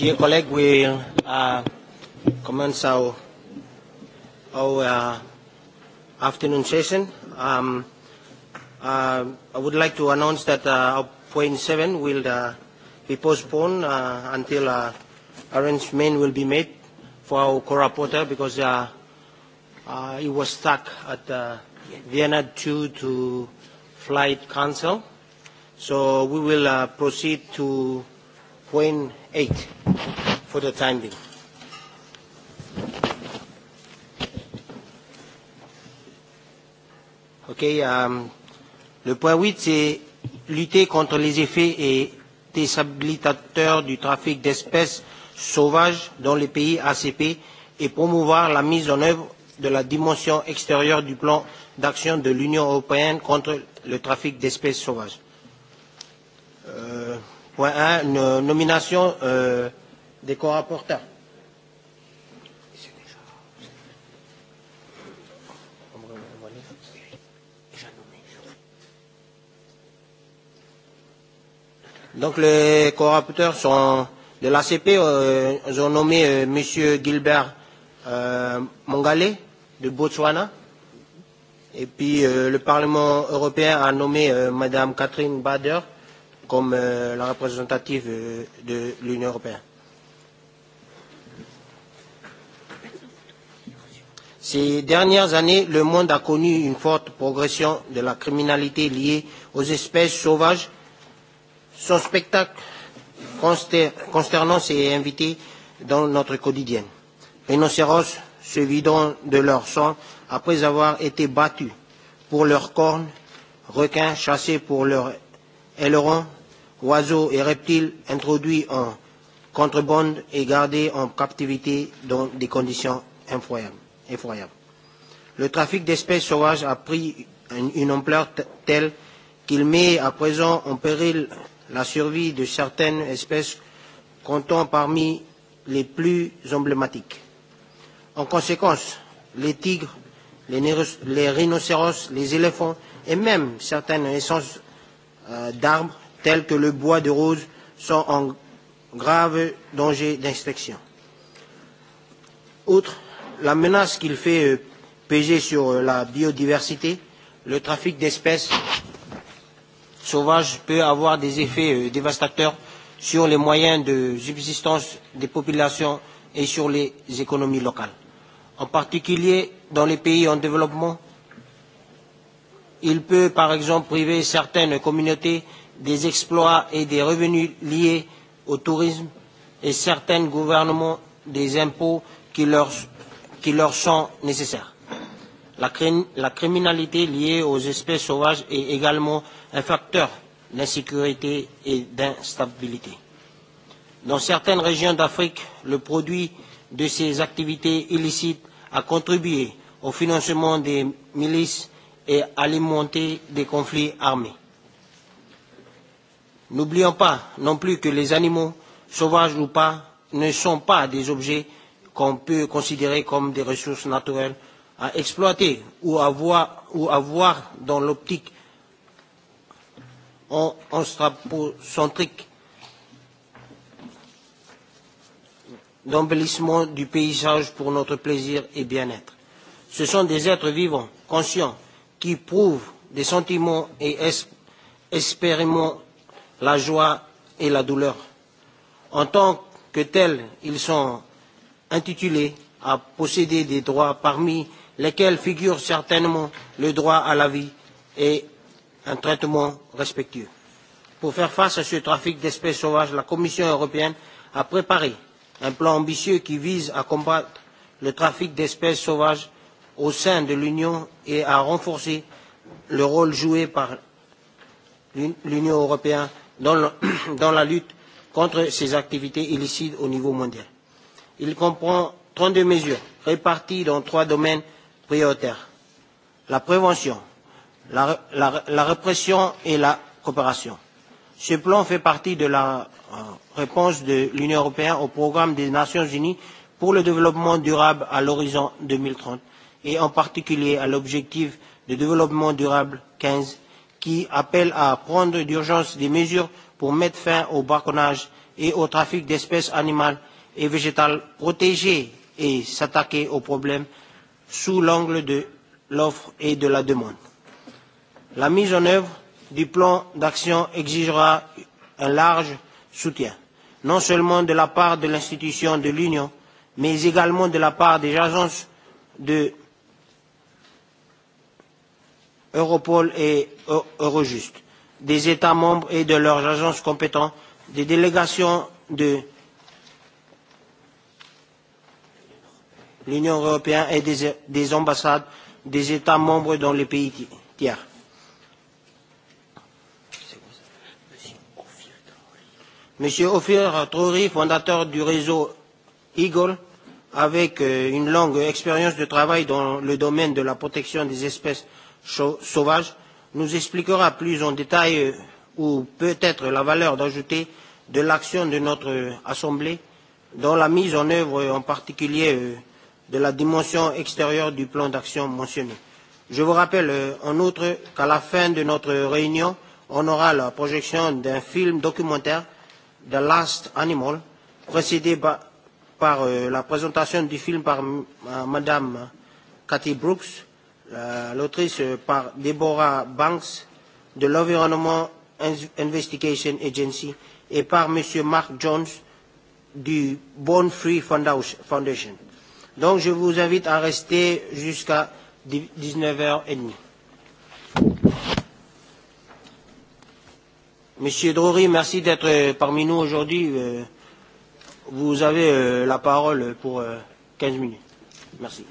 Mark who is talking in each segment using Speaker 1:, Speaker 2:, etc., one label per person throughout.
Speaker 1: Dear colleague, we uh, commence our, our uh, afternoon session. Um, uh, I would like to announce that uh, point seven will uh, be postponed uh, until uh, arrangement will be made for our co reporter, because uh, uh, he was stuck at uh, Vienna 2 to flight cancel. So we will uh, proceed to point 8 for the time being. le point 8, c'est lutter contre les effets et déshabilitateurs du trafic d'espèces sauvages dans les pays ACP et promouvoir la mise en œuvre de la dimension extérieure du plan d'action de l'Union européenne contre le trafic d'espèces sauvages. Euh, Point 1, nomination des co-rapporteurs. Donc les co-rapporteurs sont de l'ACP, euh, ils ont nommé euh, M. Gilbert euh, Mongale de Botswana. Et puis le Parlement européen a nommé euh, Mme Catherine Bader comme la représentative de l'Union européenne. Ces dernières années, le monde a connu une forte progression de la criminalité liée aux espèces sauvages. Son spectacle consternant s'est invités dans notre quotidien. Rhinocéros se vidant de leur sang après avoir été battus pour leurs cornes, requins chassés pour leurs ailerons, oiseaux et reptiles introduits en contrebande et gardés en captivité dans des conditions effroyables. Le trafic d'espèces sauvages a pris une ampleur telle qu'il met à présent en péril la survie de certaines espèces comptant parmi les plus emblématiques. En conséquence, les tigres, les rhinocéros, les éléphants et même certaines essences d'arbres tels que le bois de rose, sont en grave danger d'inspection. Outre la menace qu'il fait peser sur la biodiversité, le trafic d'espèces sauvages peut avoir des effets dévastateurs sur les moyens de subsistance des populations et sur les économies locales. En particulier dans les pays en développement, il peut par exemple priver certaines communautés des exploits et des revenus liés au tourisme et certains gouvernements des impôts qui leur sont nécessaires. La criminalité liée aux espèces sauvages est également un facteur d'insécurité et d'instabilité. Dans certaines régions d'Afrique, le produit de ces activités illicites a contribué au financement des milices et alimenté des conflits armés. N'oublions pas non plus que les animaux, sauvages ou pas, ne sont pas des objets qu'on peut considérer comme des ressources naturelles à exploiter ou à voir dans l'optique anthropocentrique d'embellissement du paysage pour notre plaisir et bien-être. Ce sont des êtres vivants, conscients, qui prouvent des sentiments et expérimentent la joie et la douleur. En tant que tels, ils sont intitulés à posséder des droits parmi lesquels figure certainement le droit à la vie et un traitement respectueux. Pour faire face à ce trafic d'espèces sauvages, la Commission européenne a préparé un plan ambitieux qui vise à combattre le trafic d'espèces sauvages au sein de l'Union et à renforcer le rôle joué par l'Union européenne dans la lutte contre ces activités illicites au niveau mondial. Il comprend 32 mesures réparties dans trois domaines prioritaires la prévention, la répression et la coopération. Ce plan fait partie de la réponse de l'Union européenne au programme des Nations unies pour le développement durable à l'horizon 2030 et en particulier à l'objectif de développement durable 15 qui appelle à prendre d'urgence des mesures pour mettre fin au braconnage et au trafic d'espèces animales et végétales protégées et s'attaquer aux problèmes sous l'angle de l'offre et de la demande. La mise en œuvre du plan d'action exigera un large soutien, non seulement de la part de l'institution de l'Union, mais également de la part des agences de Europol et Eurojust, des États membres et de leurs agences compétentes, des délégations de l'Union européenne et des ambassades des États membres dans les pays tiers. Monsieur Ophir Trouri, fondateur du réseau Eagle, avec une longue expérience de travail dans le domaine de la protection des espèces sauvage nous expliquera plus en détail ou peut-être la valeur d'ajouter de l'action de notre Assemblée dans la mise en œuvre en particulier de la dimension extérieure du plan d'action mentionné. Je vous rappelle en outre qu'à la fin de notre réunion, on aura la projection d'un film documentaire, The Last Animal, précédé par la présentation du film par Madame Cathy Brooks, l'autrice par Deborah Banks de l'Environnement Investigation Agency et par M. Mark Jones du Born Free Foundation. Donc je vous invite à rester jusqu'à 19h30. Monsieur Drury, merci d'être parmi nous aujourd'hui. Vous avez la parole pour 15 minutes. Merci.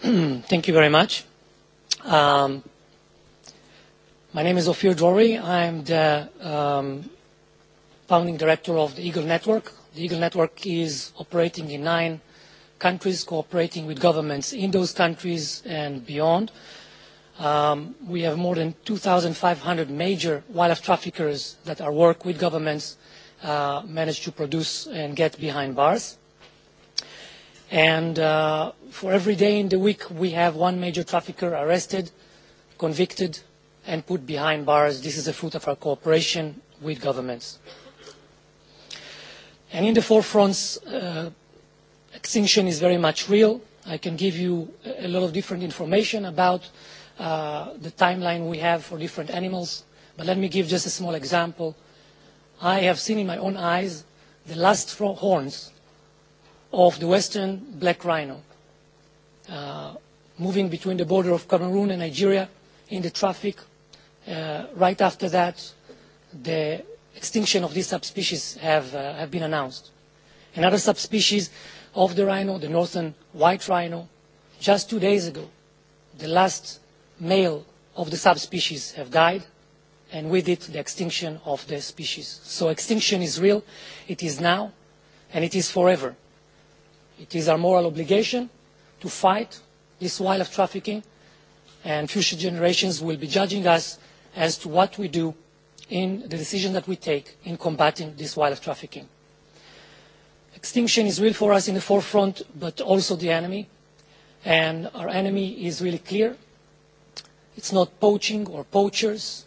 Speaker 2: Thank
Speaker 1: you very much. my
Speaker 2: name is Ophir I I'm the founding director of the Eagle Network. The Eagle Network is operating in nine countries, cooperating with governments in those countries and beyond. Um, we have more than 2,500 major wildlife traffickers that our work with governments uh, managed to produce and get behind bars And for every day in the week, we have one major trafficker arrested, convicted, and put behind bars. This is the fruit of our cooperation with governments. And in the forefronts, extinction is very much real. I can give you a lot of different information about the timeline we have for different animals, but let me give just a small example. I have seen in my own eyes the last horns of the western black rhino moving between the border of Cameroon and Nigeria in the traffic. Right after that, the extinction of this subspecies have been announced. Another subspecies of the rhino, the northern white rhino, just two days ago, the last male of the subspecies have died, and with it the extinction of the species. So extinction is real, it is now, and it is forever. It is our moral obligation to fight this wildlife trafficking, and future generations will be judging us as to what we do in the decision that we take in combating this wildlife trafficking. Extinction is real for us in the forefront, but also the enemy. And our enemy is really clear. It's not poaching or poachers.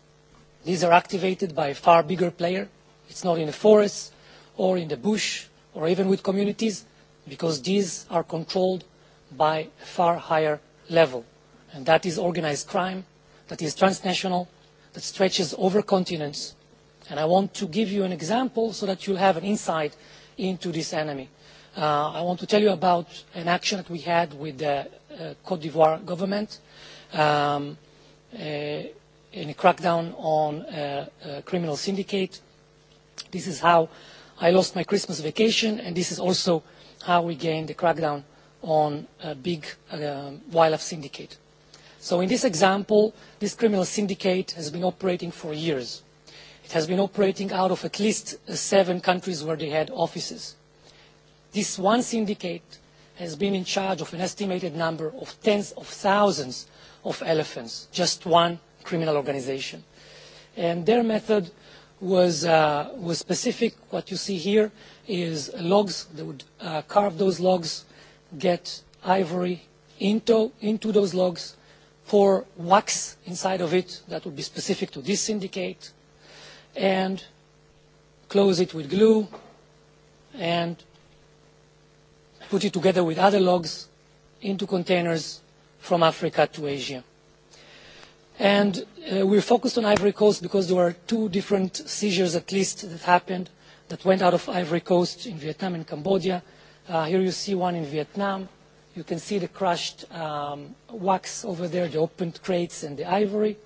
Speaker 2: These are activated by a far bigger player. It's not in the forests or in the bush or even with communities because these are controlled by a far higher level. And that is organized crime, that is transnational, that stretches over continents. And I want to give you an example so that you'll have an insight into this enemy. I want to tell you about an action that we had with the Cote d'Ivoire government in a crackdown on a criminal syndicate. This is how I lost my Christmas vacation, and this is also how we gain the crackdown on a big wildlife syndicate. So in this example, this criminal syndicate has been operating for years. It has been operating out of at least seven countries where they had offices. This one syndicate has been in charge of an estimated number of tens of thousands of elephants, just one criminal organization. And their method was was specific. What you see here is logs. They would carve those logs, get ivory into into those logs, pour wax inside of it that would be specific to this syndicate, and close it with glue, and put it together with other logs into containers from Africa to Asia and we're focused on Ivory Coast because there were two different seizures at least that happened that went out of Ivory Coast in Vietnam and Cambodia. Here you see one in Vietnam. You can see the crushed wax over there, the opened crates and the ivory.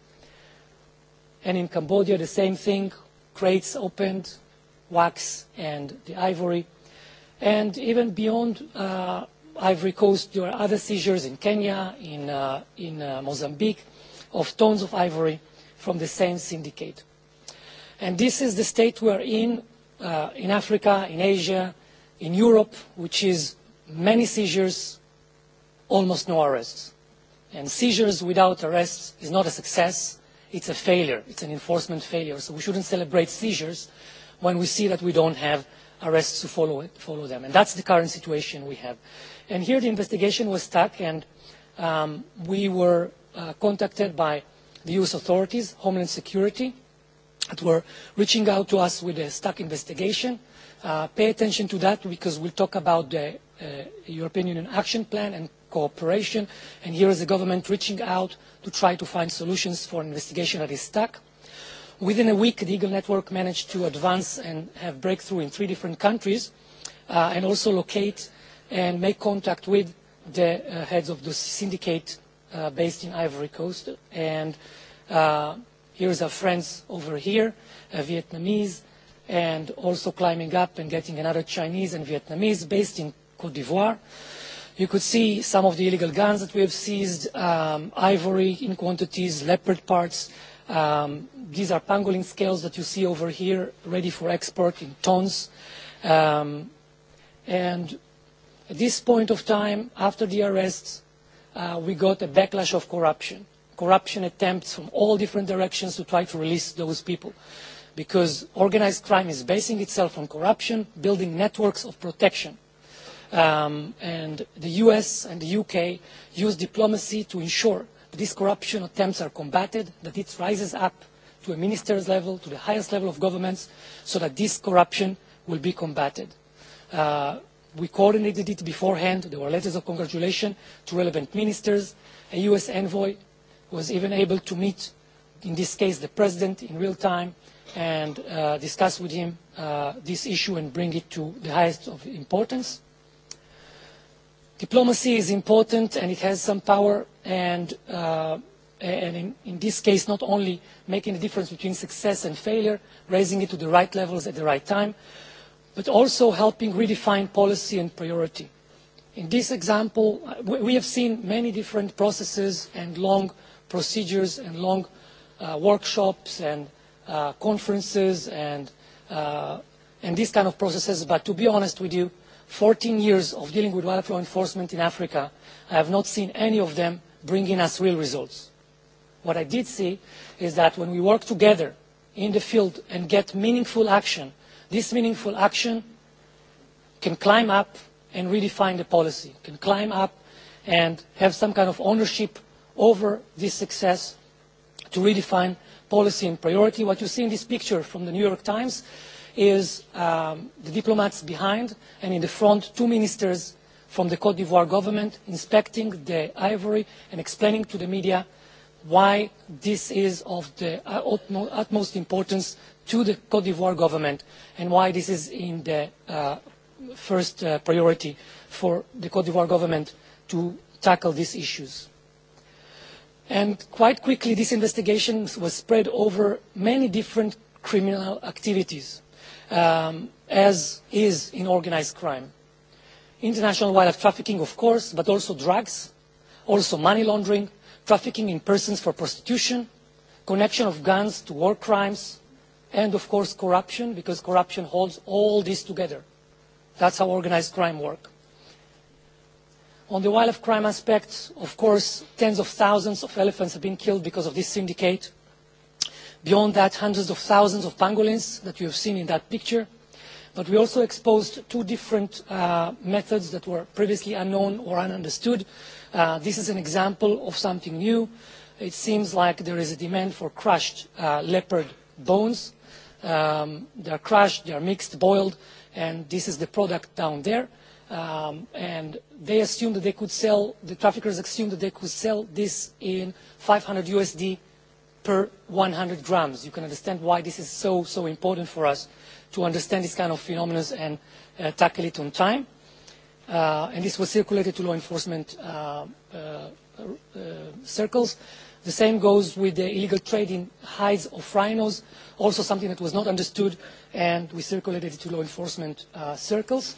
Speaker 2: And in Cambodia, the same thing, crates opened, wax and the ivory. And even beyond Ivory Coast, there are other seizures in Kenya, in Mozambique of tons of ivory from the same syndicate. And this is the state we are in, in Africa, in Asia, in Europe, which is many seizures, almost no arrests. And seizures without arrests is not a success, it's a failure, it's an enforcement failure. So we shouldn't celebrate seizures when we see that we don't have arrests to follow them. And that's the current situation we have. And here the investigation was stuck and we were contacted by the U.S. authorities, Homeland Security, that were reaching out to us with a stuck investigation. Pay attention to that because we'll talk about the European Union Action Plan and cooperation, and here is the government reaching out to try to find solutions for an investigation that is stuck. Within a week, the Eagle Network managed to advance and have breakthrough in three different countries and also locate and make contact with the heads of the syndicate based in Ivory Coast. And here's our friends over here, a Vietnamese, and also climbing up and getting another Chinese and Vietnamese based in Cote d'Ivoire. You could see some of the illegal guns that we have seized, ivory in quantities, leopard parts. These are pangolin scales that you see over here, ready for export in tons. And at this point of time, after the arrests, we got a backlash of corruption, corruption attempts from all different directions to try to release those people, because organized crime is basing itself on corruption, building networks of protection. And the US and the UK use diplomacy to ensure that these corruption attempts are combated, that it rises up to a minister's level, to the highest level of governments, so that this corruption will be combated. We coordinated it beforehand. There were letters of congratulation to relevant ministers. A U.S. envoy was even able to meet, in this case, the president in real time and discuss with him this issue and bring it to the highest of importance. Diplomacy is important and it has some power and in this case not only making the difference between success and failure, raising it to the right levels at the right time, but also helping redefine policy and priority. In this example, we have seen many different processes and long procedures and long workshops and conferences and these kind of processes. But to be honest with you, 14 years of dealing with wildlife law enforcement in Africa, I have not seen any of them bringing us real results. What I did see is that when we work together in the field and get meaningful action, This meaningful action can climb up and redefine the policy, can climb up and have some kind of ownership over this success to redefine policy and priority. What you see in this picture from the New York Times is the diplomats behind and in the front two ministers from the Cote d'Ivoire government inspecting the ivory and explaining to the media why this is of the utmost importance to the Cote d'Ivoire government and why this is in the first priority for the Cote d'Ivoire government to tackle these issues. And quite quickly, this investigation was spread over many different criminal activities, as is in organised crime. International wildlife trafficking, of course, but also drugs, also money laundering, trafficking in persons for prostitution, connection of guns to war crimes, and of course corruption because corruption holds all this together. That's how organised crime works. On the wildlife crime aspect, of course, tens of thousands of elephants have been killed because of this syndicate. Beyond that, hundreds of thousands of pangolins that you have seen in that picture. But we also exposed two different methods that were previously unknown or ununderstood. This is an example of something new. It seems like there is a demand for crushed leopard bones They are crushed, they are mixed, boiled, and this is the product down there. And they assumed that they could sell, the traffickers assumed that they could sell this in 500 USD per 100 grams. You can understand why this is so, so important for us to understand this kind of phenomenon and tackle it on time. And this was circulated to law enforcement circles. The same goes with the illegal trade in hides of rhinos, also something that was not understood, and we circulated it to law enforcement circles.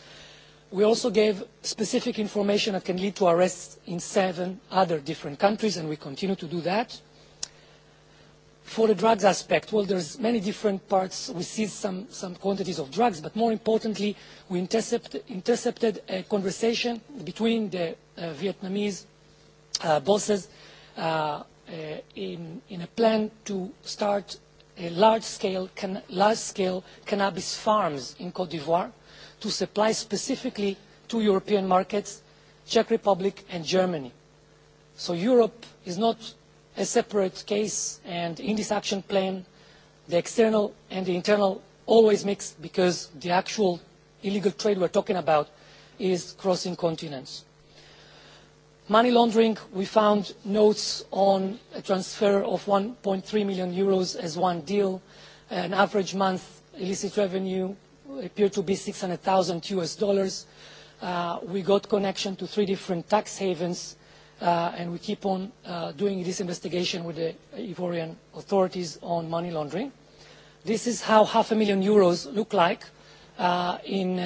Speaker 2: We also gave specific information that can lead to arrests in seven other different countries, and we continue to do that. For the drugs aspect, well, there's many different parts. We seized some quantities of drugs, but more importantly, we intercepted a conversation between the Vietnamese bosses in a plan to start large-scale cannabis farms in Côte d'Ivoire to supply specifically to European markets, Czech Republic and Germany. So Europe is not a separate case, and in this action plan, the external and the internal always mix because the actual illegal trade we are talking about is crossing continents. Money laundering, we found notes on a transfer of 1.3 million euros as one deal. An average month illicit revenue appeared to be 600,000 US dollars. We got connection to three different tax havens, and we keep on doing this investigation with the Ivorian authorities on money laundering. This is how half a million euros look like in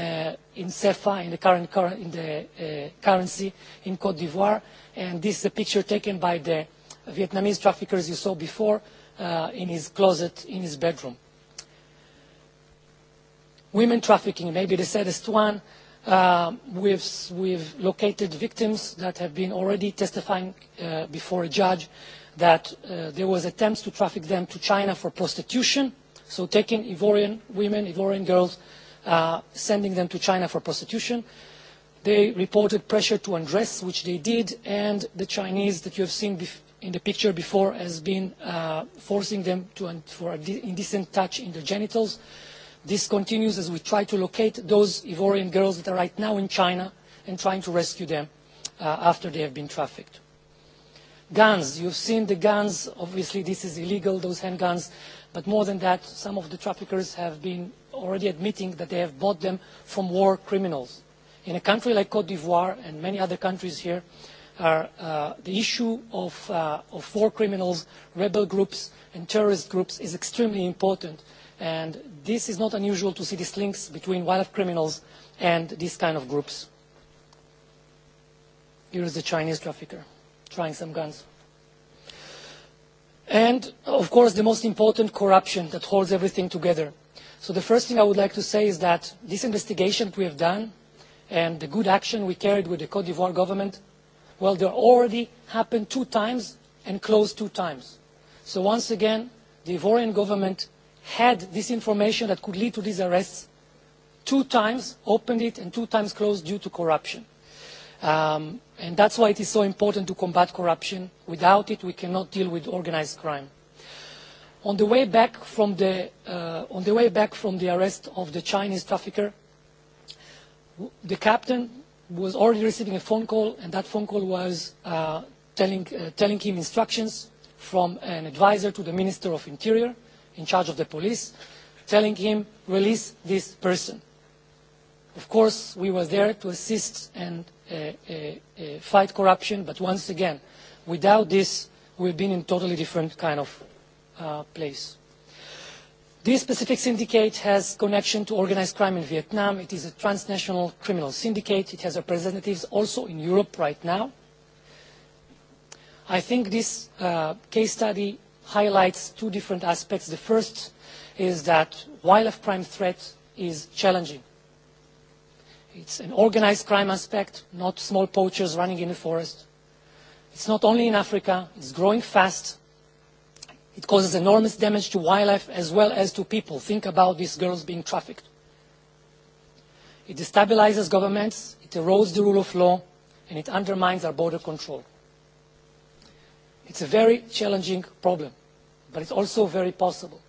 Speaker 2: in CEFA, in the current currency in Cote d'Ivoire, and this is a picture taken by the Vietnamese traffickers you saw before in his closet in his bedroom. Women trafficking, maybe the saddest one. We've we've located victims that have been already testifying before a judge that there was attempts to traffic them to China for prostitution, so taking Ivorian women, Ivorian girls sending them to China for prostitution. They reported pressure to undress, which they did, and the Chinese that you have seen in the picture before has been forcing them to for indecent touch in their genitals. This continues as we try to locate those Ivorian girls that are right now in China and trying to rescue them after they have been trafficked. Guns. You've seen the guns. Obviously, this is illegal, those handguns. But more than that, some of the traffickers have been already admitting that they have bought them from war criminals. In a country like Cote d'Ivoire and many other countries here, the issue of war criminals, rebel groups and terrorist groups is extremely important. And this is not unusual to see these links between wildlife criminals and these kind of groups. Here is the Chinese trafficker trying some guns. And, of course, the most important corruption that holds everything together So the first thing I would like to say is that this investigation we have done and the good action we carried with the Cote d'Ivoire government, well, they already happened two times and closed two times. So once again, the Ivorian government had this information that could lead to these arrests two times, opened it, and two times closed due to corruption. And that's why it is so important to combat corruption. Without it, we cannot deal with organised crime. On the way back from the arrest of the Chinese trafficker, the captain was already receiving a phone call, and that phone call was telling him instructions from an advisor to the Minister of Interior, in charge of the police, telling him, release this person. Of course, we were there to assist and fight corruption, but once again, without this, we've been in a totally different kind of place. This specific syndicate has connection to organised crime in Vietnam. It is a transnational criminal syndicate. It has representatives also in Europe right now. I think this case study highlights two different aspects. The first is that wildlife crime threat is challenging. It's an organised crime aspect, not small poachers running in the forest. It's not only in Africa. It's growing fast. It causes enormous damage to wildlife as well as to people. Think about these girls being trafficked. It destabilizes governments, it erodes the rule of law, and it undermines our border control. It's a very challenging problem, but it's also very possible,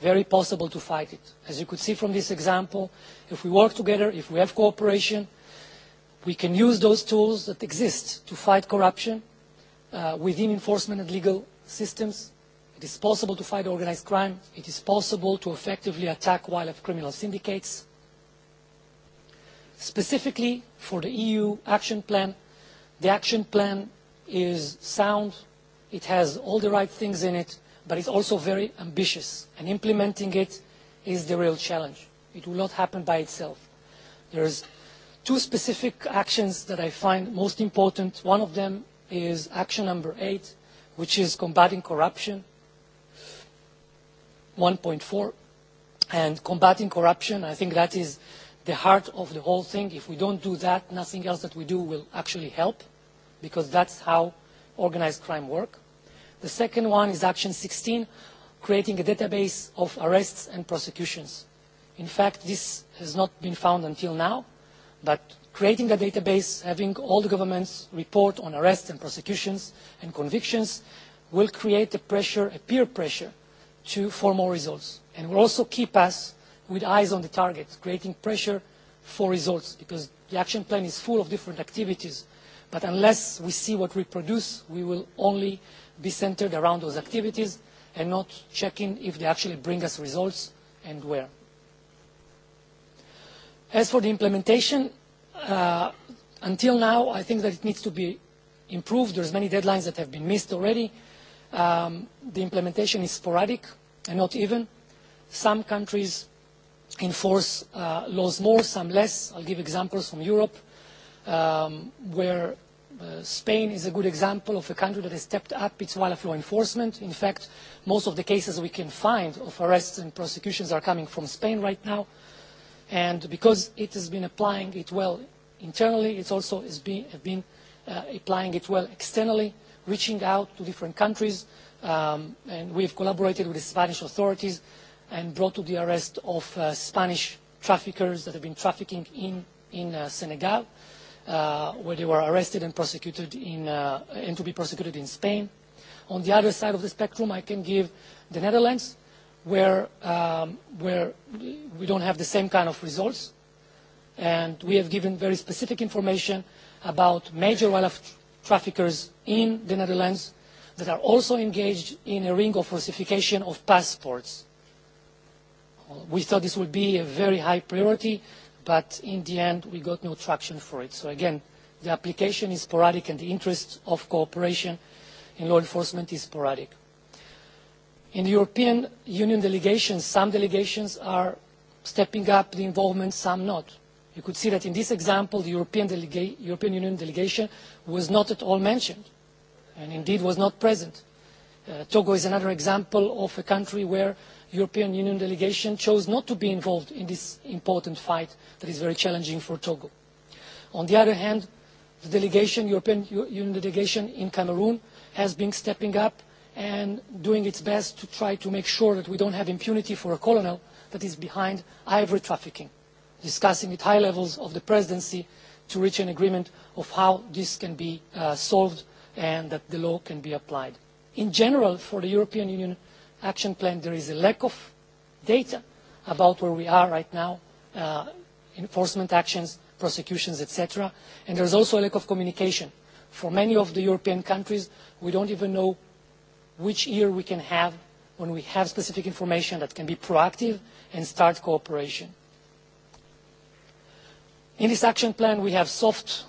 Speaker 2: very possible to fight it. As you could see from this example, if we work together, if we have cooperation, we can use those tools that exist to fight corruption within enforcement and legal systems It is possible to fight organized crime. It is possible to effectively attack wildlife criminal syndicates. Specifically for the EU action plan, the action plan is sound. It has all the right things in it, but it's also very ambitious. And implementing it is the real challenge. It will not happen by itself. There are two specific actions that I find most important. One of them is action number eight, which is combating corruption 1.4 and combating corruption i think that is the heart of the whole thing if we don't do that nothing else that we do will actually help because that's how organized crime works the second one is action 16 creating a database of arrests and prosecutions in fact this has not been found until now but creating a database having all the governments report on arrests and prosecutions and convictions will create a pressure a peer pressure to for more results. And will also keep us with eyes on the target, creating pressure for results, because the action plan is full of different activities. But unless we see what we produce, we will only be centered around those activities and not checking if they actually bring us results and where. As for the implementation, until now, I think that it needs to be improved. There's many deadlines that have been missed already. The implementation is sporadic and not even. Some countries enforce laws more, some less. I'll give examples from Europe, where Spain is a good example of a country that has stepped up its wildlife law enforcement. In fact, most of the cases we can find of arrests and prosecutions are coming from Spain right now. And because it has been applying it well internally, it also has been applying it well externally reaching out to different countries, and we have collaborated with the Spanish authorities and brought to the arrest of Spanish traffickers that have been trafficking in in Senegal, where they were arrested and prosecuted in and to be prosecuted in Spain. On the other side of the spectrum, I can give the Netherlands, where where we don't have the same kind of results, and we have given very specific information about major wildlife traffickers in the Netherlands that are also engaged in a ring of falsification of passports. We thought this would be a very high priority, but in the end we got no traction for it. So again, the application is sporadic and the interest of cooperation in law enforcement is sporadic. In the European Union delegations, some delegations are stepping up the involvement, some not you could see that in this example, the European Union delegation was not at all mentioned and indeed was not present. Togo is another example of a country where the European Union delegation chose not to be involved in this important fight that is very challenging for Togo. On the other hand, the delegation, European Union delegation in Cameroon has been stepping up and doing its best to try to make sure that we don't have impunity for a colonel that is behind ivory trafficking discussing at high levels of the presidency to reach an agreement of how this can be solved and that the law can be applied. In general, for the European Union Action Plan, there is a lack of data about where we are right now, enforcement actions, prosecutions, etc. And there is also a lack of communication. For many of the European countries, we don't even know which year we can have when we have specific information that can be proactive and start cooperation. In this action plan, we have soft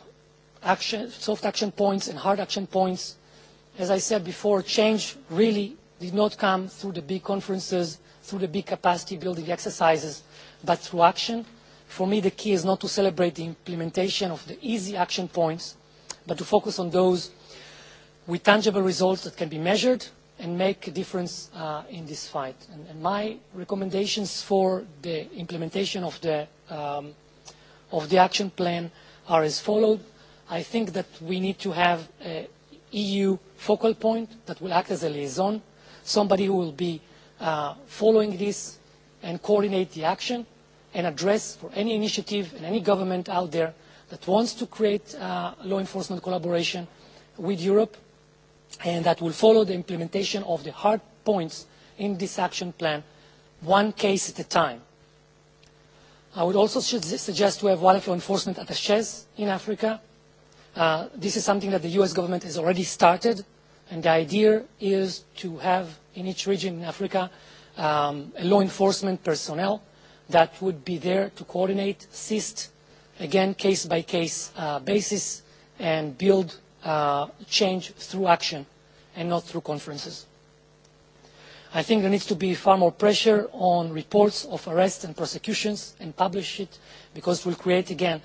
Speaker 2: action points and hard action points. As I said before, change really did not come through the big conferences, through the big capacity-building exercises, but through action. For me, the key is not to celebrate the implementation of the easy action points, but to focus on those with tangible results that can be measured and make a difference in this fight. And my recommendations for the implementation of the of the action plan are as follows. I think that we need to have an EU focal point that will act as a liaison, somebody who will be following this and coordinate the action and address for any initiative and any government out there that wants to create law enforcement collaboration with Europe and that will follow the implementation of the hard points in this action plan one case at a time. I would also suggest to have one law enforcement attachés in Africa. This is something that the U.S. government has already started, and the idea is to have in each region in Africa a law enforcement personnel that would be there to coordinate, assist, again, case-by-case basis, and build change through action and not through conferences. I think there needs to be far more pressure on reports of arrests and prosecutions and publish it because it will create again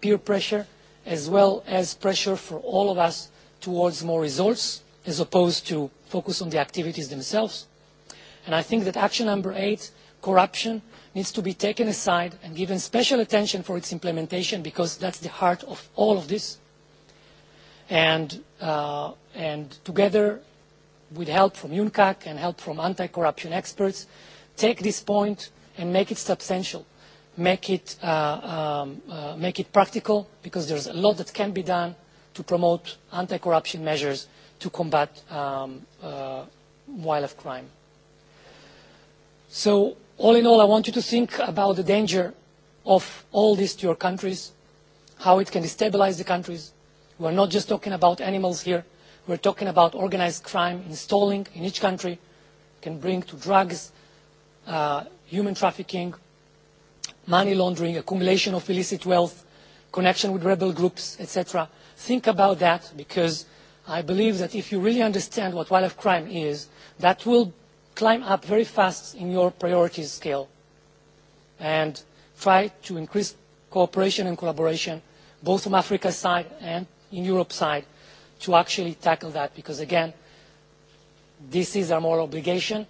Speaker 2: peer pressure as well as pressure for all of us towards more results as opposed to focus on the activities themselves. And I think that action number eight, corruption, needs to be taken aside and given special attention for its implementation because that's the heart of all of this. And together with help from UNCAC and help from anti-corruption experts, take this point and make it substantial, make it practical, because there's a lot that can be done to promote anti-corruption measures to combat wildlife crime. So all in all, I want you to think about the danger of all this to your countries, how it can destabilize the countries. We're not just talking about animals here. We are talking about organised crime installing in each country can bring to drugs, human trafficking, money laundering, accumulation of illicit wealth, connection with rebel groups, etc. Think about that because I believe that if you really understand what wildlife crime is, that will climb up very fast in your priorities scale and try to increase cooperation and collaboration both from Africa's side and in Europe's side to actually tackle that because, again, this is our moral obligation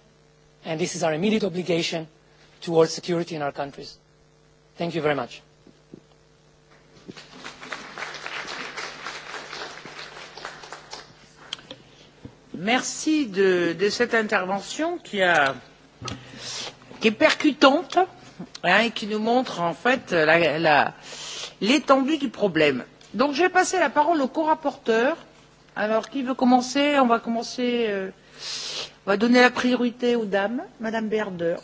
Speaker 2: and this is our immediate obligation towards security in our countries. Thank you very much.
Speaker 3: Merci de cette intervention qui est percutante et qui nous montre en fait l'étendue du problème. Donc je vais passer la parole au co-rapporteur Alors, qui veut commencer On va commencer. On va donner la priorité aux dames. Madame Berder.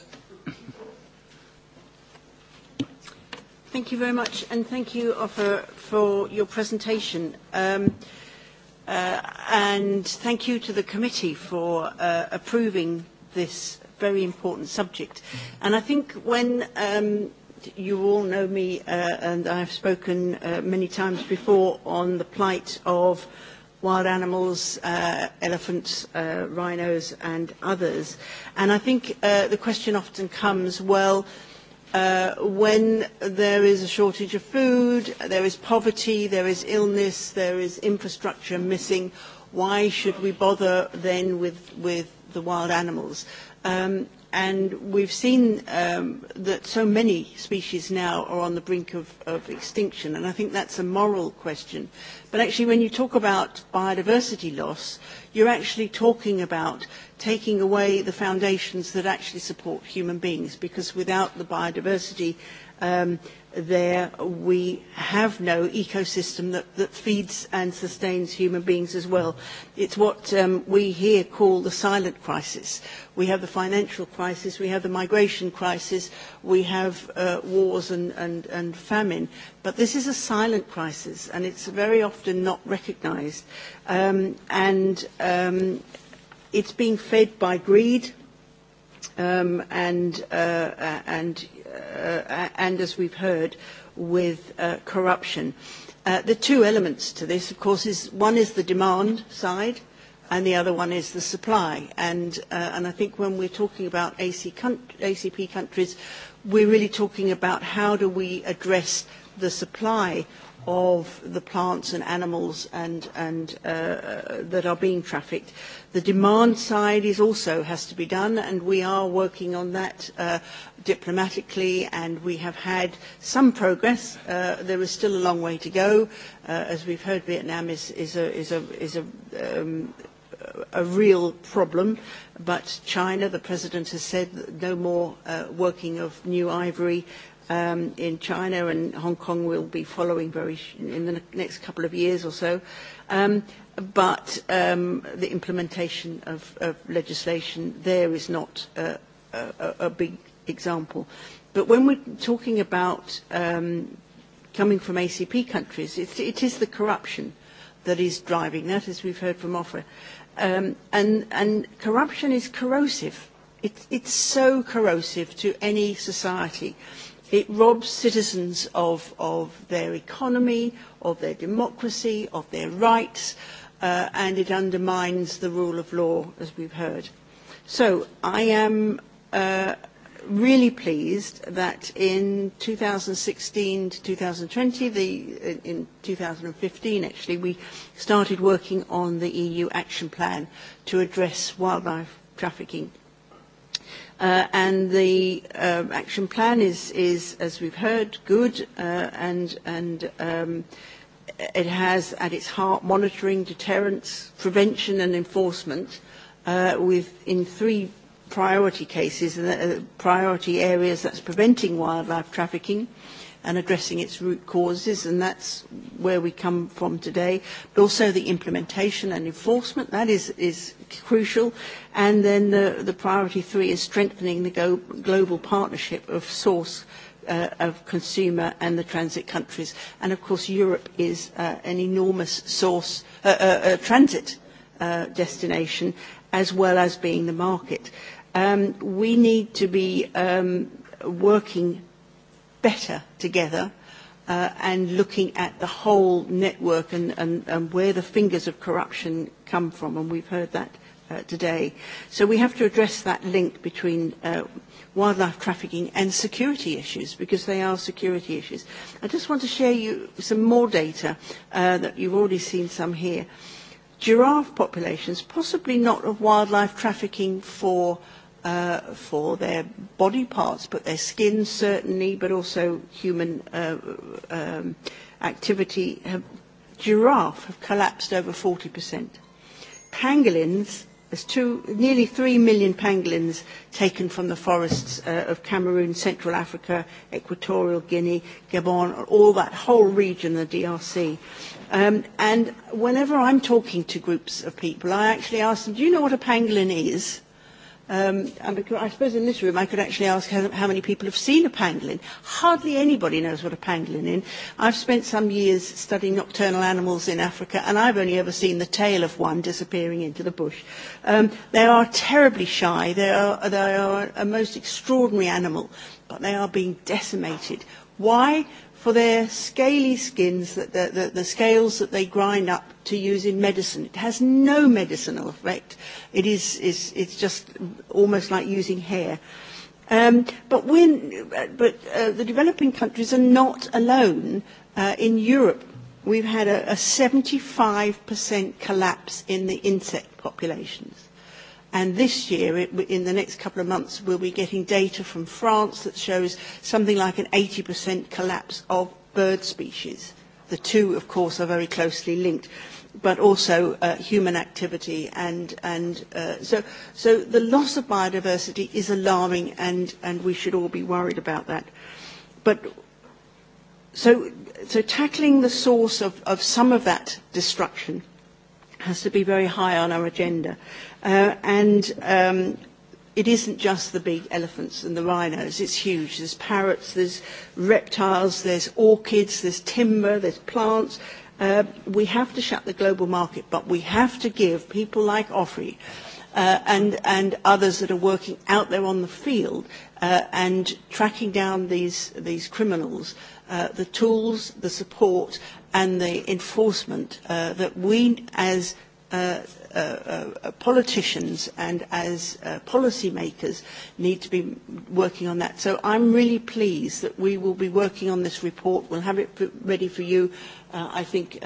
Speaker 4: Thank you very much, and thank you, for, for your presentation. Um, and thank you to the committee for approving this very important subject. And I think when um, you all know me, and I have spoken many times before on the plight of wild animals, elephants, rhinos and others. And I think the question often comes, well, when there is a shortage of food, there is poverty, there is illness, there is infrastructure missing, why should we bother then with the wild animals? and we've seen that so many species now are on the brink of extinction and i think that's a moral question but actually when you talk about biodiversity loss you're actually talking about taking away the foundations that actually support human beings because without the biodiversity there we have no ecosystem that feeds and sustains human beings as well. It's what we here call the silent crisis. We have the financial crisis, we have the migration crisis, we have wars and famine. But this is a silent crisis and it's very often not recognised. And it's being fed by greed and as we've heard, with corruption. The two elements to this, of course, is one is the demand side and the other one is the supply. And I think when we're talking about ACP countries, we're really talking about how do we address the supply of the plants and animals and and that are being trafficked the demand side is also has to be done and we are working on that diplomatically and we have had some progress there is still a long way to go as we've heard vietnam is is a is a a real problem but china the president has said no more working of new ivory in China, and Hong Kong will be following very in the next couple of years or so. But the implementation of legislation there is not a big example. But when we're talking about coming from ACP countries, it is the corruption that is driving that, as we've heard from Ofra. And corruption is corrosive. It It's so corrosive to any society. It robs citizens of their economy, of their democracy, of their rights, and it undermines the rule of law, as we've heard. So I am really pleased that in 2016 to 2020, in 2015 actually, we started working on the EU action plan to address wildlife trafficking and the action plan is, is as we've heard, good and, and um, it has at its heart monitoring, deterrence, prevention and enforcement uh, with, in three priority cases, priority areas that's preventing wildlife trafficking, and addressing its root causes, and that's where we come from today. But also the implementation and enforcement, that is, is crucial. And then the, priority three is strengthening the global partnership of source of consumer and the transit countries. And of course, Europe is an enormous source, transit destination, as well as being the market. We need to be working better together and looking at the whole network and where the fingers of corruption come from, and we've heard that today. So we have to address that link between wildlife trafficking and security issues, because they are security issues. I just want to share you some more data that you've already seen some here. Giraffe populations, possibly not of wildlife trafficking for for their body parts, but their skin certainly, but also human activity. Giraffe have collapsed over 40%. Pangolins, there's two, nearly 3 million pangolins taken from the forests of Cameroon, Central Africa, Equatorial Guinea, Gabon, all that whole region, the DRC. And whenever I'm talking to groups of people, I actually ask them, do you know what a pangolin is? Um I suppose in this room I could actually ask how many people have seen a pangolin. Hardly anybody knows what a pangolin is. I've spent some years studying nocturnal animals in Africa and I've only ever seen the tail of one disappearing into the bush. They are terribly shy. They are a most extraordinary animal, but they are being decimated. Why? for their scaly skins, the scales that they grind up to use in medicine. It has no medicinal effect. It is it's just almost like using hair. But the developing countries are not alone. In Europe, we've had a 75% collapse in the insect populations. And this year, in the next couple of months, we'll be getting data from France that shows something like an 80% collapse of bird species. The two, of course, are very closely linked, but also human activity. And so the loss of biodiversity is alarming, and we should all be worried about that. But so tackling the source of some of that destruction has to be very high on our agenda. And it isn't just the big elephants and the rhinos, it's huge. There's parrots, there's reptiles, there's orchids, there's timber, there's plants. We have to shut the global market, but we have to give people like Ofri and others that are working out there on the field and tracking down these criminals the tools, the support and the enforcement that we as politicians and as policymakers need to be working on that. So I'm really pleased that we will be working on this report. We'll have it ready for you, I think,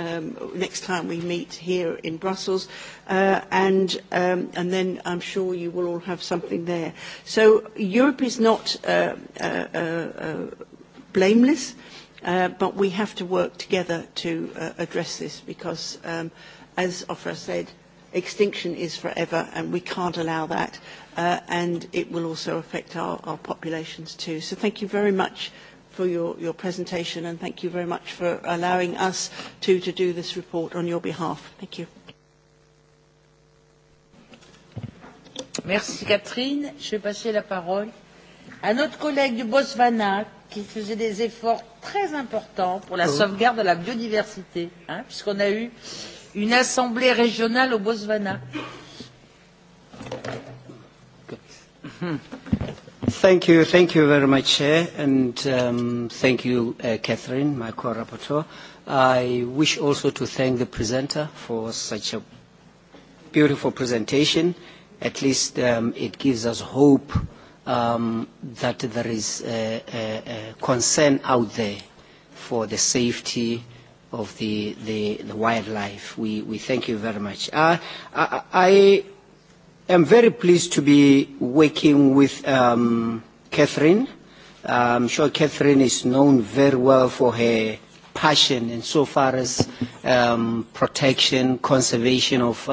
Speaker 4: next time we meet here in Brussels. And then I'm sure you will all have something there. So Europe is not blameless but we have to work together to address this because, as Ofra said, extinction is forever and we can't allow that and it will also affect our populations too. So thank you very much for your presentation and thank you very much for allowing us to do this report on your behalf. Thank you. Merci Catherine. Je vais passer
Speaker 3: la parole à notre collègue du qui faisait des efforts très importants pour la sauvegarde de la biodiversité, hein, puisqu'on a eu une assemblée régionale au Botswana.
Speaker 5: Thank you, thank you very much, Chair, and thank you, Catherine, my co-rapporteur. I wish also to thank the presenter for such a beautiful presentation. At least it gives us hope that there is a concern out there for the safety of the the the wildlife. We we thank you very much. I am very pleased to be working with Catherine. I'm sure Catherine is known very well for her passion in so far as protection, conservation of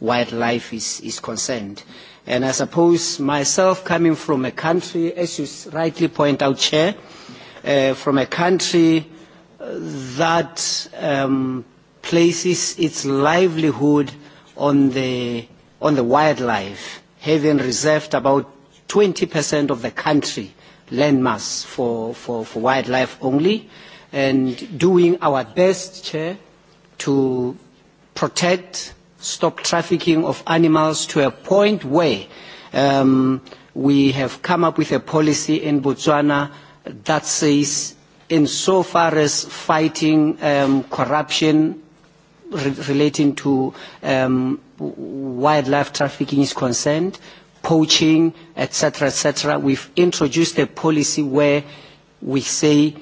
Speaker 5: wildlife is concerned. And I suppose myself coming from a country, as you rightly point out, Chair, from a country that places its livelihood on the wildlife, having reserved about 20% of the country landmass for wildlife only, and doing our best, Chair, to protect stop trafficking of animals to a point where we have come up with a policy in Botswana that says insofar as fighting corruption relating to wildlife trafficking is concerned, poaching, etc., etc., we've introduced a policy where we say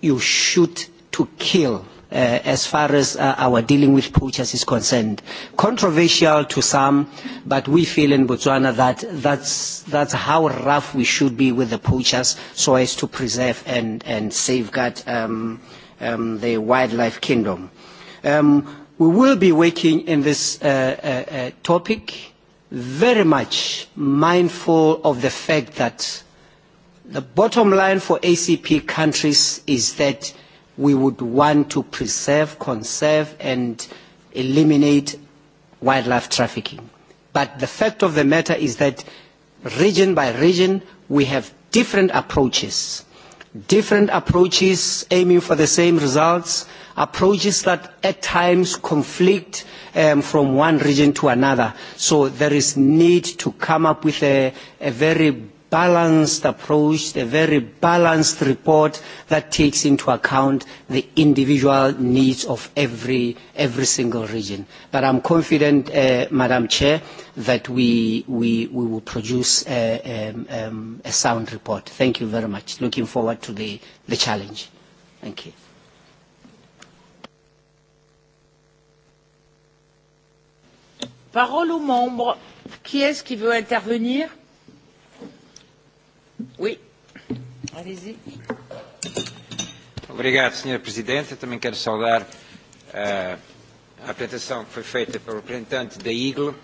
Speaker 5: you shoot to kill as far as our dealing with poachers is concerned. Controversial to some, but we feel in Botswana that that's how rough we should be with the poachers so as to preserve and safeguard the wildlife kingdom. We will be working in this topic very much mindful of the fact that the bottom line for ACP countries is that we would want to preserve, conserve and eliminate wildlife trafficking. But the fact of the matter is that region by region we have different approaches, different approaches aiming for the same results, approaches that at times conflict from one region to another. So there is need to come up with a very balanced approach, a very balanced report that takes into account the individual needs of every every single region. But I'm confident, Madam Chair, that we we we will produce a sound report. Thank you very much. Looking forward to the challenge. Thank you.
Speaker 3: Parole aux membres. Qui est-ce qui veut intervenir allez
Speaker 6: Obrigado, Sr. Presidente. também quero saudar a apresentação que foi feita pelo representante da IGLE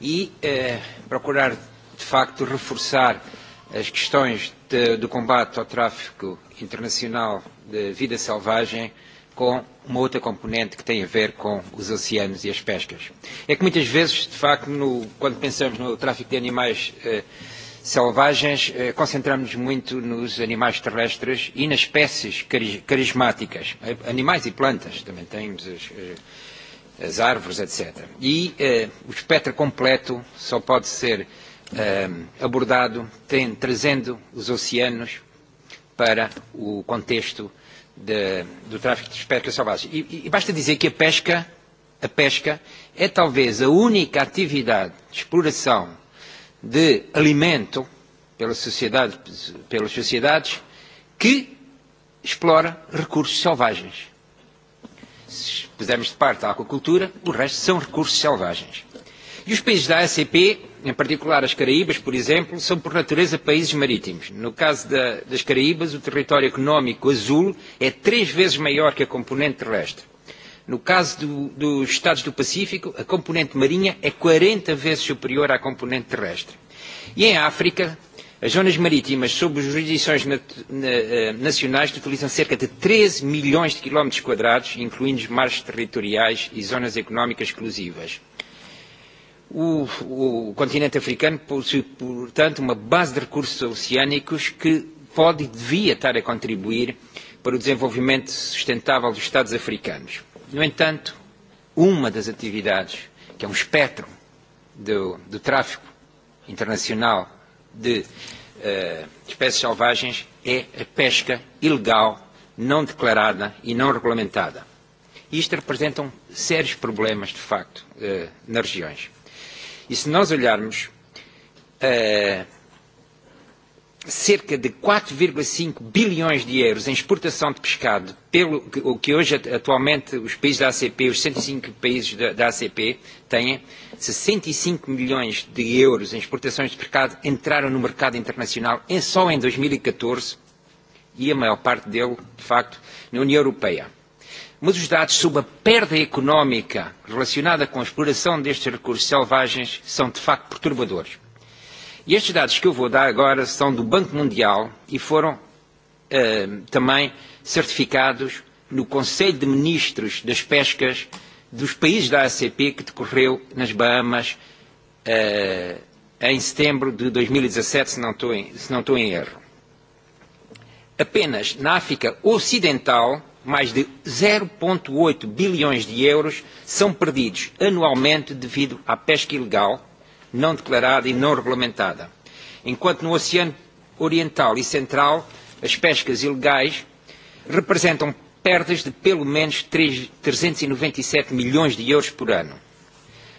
Speaker 6: e procurar, de facto, reforçar as questões do combate ao tráfico internacional de vida selvagem com uma outra componente que tem a ver com os oceanos e as pescas. É que muitas vezes, de facto, quando pensamos no tráfico de animais selvagens, concentramos muito nos animais terrestres e nas espécies carismáticas, animais e plantas, também temos as, as árvores, etc. E o espectro completo só pode ser abordado tem, trazendo os oceanos para o contexto de, do tráfico de espécies selvagens. E, e basta dizer que a pesca, a pesca é talvez a única atividade de exploração de alimento pela sociedades, pelas sociedades que explora recursos selvagens. Se pusermos de parte a aquacultura, o resto são recursos selvagens. E os países da ACP, em particular as Caraíbas, por exemplo, são por natureza países marítimos. No caso das Caraíbas, o território económico azul é três vezes maior que a componente terrestre. No caso dos Estados do Pacífico, a componente marinha é 40 vezes superior à componente terrestre. E em África, as zonas marítimas sob jurisdições nacionais utilizam cerca de 13 milhões de quilómetros quadrados, incluindo mares territoriais e zonas económicas exclusivas. O continente africano possui, portanto, uma base de recursos oceânicos que pode e devia estar a contribuir para o desenvolvimento sustentável dos Estados africanos. No entanto, uma das atividades, que é um espectro do, do tráfico internacional de espécies selvagens, é a pesca ilegal, não declarada e não regulamentada. Isto representa sérios problemas, de facto, nas regiões. E se nós olharmos cerca de 4,5 bilhões de euros em exportação de pescado, pelo o que hoje atualmente os países da ACP, os 105 países da ACP têm, 65 milhões de euros em exportações de pescado entraram no mercado internacional em só em 2014 e a maior parte dele, de facto, na União Europeia. Mas os dados sobre a perda económica relacionada com a exploração destes recursos selvagens são, de facto, perturbadores E estes dados que eu vou dar agora são do Banco Mundial e foram também certificados no Conselho de Ministros das Pescas dos países da ACP que decorreu nas Bahamas em setembro de 2017, se não estou em, se não estou em erro. Apenas na África Ocidental, mais de 0,8 bilhões de euros são perdidos anualmente devido à pesca ilegal, não declarada e não regulamentada. Enquanto no Oceano Oriental e Central, as pescas ilegais representam perdas de pelo menos 397 milhões de euros por ano.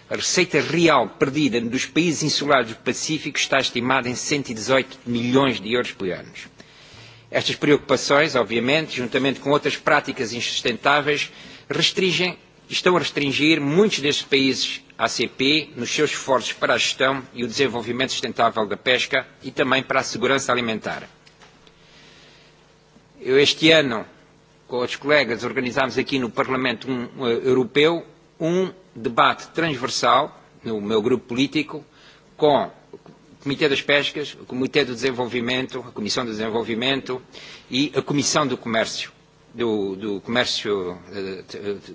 Speaker 6: A receita real perdida dos países insulares do Pacífico está estimada em 118 milhões de euros por ano. Estas preocupações, obviamente, juntamente com outras práticas insustentáveis, restringem, estão a restringir muitos destes países ACP nos seus esforços para a gestão e o desenvolvimento sustentável da pesca e também para a segurança alimentar. Eu este ano, com os colegas, organizámos aqui no Parlamento Europeu um debate transversal, no meu grupo político, com o Comitê das Pescas, o Comitê do Desenvolvimento, a Comissão do Desenvolvimento e a Comissão do Comércio, do, do Comércio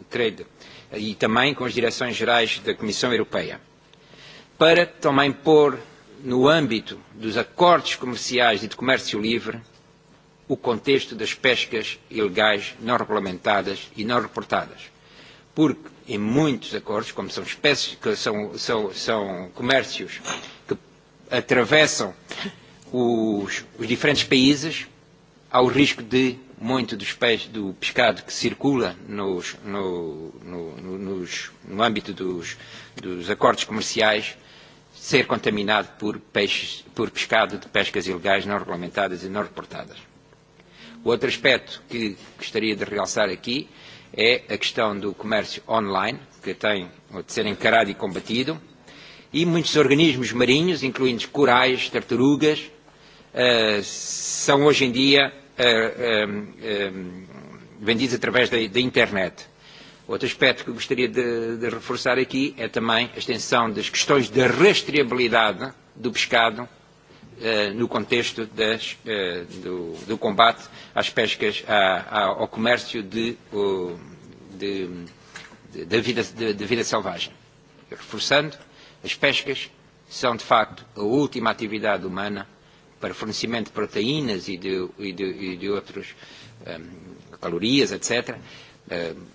Speaker 6: Trade e também com as direções gerais da Comissão Europeia, para também pôr no âmbito dos acordos comerciais e de comércio livre o contexto das pescas ilegais não regulamentadas e não reportadas. Porque em muitos acordos, como são espécies que são, são, são comércios que atravessam os, os diferentes países, há o risco de muito dos do pescado que circula no âmbito dos acordos comerciais ser contaminado por pescado de pescas ilegais não regulamentadas e não reportadas. O outro aspecto que gostaria de realçar aqui é a questão do comércio online, que tem de ser encarado e combatido, e muitos organismos marinhos, incluindo corais, tartarugas, são hoje em dia vendidos através da internet. Outro aspecto que eu gostaria de reforçar aqui é também a extensão das questões da rastreabilidade do pescado no contexto do combate às pescas, ao comércio de vida selvagem. Reforçando, as pescas são de facto a última atividade humana para fornecimento de proteínas e de, e de, de calorias, etc.,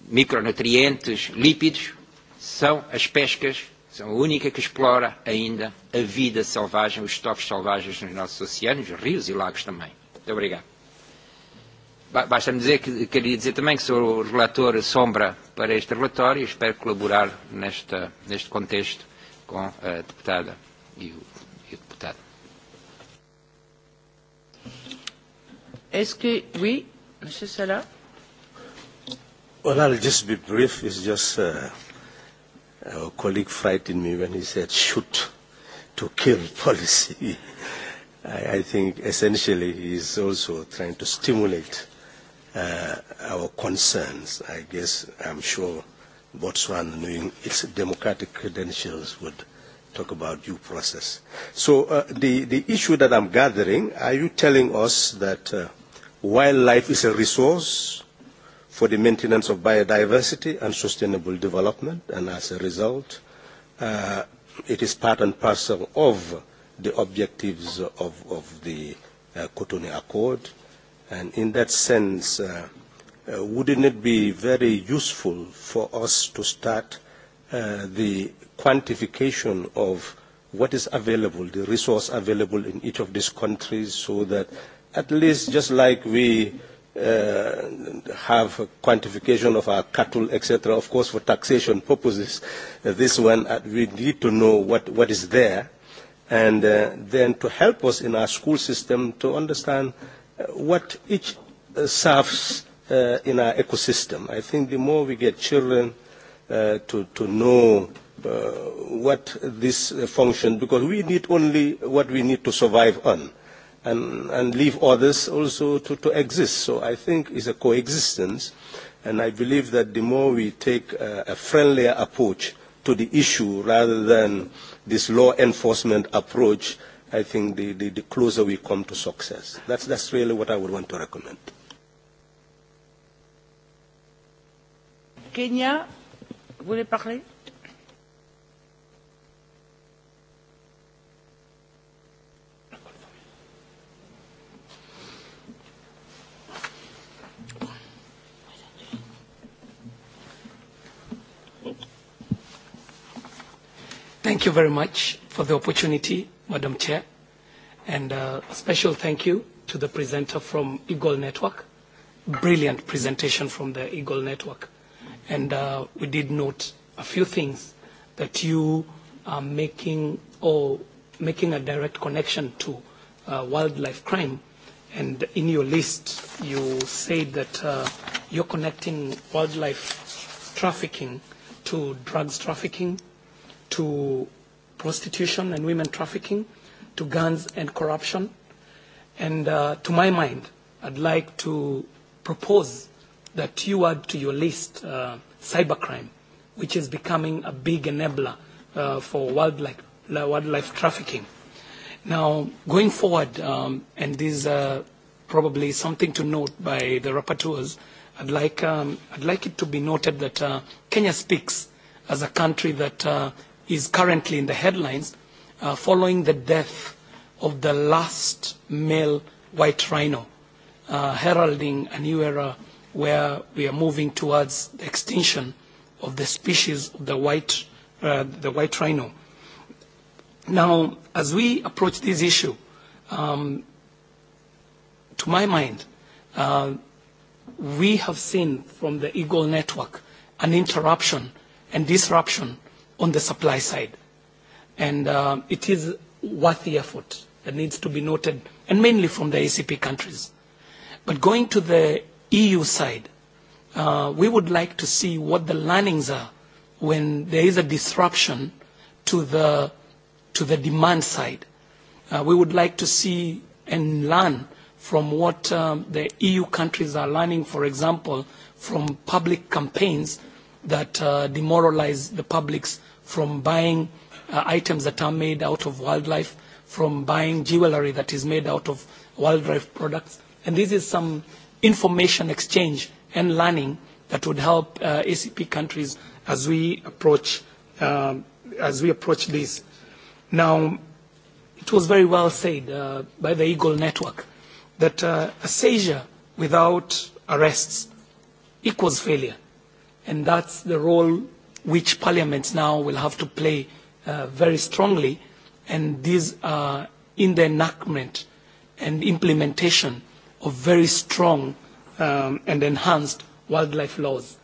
Speaker 6: micronutrientes, lípidos, são as pescas, são a única que explora ainda a vida selvagem, os estoques selvagens nos nossos oceanos, rios e lagos também. Muito obrigado. Basta-me dizer que queria dizer também que sou o relator sombra para este relatório e espero colaborar nesta, neste contexto com a deputada e o
Speaker 3: Est-ce que oui, Monsieur Salah?
Speaker 7: Well, I'll just be brief. It's just our colleague frightened me when he said "shoot to kill" policy. I I think essentially he is also trying to stimulate our concerns. I guess I'm sure Botswana, knowing its democratic credentials, would talk about due process. So the the issue that I'm gathering, are you telling us that wildlife is a resource for the maintenance of biodiversity and sustainable development, and as a result, it is part and parcel of the objectives of the Cotonou Accord. And in that sense, wouldn't it be very useful for us to start the quantification of what is available, the resource available in each of these countries, so that at least just like we have quantification of our cattle, etc., of course, for taxation purposes, this one, we need to know what, what is there, and then to help us in our school system to understand what each serves in our ecosystem. I think the more we get children to, to know what this function, because we need only what we need to survive on and leave others also to exist. So I think it's a coexistence, and I believe that the more we take a friendlier approach to the issue rather than this law enforcement approach, I think the closer we come to success. That's really what I would want to recommend.
Speaker 3: Kenya, voulez parler
Speaker 8: Thank you very much for the opportunity, Madam Chair, and a special thank you to the presenter from Eagle Network. Brilliant presentation from the Eagle Network. And we did note a few things that you are making or making a direct connection to wildlife crime. And in your list, you say that you're connecting wildlife trafficking to drugs trafficking to prostitution and women trafficking, to guns and corruption. And to my mind, I'd like to propose that you add to your list cybercrime, which is becoming a big enabler for wildlife wildlife trafficking. Now, going forward, and this is probably something to note by the rapporteurs, I'd like it to be noted that Kenya speaks as a country that is currently in the headlines following the death of the last male white rhino, heralding a new era where we are moving towards the extinction of the species of the white the white rhino. Now, as we approach this issue, to my mind, we have seen from the Eagle Network an interruption and disruption on the supply side. And it is worth the effort that needs to be noted, and mainly from the ACP countries. But going to the EU side, we would like to see what the learnings are when there is a disruption to the to the demand side. We would like to see and learn from what the EU countries are learning, for example, from public campaigns that demoralize the public's from buying items that are made out of wildlife, from buying jewelry that is made out of wildlife products. And this is some information exchange and learning that would help ACP countries as we approach as we approach this. Now, it was very well said by the Eagle Network that a seizure without arrests equals failure, and that's the role which parliaments now will have to play very strongly, and these are in the enactment and implementation of very strong and enhanced wildlife laws.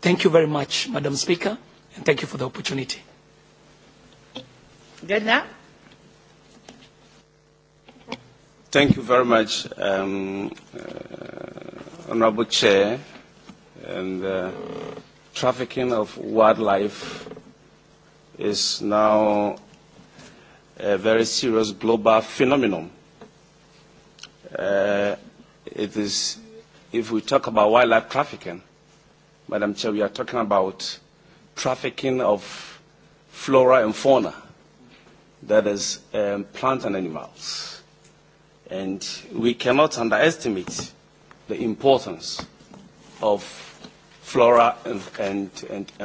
Speaker 8: Thank you very much, Madam Speaker, and thank you for the opportunity.
Speaker 9: Thank you very much, honorable Chair. And trafficking of wildlife is now a very serious global phenomenon. It is, if we talk about wildlife trafficking, Madam Chair, we are talking about trafficking of flora and fauna, that is, plants and animals. And we cannot underestimate the importance of flora and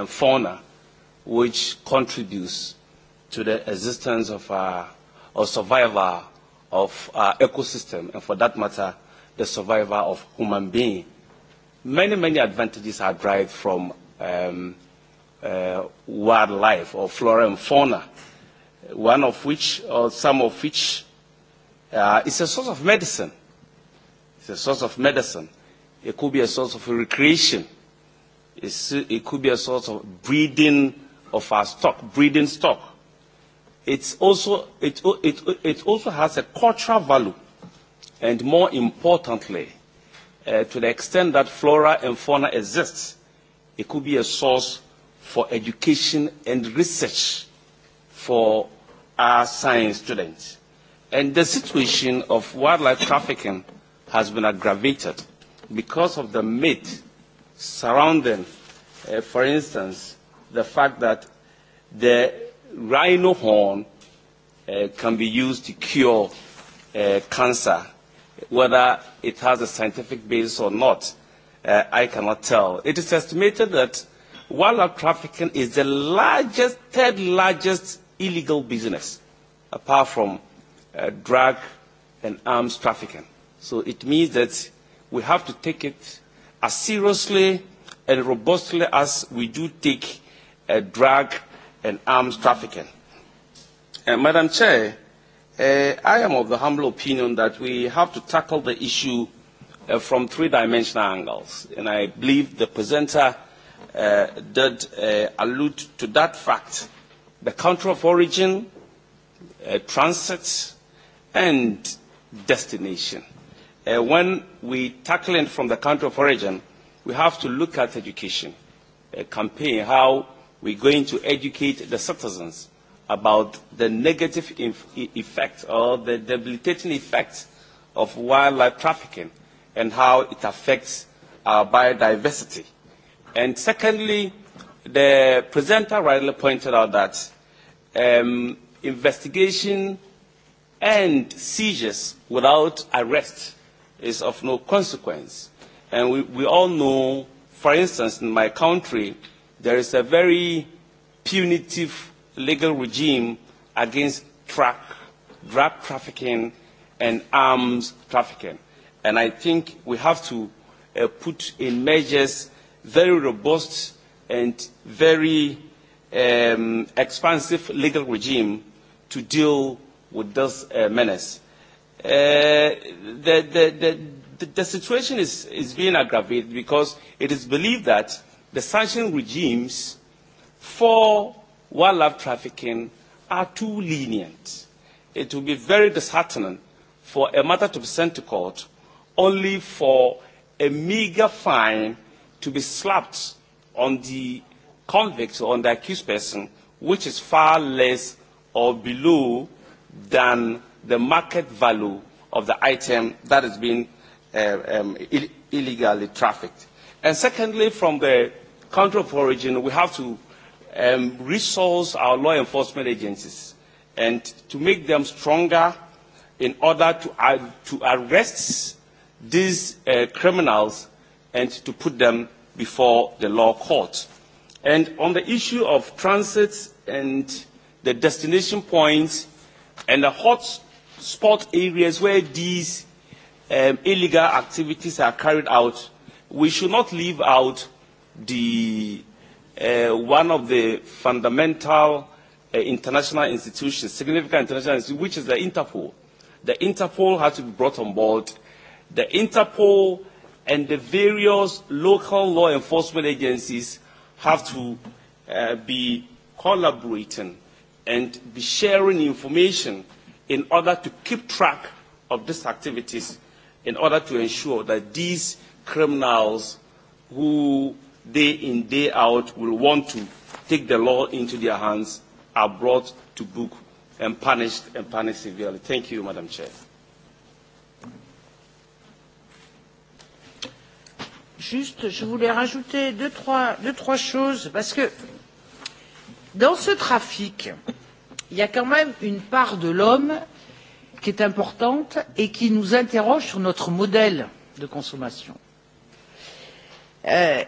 Speaker 9: fauna which contributes to the existence of our or survival of our ecosystem and for that matter the survival of human being. Many, many advantages are derived from wildlife or flora and fauna, one of which or some of which is a source of medicine. It's a source of medicine. It could be a source of recreation it could be a source of breeding of our stock, breeding stock. It's also, it, it, it also has a cultural value, and more importantly, to the extent that flora and fauna exists, it could be a source for education and research for our science students. And the situation of wildlife trafficking has been aggravated because of the myth surrounding, for instance, the fact that the rhino horn can be used to cure cancer. Whether it has a scientific basis or not, I cannot tell. It is estimated that wildlife trafficking is the largest, third largest illegal business, apart from drug and arms trafficking. So it means that we have to take it as seriously and robustly as we do take drug and arms trafficking. Madam Chair, I am of the humble opinion that we have to tackle the issue from three-dimensional angles, and I believe the presenter did allude to that fact. The country of origin, transit, and destination when we tackle it from the country of origin, we have to look at education, a campaign, how we're going to educate the citizens about the negative effects or the debilitating effects of wildlife trafficking and how it affects our biodiversity. And secondly, the presenter rightly pointed out that investigation and seizures without arrest is of no consequence. And we, we all know, for instance, in my country, there is a very punitive legal regime against drug trafficking and arms trafficking. And I think we have to put in measures very robust and very expansive legal regime to deal with this menace the the situation is is being aggravated because it is believed that the sanction regimes for wildlife trafficking are too lenient. It will be very disheartening for a matter to be sent to court only for a meager fine to be slapped on the convict or on the accused person, which is far less or below than the market value of the item that has been illegally trafficked. And secondly, from the country of origin, we have to resource our law enforcement agencies and to make them stronger in order to, arrest these criminals and to put them before the law court. And on the issue of transits and the destination points and the hot spot areas where these illegal activities are carried out, we should not leave out the one of the fundamental international institutions, significant international institutions, which is the Interpol. The Interpol has to be brought on board. The Interpol and the various local law enforcement agencies have to be collaborating and be sharing information in order to keep track of these activities, in order to ensure that these criminals who day in, day out will want to take the law into their hands are brought to book and punished and punished severely. Thank you, Madam Chair.
Speaker 3: Juste, je voulais rajouter deux, trois, deux, trois choses, parce que dans ce trafic, il y a quand même une part de l'homme qui est importante et qui nous interroge sur notre modèle de consommation.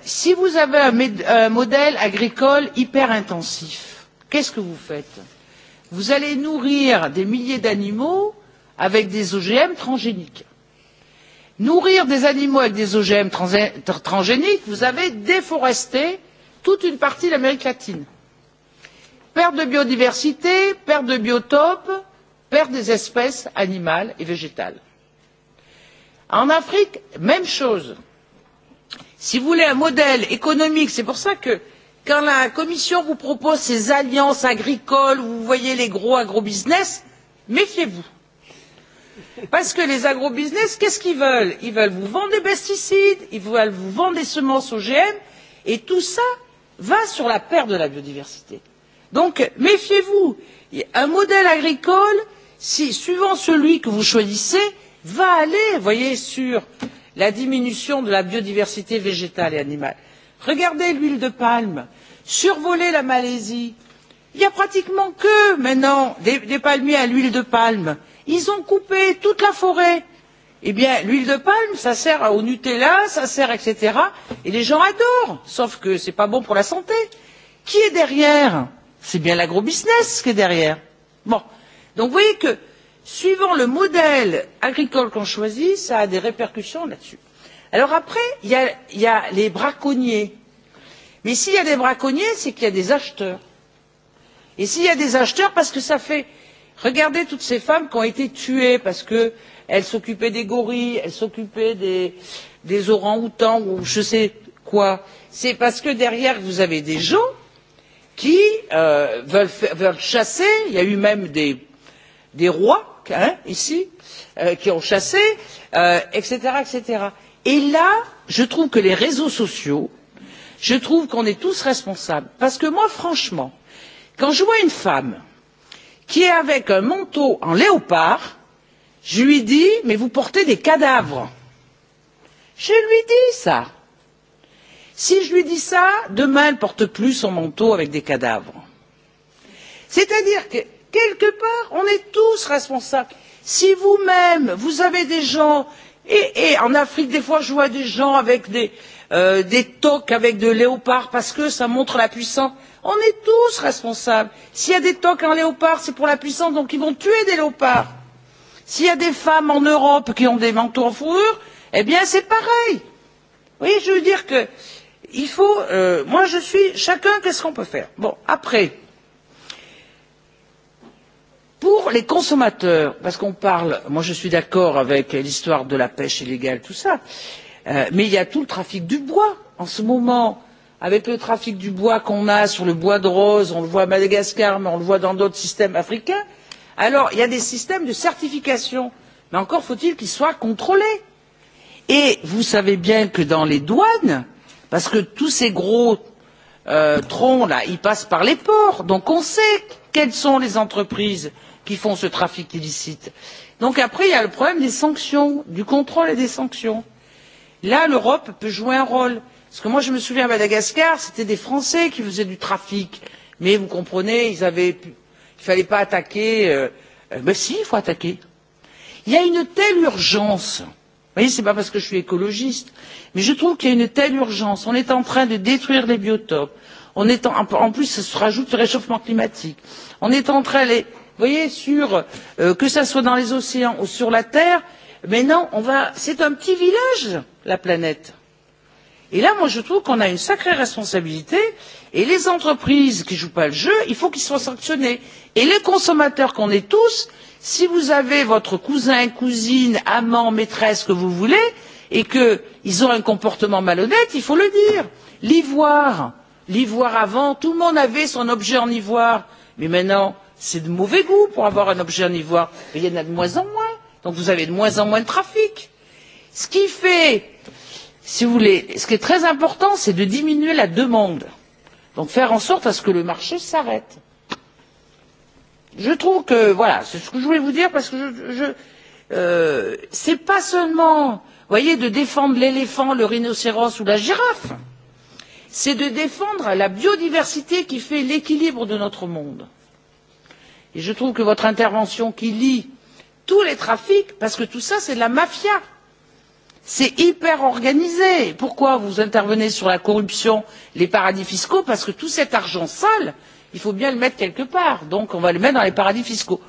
Speaker 3: Si vous avez un modèle agricole hyper intensif, qu'est-ce que vous faites Vous allez nourrir des milliers d'animaux avec des OGM transgéniques. Nourrir des animaux avec des OGM transgéniques, vous avez déforesté toute une partie de l'Amérique latine perte de biodiversité perte de biotopes perte des espèces animales et végétales. en afrique même chose. si vous voulez un modèle économique c'est pour ça que quand la commission vous propose ces alliances agricoles où vous voyez les gros agrobusiness méfiez vous parce que les agrobusiness qu'est ce qu'ils veulent? ils veulent vous vendre des pesticides ils veulent vous vendre des semences ogm et tout cela va sur la perte de la biodiversité donc méfiez vous un modèle agricole suivant celui que vous choisissez va aller voyez sur la diminution de la biodiversité végétale et animale. regardez l'huile de palme survolez la malaisie il n'y a pratiquement que maintenant des palmiers à l'huile de palme ils ont coupé toute la forêt. Eh bien, l'huile de palme, ça sert au Nutella, ça sert, etc. Et les gens adorent, sauf que ce n'est pas bon pour la santé. Qui est derrière c'est bien l'agrobusiness qui est derrière. Bon. Donc vous voyez que suivant le modèle agricole qu'on choisit, ça a des répercussions là-dessus. Alors après, il y a les braconniers. Mais s'il y a des braconniers, c'est qu'il y a des acheteurs. Et s'il y a des acheteurs, parce que ça fait. Regardez toutes ces femmes qui ont été tuées parce qu'elles s'occupaient des gorilles, elles s'occupaient des orangs-outans ou je sais quoi. C'est parce que derrière, vous avez des gens qui veulent chasser il y a eu même des rois ici qui ont chassé etc. etc. et là je trouve que les réseaux sociaux je trouve qu'on est tous responsables parce que moi franchement quand je vois une femme qui est avec un manteau en léopard je lui dis mais vous portez des cadavres. je lui dis ça Si je lui dis ça, demain, elle ne porte plus son manteau avec des cadavres. C'est-à-dire que, quelque part, on est tous responsables. Si vous-même, vous avez des gens, et en Afrique, des fois, je vois des gens avec des toques, avec de léopards, parce que ça montre la puissance. On est tous responsables. S'il y a des toques en léopard, c'est pour la puissance, donc ils vont tuer des léopards. S'il y a des femmes en Europe qui ont des manteaux en fourrure, eh bien c'est pareil. Vous voyez, je veux dire que il faut moi je suis chacun qu'est ce qu'on peut faire? bon après pour les consommateurs parce qu'on parle moi je suis d'accord avec l'histoire de la pêche illégale tout ça mais il y a tout le trafic du bois en ce moment avec le trafic du bois qu'on a sur le bois de rose on le voit à madagascar mais on le voit dans d'autres systèmes africains alors il y a des systèmes de certification mais encore faut il qu'ils soient contrôlés et vous savez bien que dans les douanes parce que tous ces gros troncs là ils passent par les ports donc on sait quelles sont les entreprises qui font ce trafic illicite. donc après il y a le problème des sanctions du contrôle et des sanctions. là l'europe peut jouer un rôle parce que moi je me souviens à madagascar c'était des français qui faisaient du trafic mais vous comprenez il ne fallait pas attaquer mais si il faut attaquer. il y a une telle urgence voyez, ce n'est pas parce que je suis écologiste, mais je trouve qu'il y a une telle urgence. On est en train de détruire les biotopes. On est en, plus, ça se rajoute le réchauffement climatique. On est en train, vous voyez, sur, que ce soit dans les océans ou sur la Terre, mais non, on va, c'est un petit village, la planète. Et là, moi, je trouve qu'on a une sacrée responsabilité. Et les entreprises qui ne jouent pas le jeu, il faut qu'ils soient sanctionnés. Et les consommateurs qu'on est tous, si vous avez votre cousin cousine amant maîtresse que vous voulez et qu'ils ont un comportement malhonnête il faut le dire. l'ivoire l'ivoire avant tout le monde avait son objet en ivoire mais maintenant c'est de mauvais goût pour avoir un objet en ivoire mais il y en a de moins en moins donc vous avez de moins en moins de trafic. ce qui fait si vous voulez ce qui est très important c'est de diminuer la demande donc faire en sorte à ce que le marché s'arrête je trouve que voilà c'est ce que je voulais vous dire parce que je c'est pas seulement voyez de défendre l'éléphant le rhinocéros ou la girafe c'est de défendre la biodiversité qui fait l'équilibre de notre monde et je trouve que votre intervention qui lie tous les trafics parce que tout ça c'est de la mafia c'est hyper organisé pourquoi vous intervenez sur la corruption les paradis fiscaux parce que tout cet argent sale il faut bien le mettre quelque part donc on va le mettre dans les paradis fiscaux.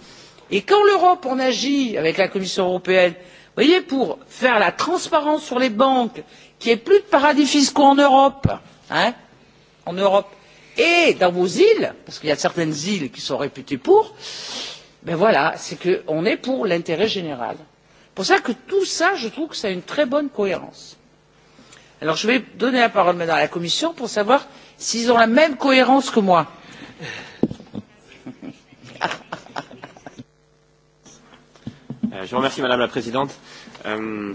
Speaker 3: et quand l'europe on agit avec la commission européenne vous voyez pour faire la transparence sur les banques qu'il n'y ait plus de paradis fiscaux en europe hein en europe et dans vos îles parce qu'il y a certaines îles qui sont réputées pour ben voilà c'est qu'on est pour l'intérêt général. c'est pour ça que tout ça je trouve que ça a une très bonne cohérence. alors je vais donner la parole maintenant à la commission pour savoir s'ils ont la même cohérence que moi.
Speaker 10: Je remercie, Madame la Présidente. Je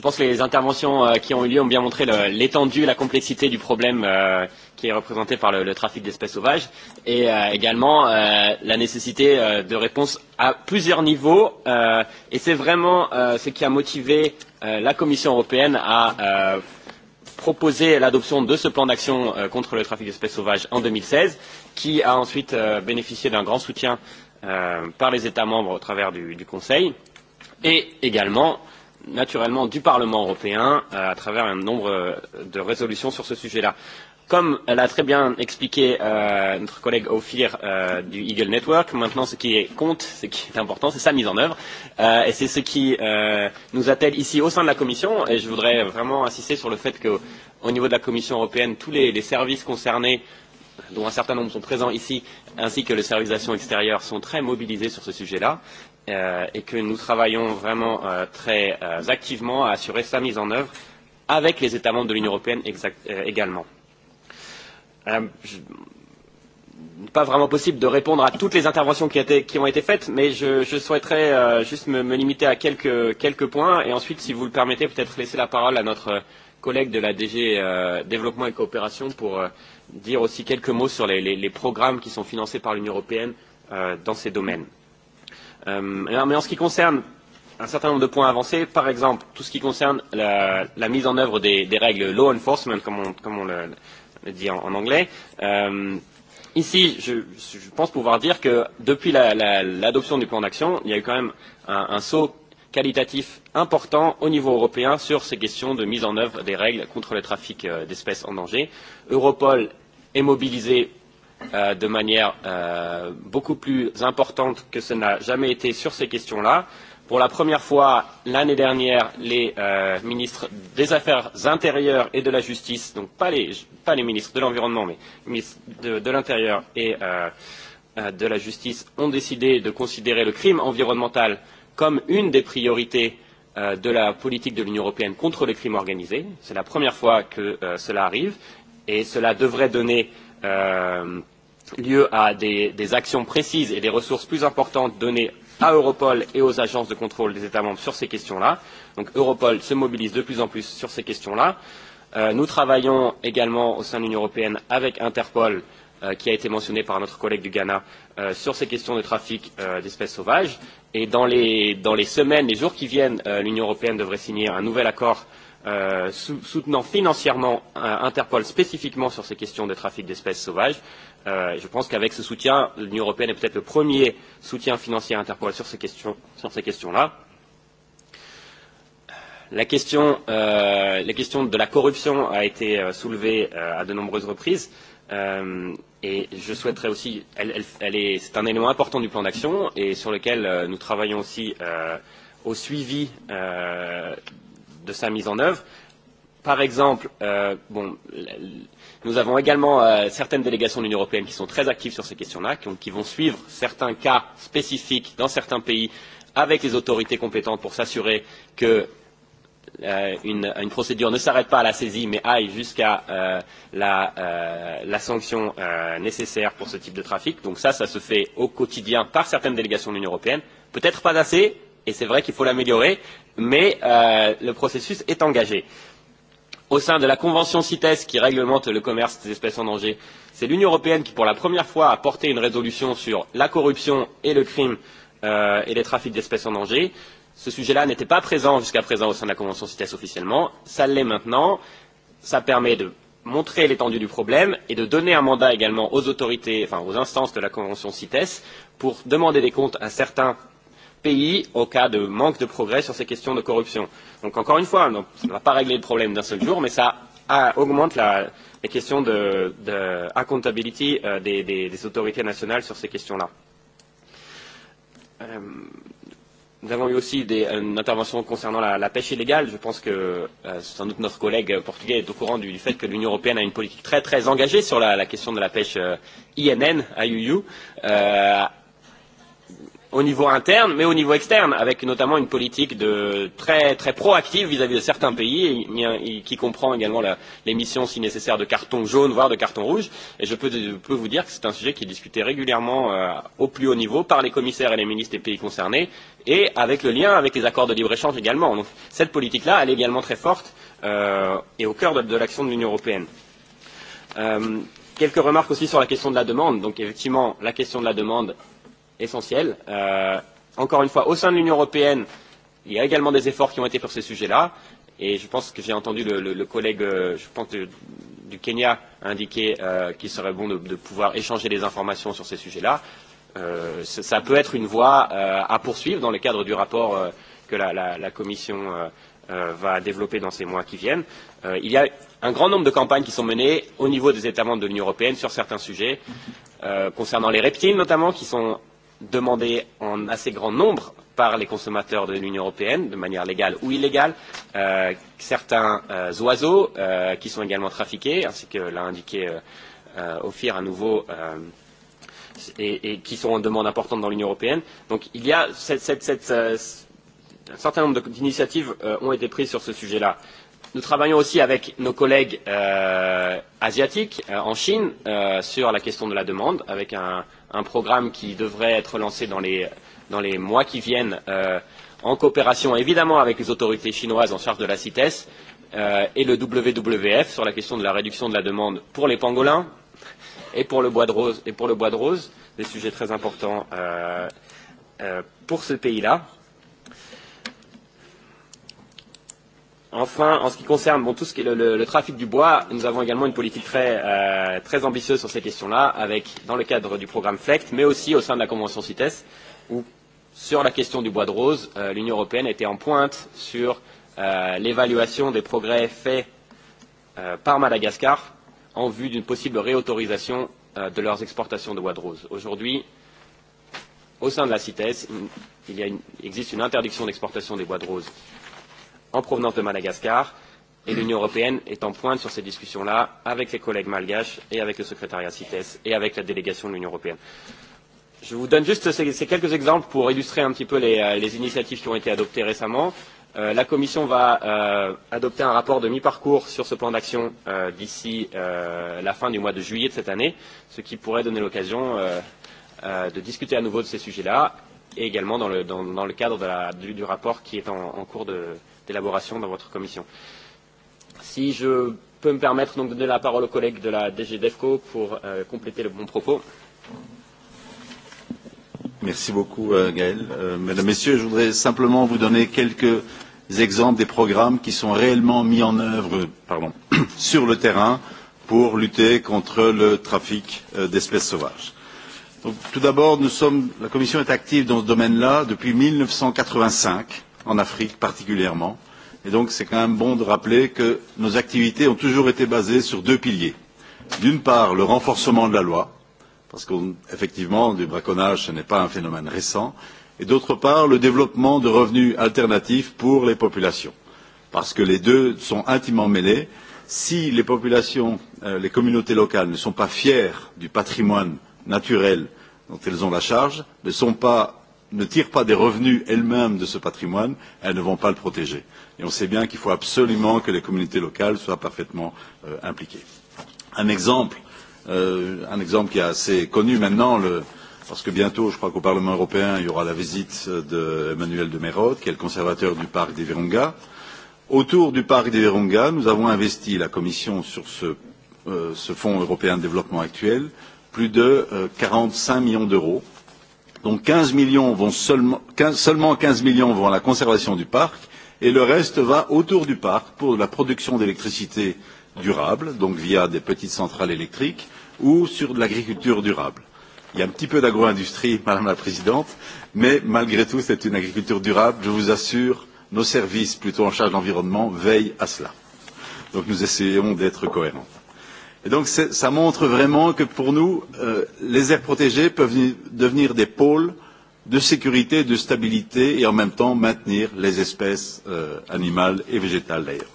Speaker 10: pense que les interventions qui ont eu lieu ont bien montré l'étendue et la complexité du problème qui est représenté par le trafic d'espèces sauvages et également la nécessité de réponses à plusieurs niveaux. Et c'est vraiment ce qui a motivé la Commission européenne à proposé l'adoption de ce plan d'action contre le trafic d'espèces sauvages en 2016, qui a ensuite bénéficié d'un grand soutien par les États membres au travers du Conseil, et également, naturellement, du Parlement européen à travers un nombre de résolutions sur ce sujet-là. Comme l'a très bien expliqué notre collègue Ophir du Eagle Network, maintenant ce qui compte, ce qui est important, c'est sa mise en œuvre. Et c'est ce qui nous attelle ici au sein de la Commission. Et je voudrais vraiment insister sur le fait qu'au niveau de la Commission européenne, tous les services concernés, dont un certain nombre sont présents ici, ainsi que les service d'action extérieure, sont très mobilisés sur ce sujet-là. Et que nous travaillons vraiment très activement à assurer sa mise en œuvre avec les États membres de l'Union européenne également pas vraiment possible de répondre à toutes les interventions qui ont été faites, mais je souhaiterais juste me limiter à quelques points et ensuite, si vous le permettez, peut-être laisser la parole à notre collègue de la DG Développement et Coopération pour dire aussi quelques mots sur les programmes qui sont financés par l'Union européenne dans ces domaines. Mais en ce qui concerne un certain nombre de points avancés, par exemple, tout ce qui concerne la mise en œuvre des règles law enforcement, comme on le le dit en anglais. Ici, je pense pouvoir dire que depuis l'adoption du plan d'action, il y a eu quand même un saut qualitatif important au niveau européen sur ces questions de mise en œuvre des règles contre le trafic d'espèces en danger. Europol est mobilisé de manière beaucoup plus importante que ce n'a jamais été sur ces questions-là. Pour la première fois, l'année dernière, les ministres des Affaires intérieures et de la Justice, donc pas les ministres de l'Environnement, mais les ministres de l'Intérieur et de la Justice, ont décidé de considérer le crime environnemental comme une des priorités de la politique de l'Union européenne contre les crimes organisés. C'est la première fois que cela arrive et cela devrait donner lieu à des actions précises et des ressources plus importantes données à Europol et aux agences de contrôle des États membres sur ces questions-là. Donc Europol se mobilise de plus en plus sur ces questions-là. Nous travaillons également au sein de l'Union européenne avec Interpol, qui a été mentionné par notre collègue du Ghana, sur ces questions de trafic d'espèces sauvages. Et dans les semaines, les jours qui viennent, l'Union européenne devrait signer un nouvel accord soutenant financièrement Interpol spécifiquement sur ces questions de trafic d'espèces sauvages. Je pense qu'avec ce soutien, l'Union européenne est peut-être le premier soutien financier à Interpol sur ces questions-là. La question de la corruption a été soulevée à de nombreuses reprises et je souhaiterais aussi, elle c'est un élément important du plan d'action et sur lequel nous travaillons aussi au suivi de sa mise en œuvre. Par exemple, bon Nous avons également certaines délégations de l'Union européenne qui sont très actives sur ces questions-là, qui vont suivre certains cas spécifiques dans certains pays avec les autorités compétentes pour s'assurer que procédure ne s'arrête pas à la saisie mais aille jusqu'à la sanction nécessaire pour ce type de trafic. Donc ça, ça se fait au quotidien par certaines délégations de l'Union européenne. Peut-être pas assez, et c'est vrai qu'il faut l'améliorer, mais le processus est engagé au sein de la convention cites qui réglemente le commerce des espèces en danger c'est l'union européenne qui pour la première fois a porté une résolution sur la corruption et le crime et les trafics d'espèces en danger. ce sujet là n'était pas présent jusqu'à présent au sein de la convention cites officiellement ça l'est maintenant ça permet de montrer l'étendue du problème et de donner un mandat également aux autorités enfin aux instances de la convention cites pour demander des comptes à certains pays au cas de manque de progrès sur ces questions de corruption. Donc encore une fois, ça ne va pas régler le problème d'un seul jour, mais ça augmente la, les questions de, de accountability des, des, autorités nationales sur ces questions-là. Euh, nous avons eu aussi des, une intervention concernant la, pêche illégale. Je pense que sans doute notre collègue portugais est au courant du, fait que l'Union européenne a une politique très très engagée sur la, la question de la pêche euh, INN, IUU au niveau interne, mais au niveau externe, avec notamment une politique très proactive vis-à-vis de certains pays, qui comprend également l'émission, si nécessaire, de carton jaune, voire de carton rouge. Et je peux vous dire que c'est un sujet qui est discuté régulièrement au plus haut niveau par les commissaires et les ministres des pays concernés, et avec le lien avec les accords de libre-échange également. Donc cette politique-là, elle est également très forte et au cœur de l'action de l'Union européenne. Quelques remarques aussi sur la question de la demande. Donc effectivement, la question de la demande essentiel. Encore une fois, au sein de l'Union européenne, il y a également des efforts qui ont été sur ces sujets-là. Et je pense que j'ai entendu le collègue, je pense, du Kenya indiquer qu'il serait bon de pouvoir échanger des informations sur ces sujets-là. Ça peut être une voie à poursuivre dans le cadre du rapport que la Commission va développer dans ces mois qui viennent. Il y a un grand nombre de campagnes qui sont menées au niveau des États membres de l'Union européenne sur certains sujets, concernant les reptiles notamment, qui sont demandés en assez grand nombre par les consommateurs de l'Union européenne, de manière légale ou illégale, certains oiseaux qui sont également trafiqués, ainsi que l'a indiqué Ophir à nouveau, et qui sont en demande importante dans l'Union européenne. Donc il y a un certain nombre d'initiatives ont été prises sur ce sujet-là. Nous travaillons aussi avec nos collègues asiatiques en Chine sur la question de la demande, avec un programme qui devrait être lancé dans les mois qui viennent, en coopération évidemment avec les autorités chinoises en charge de la CITES et le WWF sur la question de la réduction de la demande pour les pangolins et pour le bois de rose, des sujets très importants pour ce pays-là. Enfin, en ce qui concerne bon, tout ce qui est le, trafic du bois, nous avons également une politique très, très ambitieuse sur ces questions-là, avec dans le cadre du programme FLECT, mais aussi au sein de la Convention CITES, où sur la question du bois de rose, l'Union européenne était en pointe sur l'évaluation des progrès faits par Madagascar en vue d'une possible réautorisation de leurs exportations de bois de rose. Aujourd'hui, au sein de la CITES, il, y a existe une interdiction d'exportation des bois de rose en provenance de Madagascar. Et l'Union européenne est en pointe sur ces discussions-là avec les collègues malgaches et avec le secrétariat CITES et avec la délégation de l'Union européenne. Je vous donne juste ces quelques exemples pour illustrer un petit peu les initiatives qui ont été adoptées récemment. La Commission va adopter un rapport de mi-parcours sur ce plan d'action d'ici la fin du mois de juillet de cette année, ce qui pourrait donner l'occasion de discuter à nouveau de ces sujets-là, et également dans le cadre du rapport qui est en cours de d'élaboration dans votre commission. Si je peux me permettre donc de donner la parole aux collègues de la DG DEFCO pour compléter le bon propos.
Speaker 11: Merci beaucoup, Gaël. Mesdames, Messieurs, je voudrais simplement vous donner quelques exemples des programmes qui sont réellement mis en œuvre sur le terrain pour lutter contre le trafic d'espèces sauvages. Tout d'abord, la Commission est active dans ce domaine-là depuis 1985 en Afrique particulièrement. Et donc, c'est quand même bon de rappeler que nos activités ont toujours été basées sur deux piliers. D'une part, le renforcement de la loi, parce qu'effectivement, du braconnage, ce n'est pas un phénomène récent. Et d'autre part, le développement de revenus alternatifs pour les populations. Parce que les deux sont intimement mêlés. Si les populations, les communautés locales ne sont pas fières du patrimoine naturel dont elles ont la charge, ne sont pas ne tirent pas des revenus elles-mêmes de ce patrimoine, elles ne vont pas le protéger. Et on sait bien qu'il faut absolument que les communautés locales soient parfaitement impliquées. Un exemple, qui est assez connu maintenant, parce que bientôt, je crois qu'au Parlement européen, il y aura la visite d'Emmanuel de Merode, qui est le conservateur du parc des Virunga. Autour du parc des Virunga, nous avons investi, la Commission, sur ce fonds européen de développement actuel, plus de 45 millions d'euros dont 15 millions vont seulement 15 millions vont à la conservation du parc et le reste va autour du parc pour la production d'électricité durable, donc via des petites centrales électriques, ou sur de l'agriculture durable. Il y a un petit peu d'agroindustrie, Madame la Présidente, mais malgré tout, c'est une agriculture durable. Je vous assure, nos services, plutôt en charge de l'environnement, veillent à cela. Donc nous essayons d'être cohérents. Et donc ça montre vraiment que pour nous, les aires protégées peuvent devenir des pôles de sécurité, de stabilité et en même temps maintenir les espèces animales et végétales d'ailleurs.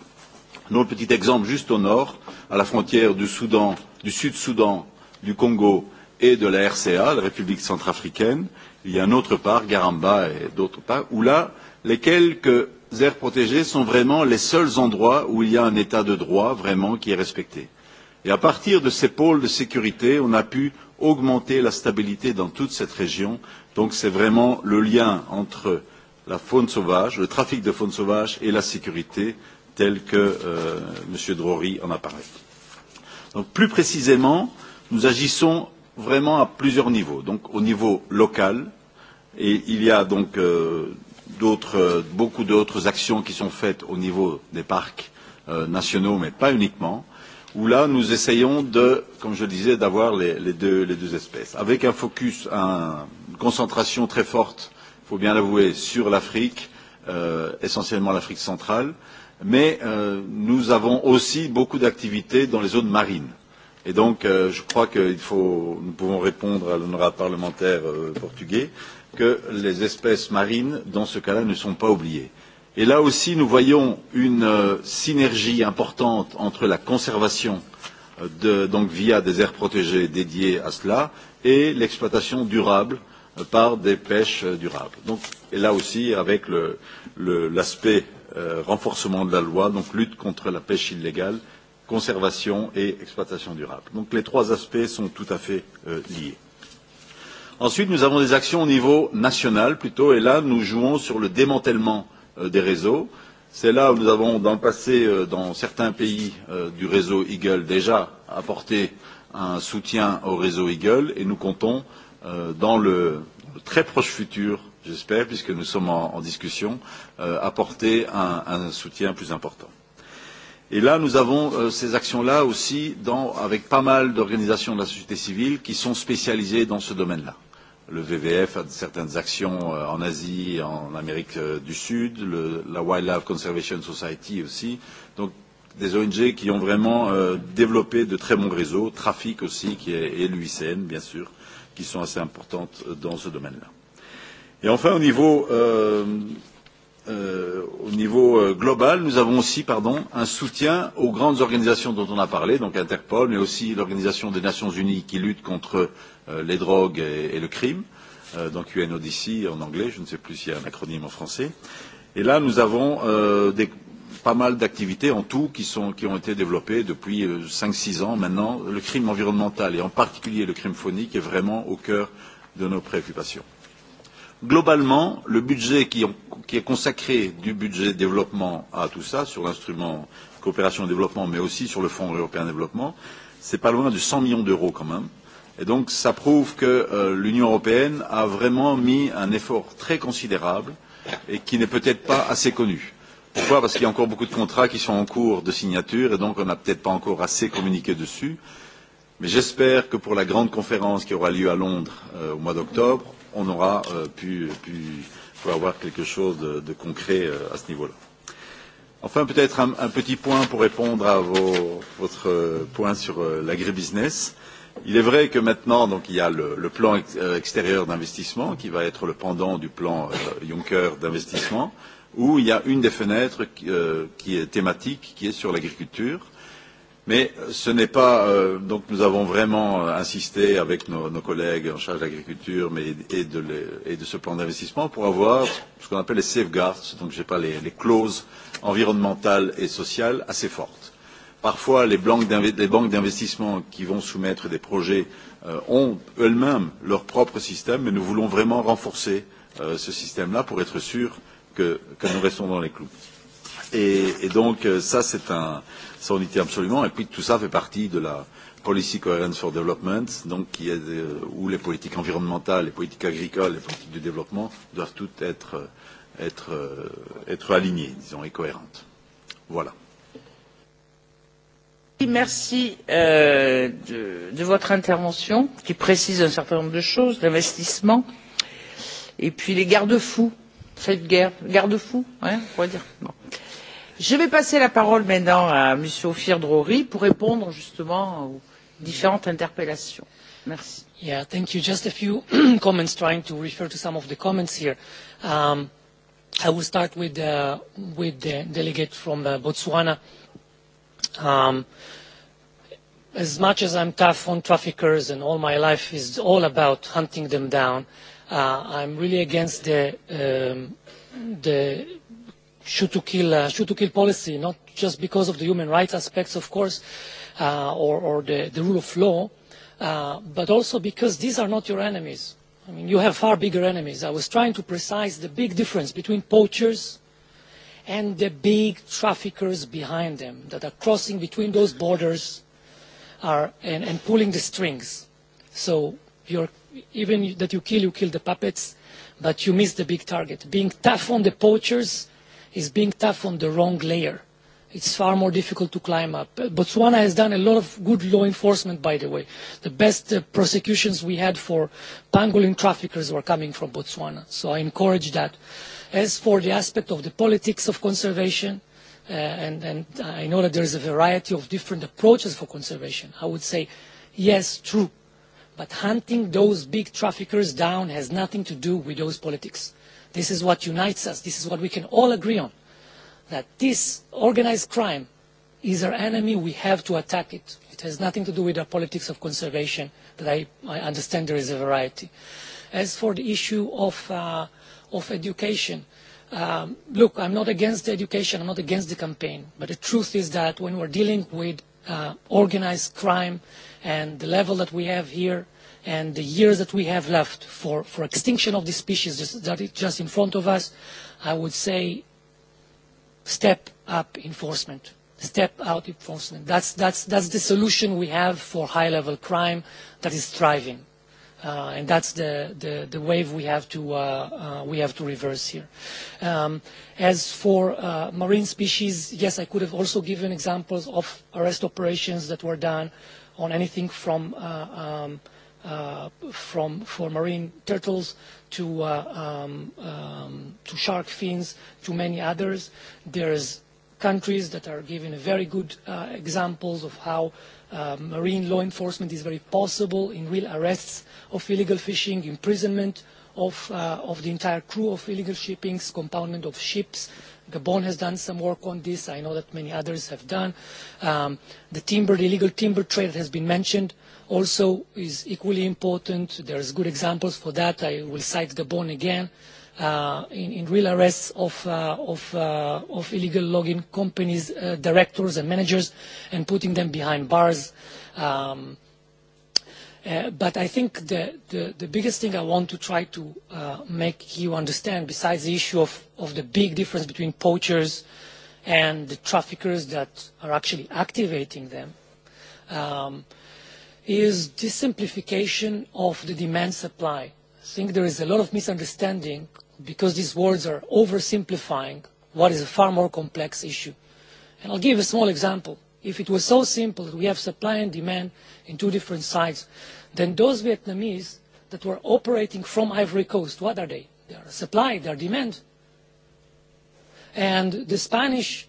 Speaker 11: Un autre petit exemple juste au nord, à la frontière du Soudan, du Sud-Soudan, du Congo et de la RCA, la République centrafricaine, il y a un autre parc, Garamba et d'autres parcs, où là, les quelques aires protégées sont vraiment les seuls endroits où il y a un état de droit vraiment qui est respecté et à partir de ces pôles de sécurité on a pu augmenter la stabilité dans toute cette région donc c'est vraiment le lien entre la faune sauvage le trafic de faune sauvage et la sécurité tel que m. drory en a parlé. donc plus précisément nous agissons vraiment à plusieurs niveaux donc au niveau local et il y a donc beaucoup d'autres actions qui sont faites au niveau des parcs nationaux mais pas uniquement où là nous essayons de, comme je le disais, d'avoir les deux espèces, avec un focus, une concentration très forte, il faut bien l'avouer, sur l'Afrique, essentiellement l'Afrique centrale, mais nous avons aussi beaucoup d'activités dans les zones marines. Et donc je crois que nous pouvons répondre à l'honorable parlementaire portugais que les espèces marines, dans ce cas là, ne sont pas oubliées. Et là aussi, nous voyons une synergie importante entre la conservation, donc via des aires protégées dédiées à cela, et l'exploitation durable par des pêches durables. Donc, et là aussi, avec l'aspect renforcement de la loi, donc lutte contre la pêche illégale, conservation et exploitation durable. Donc les trois aspects sont tout à fait liés. Ensuite, nous avons des actions au niveau national plutôt, et là, nous jouons sur le démantèlement des réseaux. C'est là où nous avons, dans le passé, dans certains pays du réseau Eagle, déjà apporté un soutien au réseau Eagle et nous comptons, dans le très proche futur, j'espère, puisque nous sommes en discussion, apporter un soutien plus important. Et là, nous avons ces actions-là aussi avec pas mal d'organisations de la société civile qui sont spécialisées dans ce domaine-là le VVF à certaines actions en Asie, en Amérique du Sud, la Wildlife Conservation Society aussi. Donc des ONG qui ont vraiment développé de très bons réseaux, Trafic aussi, qui est, et l'UICN bien sûr, qui sont assez importantes dans ce domaine-là. Et enfin, au niveau au niveau global, nous avons aussi un soutien aux grandes organisations dont on a parlé, donc Interpol, mais aussi l'Organisation des Nations Unies qui lutte contre les drogues et le crime, donc UNODC en anglais, je ne sais plus s'il y a un acronyme en français. Et là, nous avons pas mal d'activités en tout qui ont été développées depuis 5-6 ans maintenant. Le crime environnemental et en particulier le crime phonique est vraiment au cœur de nos préoccupations globalement le budget qui est consacré du budget développement à tout ça sur l'instrument coopération et développement mais aussi sur le fonds européen de développement c'est pas loin de 100 millions d'euros quand même et donc ça prouve que l'union européenne a vraiment mis un effort très considérable et qui n'est peut-être pas assez connu pourquoi parce qu'il y a encore beaucoup de contrats qui sont en cours de signature et donc on n'a peut-être pas encore assez communiqué dessus mais j'espère que pour la grande conférence qui aura lieu à londres au mois d'octobre on aura pu pu avoir quelque chose de concret à ce niveau-là. Enfin, peut-être un petit point pour répondre à votre point sur l'agribusiness. Il est vrai que maintenant, donc, il y a le plan extérieur d'investissement qui va être le pendant du plan Juncker d'investissement, où il y a une des fenêtres qui est thématique, qui est sur l'agriculture Mais ce n'est pas, donc nous avons vraiment insisté avec nos, collègues en charge de l'agriculture et, de ce plan d'investissement pour avoir ce qu'on appelle les safeguards, donc je sais pas, les, clauses environnementales et sociales assez fortes. Parfois, les banques d'investissement qui vont soumettre des projets ont elles-mêmes leur propre système, mais nous voulons vraiment renforcer ce système-là pour être sûr que, nous restons dans les clous. Et, donc, c'est un, y tient absolument. Et puis tout ça fait partie de la Policy Coherence for Development, donc qui est où les politiques environnementales, les politiques agricoles, les politiques de développement doivent toutes être, être, être alignées, disons, et cohérentes. Voilà.
Speaker 3: Merci de votre intervention qui précise un certain nombre de choses, l'investissement et puis les garde-fous, cette guerre, garde-fous, on pourrait dire. Je vais passer la parole maintenant à M. Ophir Drori pour
Speaker 2: répondre justement aux differentes interpellations. Merci. Yeah, thank you. Just a few comments trying to refer to some of the comments here. Um, I will start with, uh, with the delegate from uh, Botswana. Um, as much as I'm tough on traffickers and all my life is all about hunting them down, uh, I'm really against the, um, the shoot to kill shoot to kill policy, not just because of the human rights aspects, of course, or or the the rule of law, but also because these are not your enemies. I mean, you have far bigger enemies. I was trying to precise the big difference between poachers and the big traffickers behind them that are crossing between those borders are and and pulling the strings. So you're even that you kill, you kill the puppets, but you miss the big target. Being tough on the poachers is being tough on the wrong layer. It's far more difficult to climb up. Botswana has done a lot of good law enforcement, by the way. The best prosecutions we had for pangolin traffickers were coming from Botswana, so I encourage that. As for the aspect of the politics of conservation, and I know that there is a variety of different approaches for conservation, I would say, yes, true, but hunting those big traffickers down has nothing to do with those politics. This is what unites us. This is what we can all agree on, that this organized crime is our enemy. We have to attack it. It has nothing to do with our politics of conservation, but I understand there is a variety. As for the issue of education, look, I'm not against education. I'm not against the campaign. But the truth is that when we're dealing with organized crime and the level that we have here and the years that we have left for for extinction of the species that is just in front of us, I would say step up enforcement, step out enforcement. That's that's the solution we have for high level crime that is thriving, and that's the the the wave we have to we have to reverse here. As for marine species, yes, I could have also given examples of arrest operations that were done on anything from from for marine turtles to to shark fins to many others. There There's countries that are giving very good examples of how marine law enforcement is very possible in real arrests of illegal fishing, imprisonment of the entire crew of illegal shippings, compoundment of ships. Gabon has done some work on this. I know that many others have done. The timber, the illegal timber trade has been mentioned also is equally important. There are good examples for that. I will cite Gabon again in real arrests of illegal logging companies, directors and managers, and putting them behind bars. But I think the biggest thing I want to try to make you understand, besides the issue of the big difference between poachers and the traffickers that are actually activating them, is the simplification of the demand supply. I think there is a lot of misunderstanding because these words are oversimplifying what is a far more complex issue. And I'll give a small example. If it was so simple that we have supply and demand in two different sides, then those Vietnamese that were operating from Ivory Coast, what are they? They are supply, they are demand. And the Spanish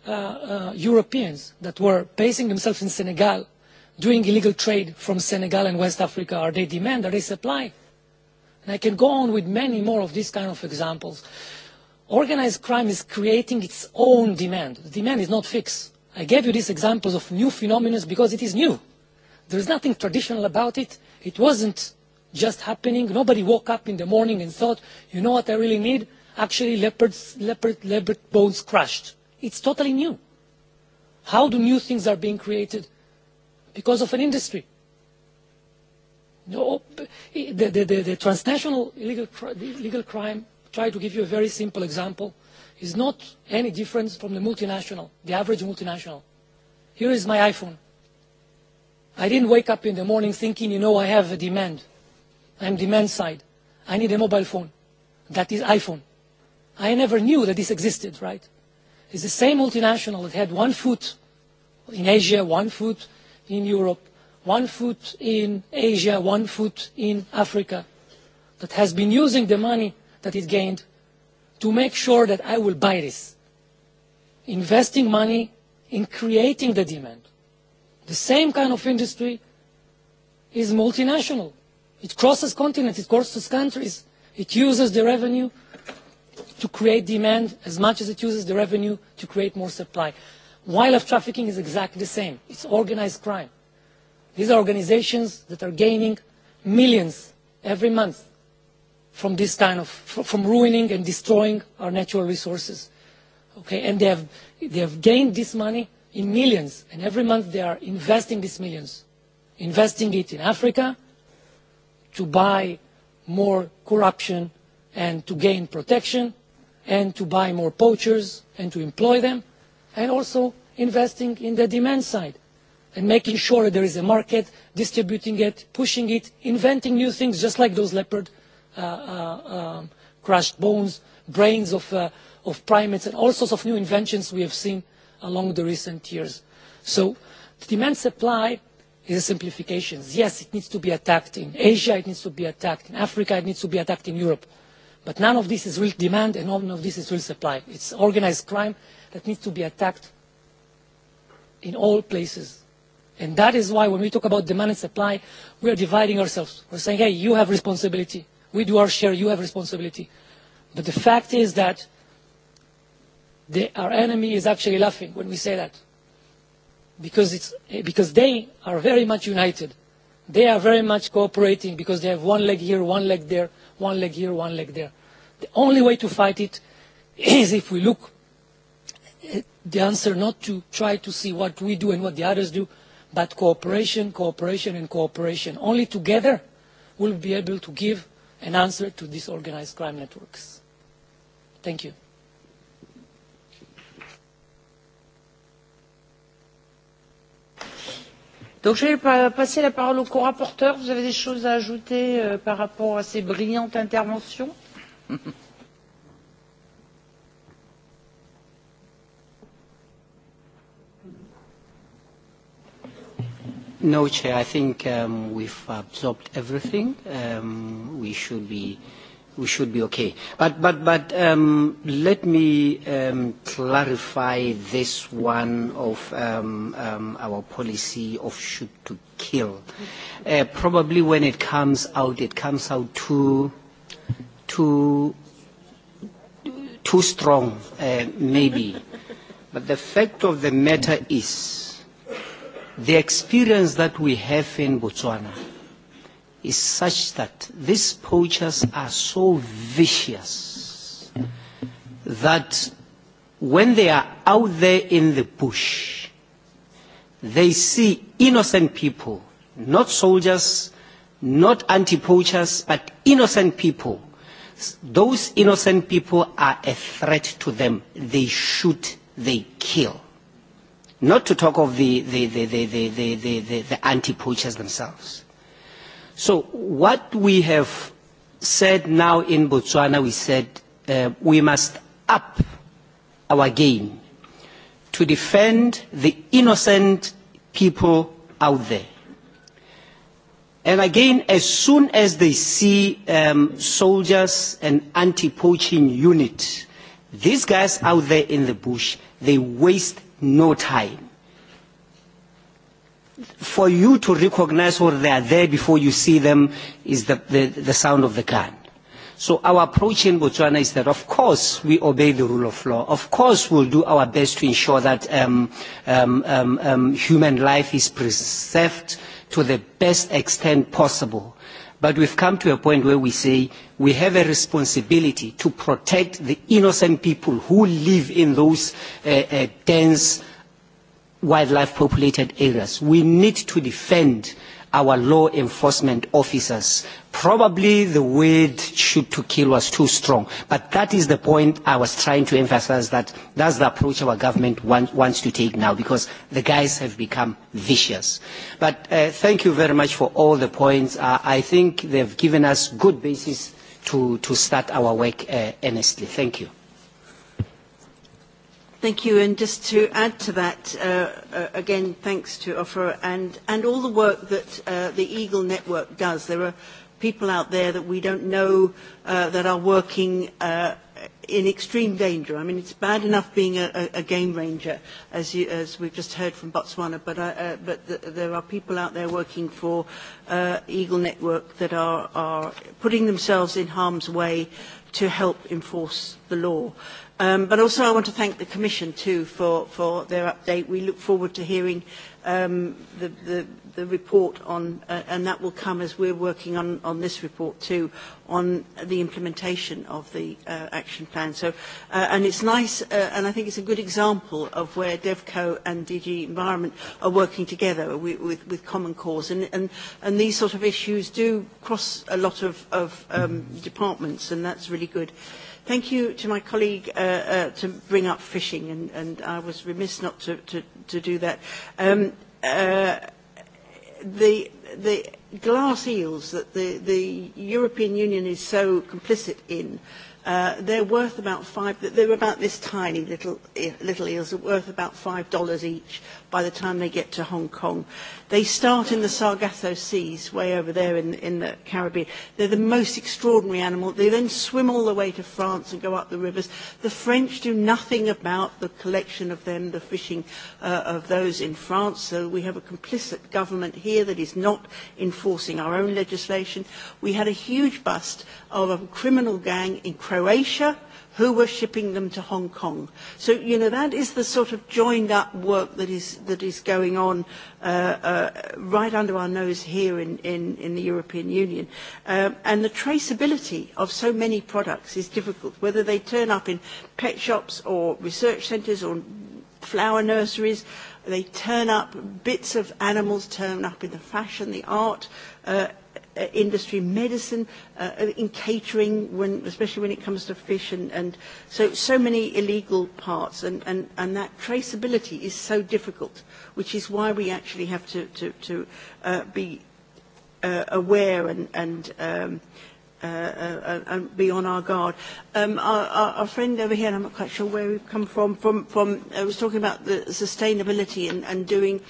Speaker 2: Europeans that were basing themselves in Senegal doing illegal trade from Senegal and West Africa are they demand, are they supply? And I can go on with many more of these kind of examples. Organized crime is creating its own demand. The demand is not fixed. I gave you these examples of new phenomena because it is new. There is nothing traditional about it. It wasn't just happening. Nobody woke up in the morning and thought, you know what I really need? Actually, leopard bones crushed. It's totally new. How do new things are being created? because of an industry. The transnational illegal crime, try to give you a very simple example, is not any different from the multinational, the average multinational. Here is my iPhone. I didn't wake up in the morning thinking, you know, I have a demand. I'm demand side. I need a mobile phone. That is iPhone. I never knew that this existed, right? It's the same multinational that had one foot in Asia, one foot in Europe, one foot in Asia, one foot in Africa, that has been using the money that it gained to make sure that I will buy this. Investing money in creating the demand. The same kind of industry is multinational. It crosses continents, it crosses countries. It uses the revenue to create demand as much as it uses the revenue to create more supply. Wildlife trafficking is exactly the same. It's organized crime. These are organizations that are gaining millions every month from this kind of, from ruining and destroying our natural resources. Okay, and they have, they have gained this money in millions, and every month they are investing these millions, investing it in Africa to buy more corruption and to gain protection and to buy more poachers and to employ them and also investing in the demand side and making sure there is a market, distributing it, pushing it, inventing new things just like those leopard crushed bones, brains of primates and all sorts of new inventions we have seen along the recent years. So demand supply is a simplification. Yes, it needs to be attacked in Asia, it needs to be attacked in Africa, it needs to be attacked in Europe. But none of this is real demand and none of this is real supply. It's organized crime that needs to be attacked in all places. And that is why when we talk about demand and supply, we are dividing ourselves. We're saying, hey, you have responsibility. We do our share, you have responsibility. But the fact is that our enemy is actually laughing when we say that. Because they are very much united. They are very much cooperating because they have one leg here, one leg there, one leg here, one leg there. The only way to fight it is if we look the answer not to try to see what we do and what the others do, but cooperation, cooperation and cooperation. Only together will we be able to give an answer to these organized crime networks. Thank you.
Speaker 3: Donc je vais passer la parole au co-rapporteur. Vous avez des choses à ajouter par rapport à ces brillantes interventions
Speaker 5: No, Chair. I think we've absorbed everything. We should be we should be okay. But but but let me clarify this one of our policy of shoot to kill. Probably when it comes out, it comes out too too too strong, maybe. But the fact of the matter is The experience that we have in Botswana is such that these poachers are so vicious that when they are out there in the bush, they see innocent people, not soldiers, not anti-poachers, but innocent people. Those innocent people are a threat to them. They shoot, they kill not to talk of the the the the the the the anti poachers themselves. So what we have said now in Botswana we said we must up our game to defend the innocent people out there. And again, as soon as they see soldiers and anti-poaching units, these guys out there in the bush, they waste no time. For you to recognize what they are there before you see them is the sound of the gun. So our approach in Botswana is that, of course, we obey the rule of law. Of course, we'll do our best to ensure that human life is preserved to the best extent possible. But we've come to a point where we say we have a responsibility to protect the innocent people who live in those dense wildlife populated areas. We need to defend our law enforcement officers. Probably the word shoot to kill was too strong, but that is the point I was trying to emphasize that that's the approach our government wants to take now because the guys have become vicious. But thank you very much for all the points. I think they've given us good basis to start our work earnestly. Thank you.
Speaker 4: Thank you. And just to add to that, again, thanks to Offer and and all the work that the Eagle Network does. There are people out there that we don't know that are working in extreme danger. I mean, it's bad enough being a game ranger, as as we've just heard from Botswana, but but there are people out there working for Eagle Network that are are putting themselves in harm's way to help enforce the law. But also I want to thank the Commission too for their update. We look forward to hearing the report on, and that will come as we're working on this report too, on the implementation of the action plan. So, and it's nice, and I think it's a good example of where DevCo and DG Environment are working together with common cause. And these sort of issues do cross a lot of departments, and that's really good. Thank you to my colleague to bring up fishing, and, and I was remiss not to, to, to do that. Um, the, the glass eels that the, the European Union is so complicit in, they're worth about five, they're about this tiny little, little eels, are worth about five dollars each by the time they get to Hong Kong. They start in the Sargasso Seas, way over there in, in the Caribbean. They're the most extraordinary animal. They then swim all the way to France and go up the rivers. The French do nothing about the collection of them, the fishing of those in France. So we have a complicit government here that is not enforcing our own legislation. We had a huge bust of a criminal gang in Croatia who were shipping them to Hong Kong. So, you know, that is the sort of joined-up work that is that is going on right under our nose here in in the European Union. And the traceability of so many products is difficult, whether they turn up in pet shops or research centres or flower nurseries. They turn up, bits of animals turn up in the fashion, the art, industry, medicine, in catering, when, especially when it comes to fish and, and so, so many illegal parts and, and, and that traceability is so difficult, which is why we actually have to, to, to be aware and, and um, and be on our guard. Our friend over here, and I'm not quite sure where we've come from, from was talking about the sustainability and doing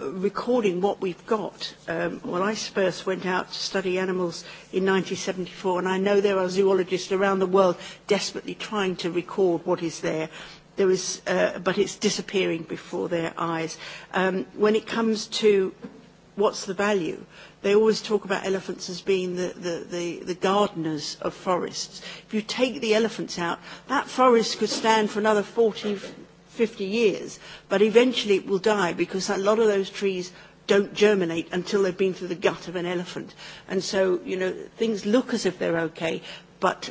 Speaker 4: recording what we've got. Well, I first went out to study animals in 1974, and I know there are zoologists around the world desperately trying to record what is there. There is, but it's disappearing before their eyes. When it comes to what's the value, they always talk about elephants as being the gardeners of forests. If you take the elephants out, that forest could stand for another 40 50 years, but eventually it will die because a lot of those trees don't germinate until they've been through the gut of an elephant. And so, you know, things look as if they're okay, but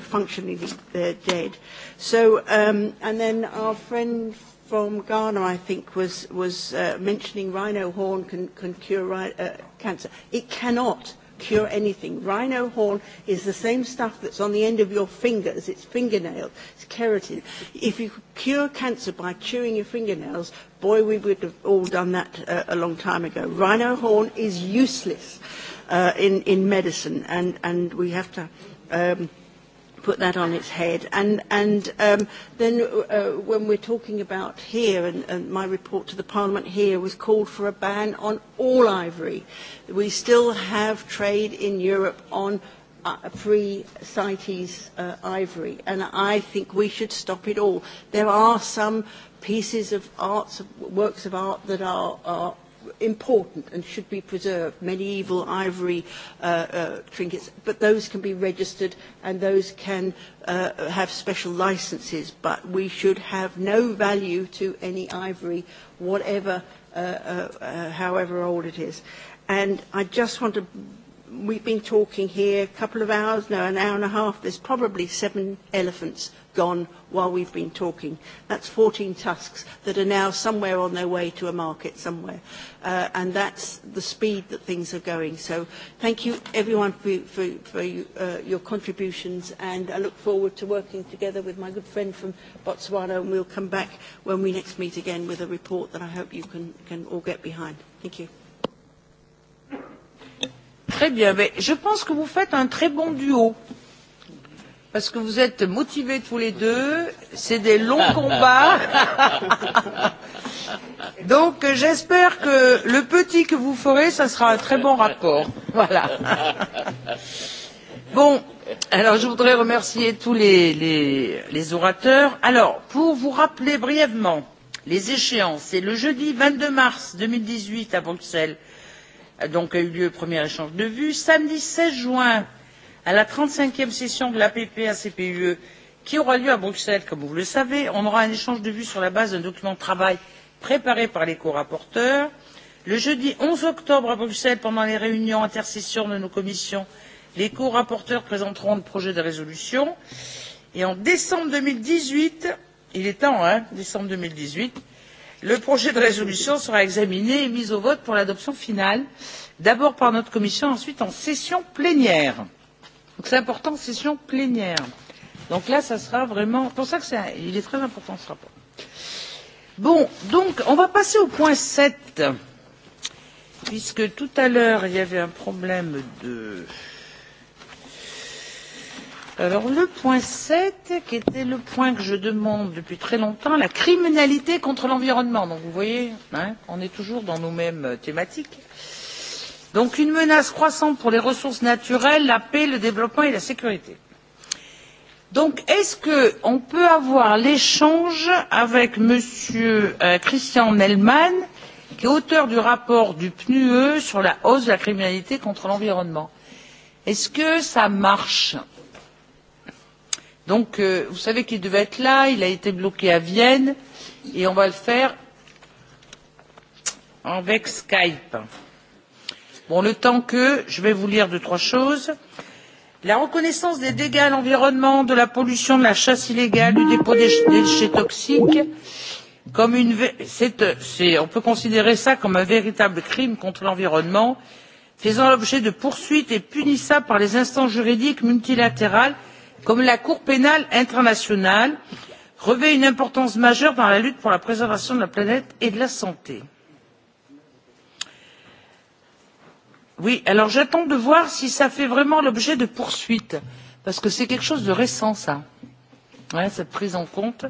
Speaker 4: functionally they're dead. So, and then our friend from Ghana, I think, was was mentioning rhino horn can can cure cancer. It cannot cure anything. Rhino horn is the same stuff that's on the end of your fingers. It's fingernails. It's keratin. If you could cure cancer by chewing your fingernails, boy, we would have all done that a long time ago. Rhino horn is useless in in medicine, and we have to put that on its head. And, and um, then when we're talking about here, and, and my report to the Parliament here was called for a ban on all ivory. We still have trade in Europe on free CITES ivory, and I think we should stop it all. There are some pieces of arts, works of art that are important and should be preserved, medieval ivory trinkets, but those can be registered and those can have special licenses, but we should have no value to any ivory, whatever, however old it is. And I just want to, we've been talking here a couple of hours, no, an hour and a half, there's probably seven elephants gone while we've been talking. That's 14 tusks that are now somewhere on their way to a market somewhere. And that's the speed that things are going. So thank you, everyone, for your contributions. And I look forward to working together with my good friend from Botswana. And we'll come back when we next meet again with a report that I hope you can all get behind. Thank you. Très bien. Je pense
Speaker 3: que vous faites un très bon duo parce que vous êtes motivés tous les deux. C'est des longs combats. Donc j'espère que le petit que vous ferez, ça sera un très bon rapport. Voilà. Bon, alors je voudrais remercier tous les orateurs. Alors, pour vous rappeler brièvement les échéances, c'est le jeudi 22 mars 2018 à Bruxelles, donc a eu lieu le premier échange de vues, samedi 16 juin à la trente cinquième session de l'app acp ue qui aura lieu à bruxelles comme vous le savez on aura un échange de vues sur la base d'un document de travail préparé par les corapporteurs. le jeudi onze octobre à bruxelles pendant les réunions intersessions de nos commissions les corapporteurs présenteront le projet de résolution et en décembre deux mille dix huit il est temps hein décembre deux mille dix huit le projet de résolution sera examiné et mis au vote pour l'adoption finale d'abord par notre commission ensuite en session plénière. Donc c'est important, session plénière. Donc là, ça sera vraiment... pour ça qu'il est très important ce rapport. Bon, donc on va passer au point 7, puisque tout à l'heure, il y avait un problème de... Alors le point 7, qui était le point que je demande depuis très longtemps, la criminalité contre l'environnement. Donc vous voyez, on est toujours dans nos mêmes thématiques donc une menace croissante pour les ressources naturelles la paix le développement et la sécurité. donc est ce qu'on peut avoir l'échange avec m. christian Nelman, qui est auteur du rapport du pnue sur la hausse de la criminalité contre l'environnement? est ce que ça marche? donc vous savez qu'il devait être là il a été bloqué à vienne et on va le faire avec skype. Bon, le temps que je vais vous lire deux, trois choses. La reconnaissance des dégâts à l'environnement, de la pollution, de la chasse illégale, du dépôt des déchets toxiques, comme une, on peut considérer ça comme un véritable crime contre l'environnement, faisant l'objet de poursuites et punissable par les instances juridiques multilatérales comme la Cour pénale internationale, revêt une importance majeure dans la lutte pour la préservation de la planète et de la santé. Oui, alors j'attends de voir si ça fait vraiment l'objet de poursuites, parce que c'est quelque chose de récent, ça, cette prise en compte.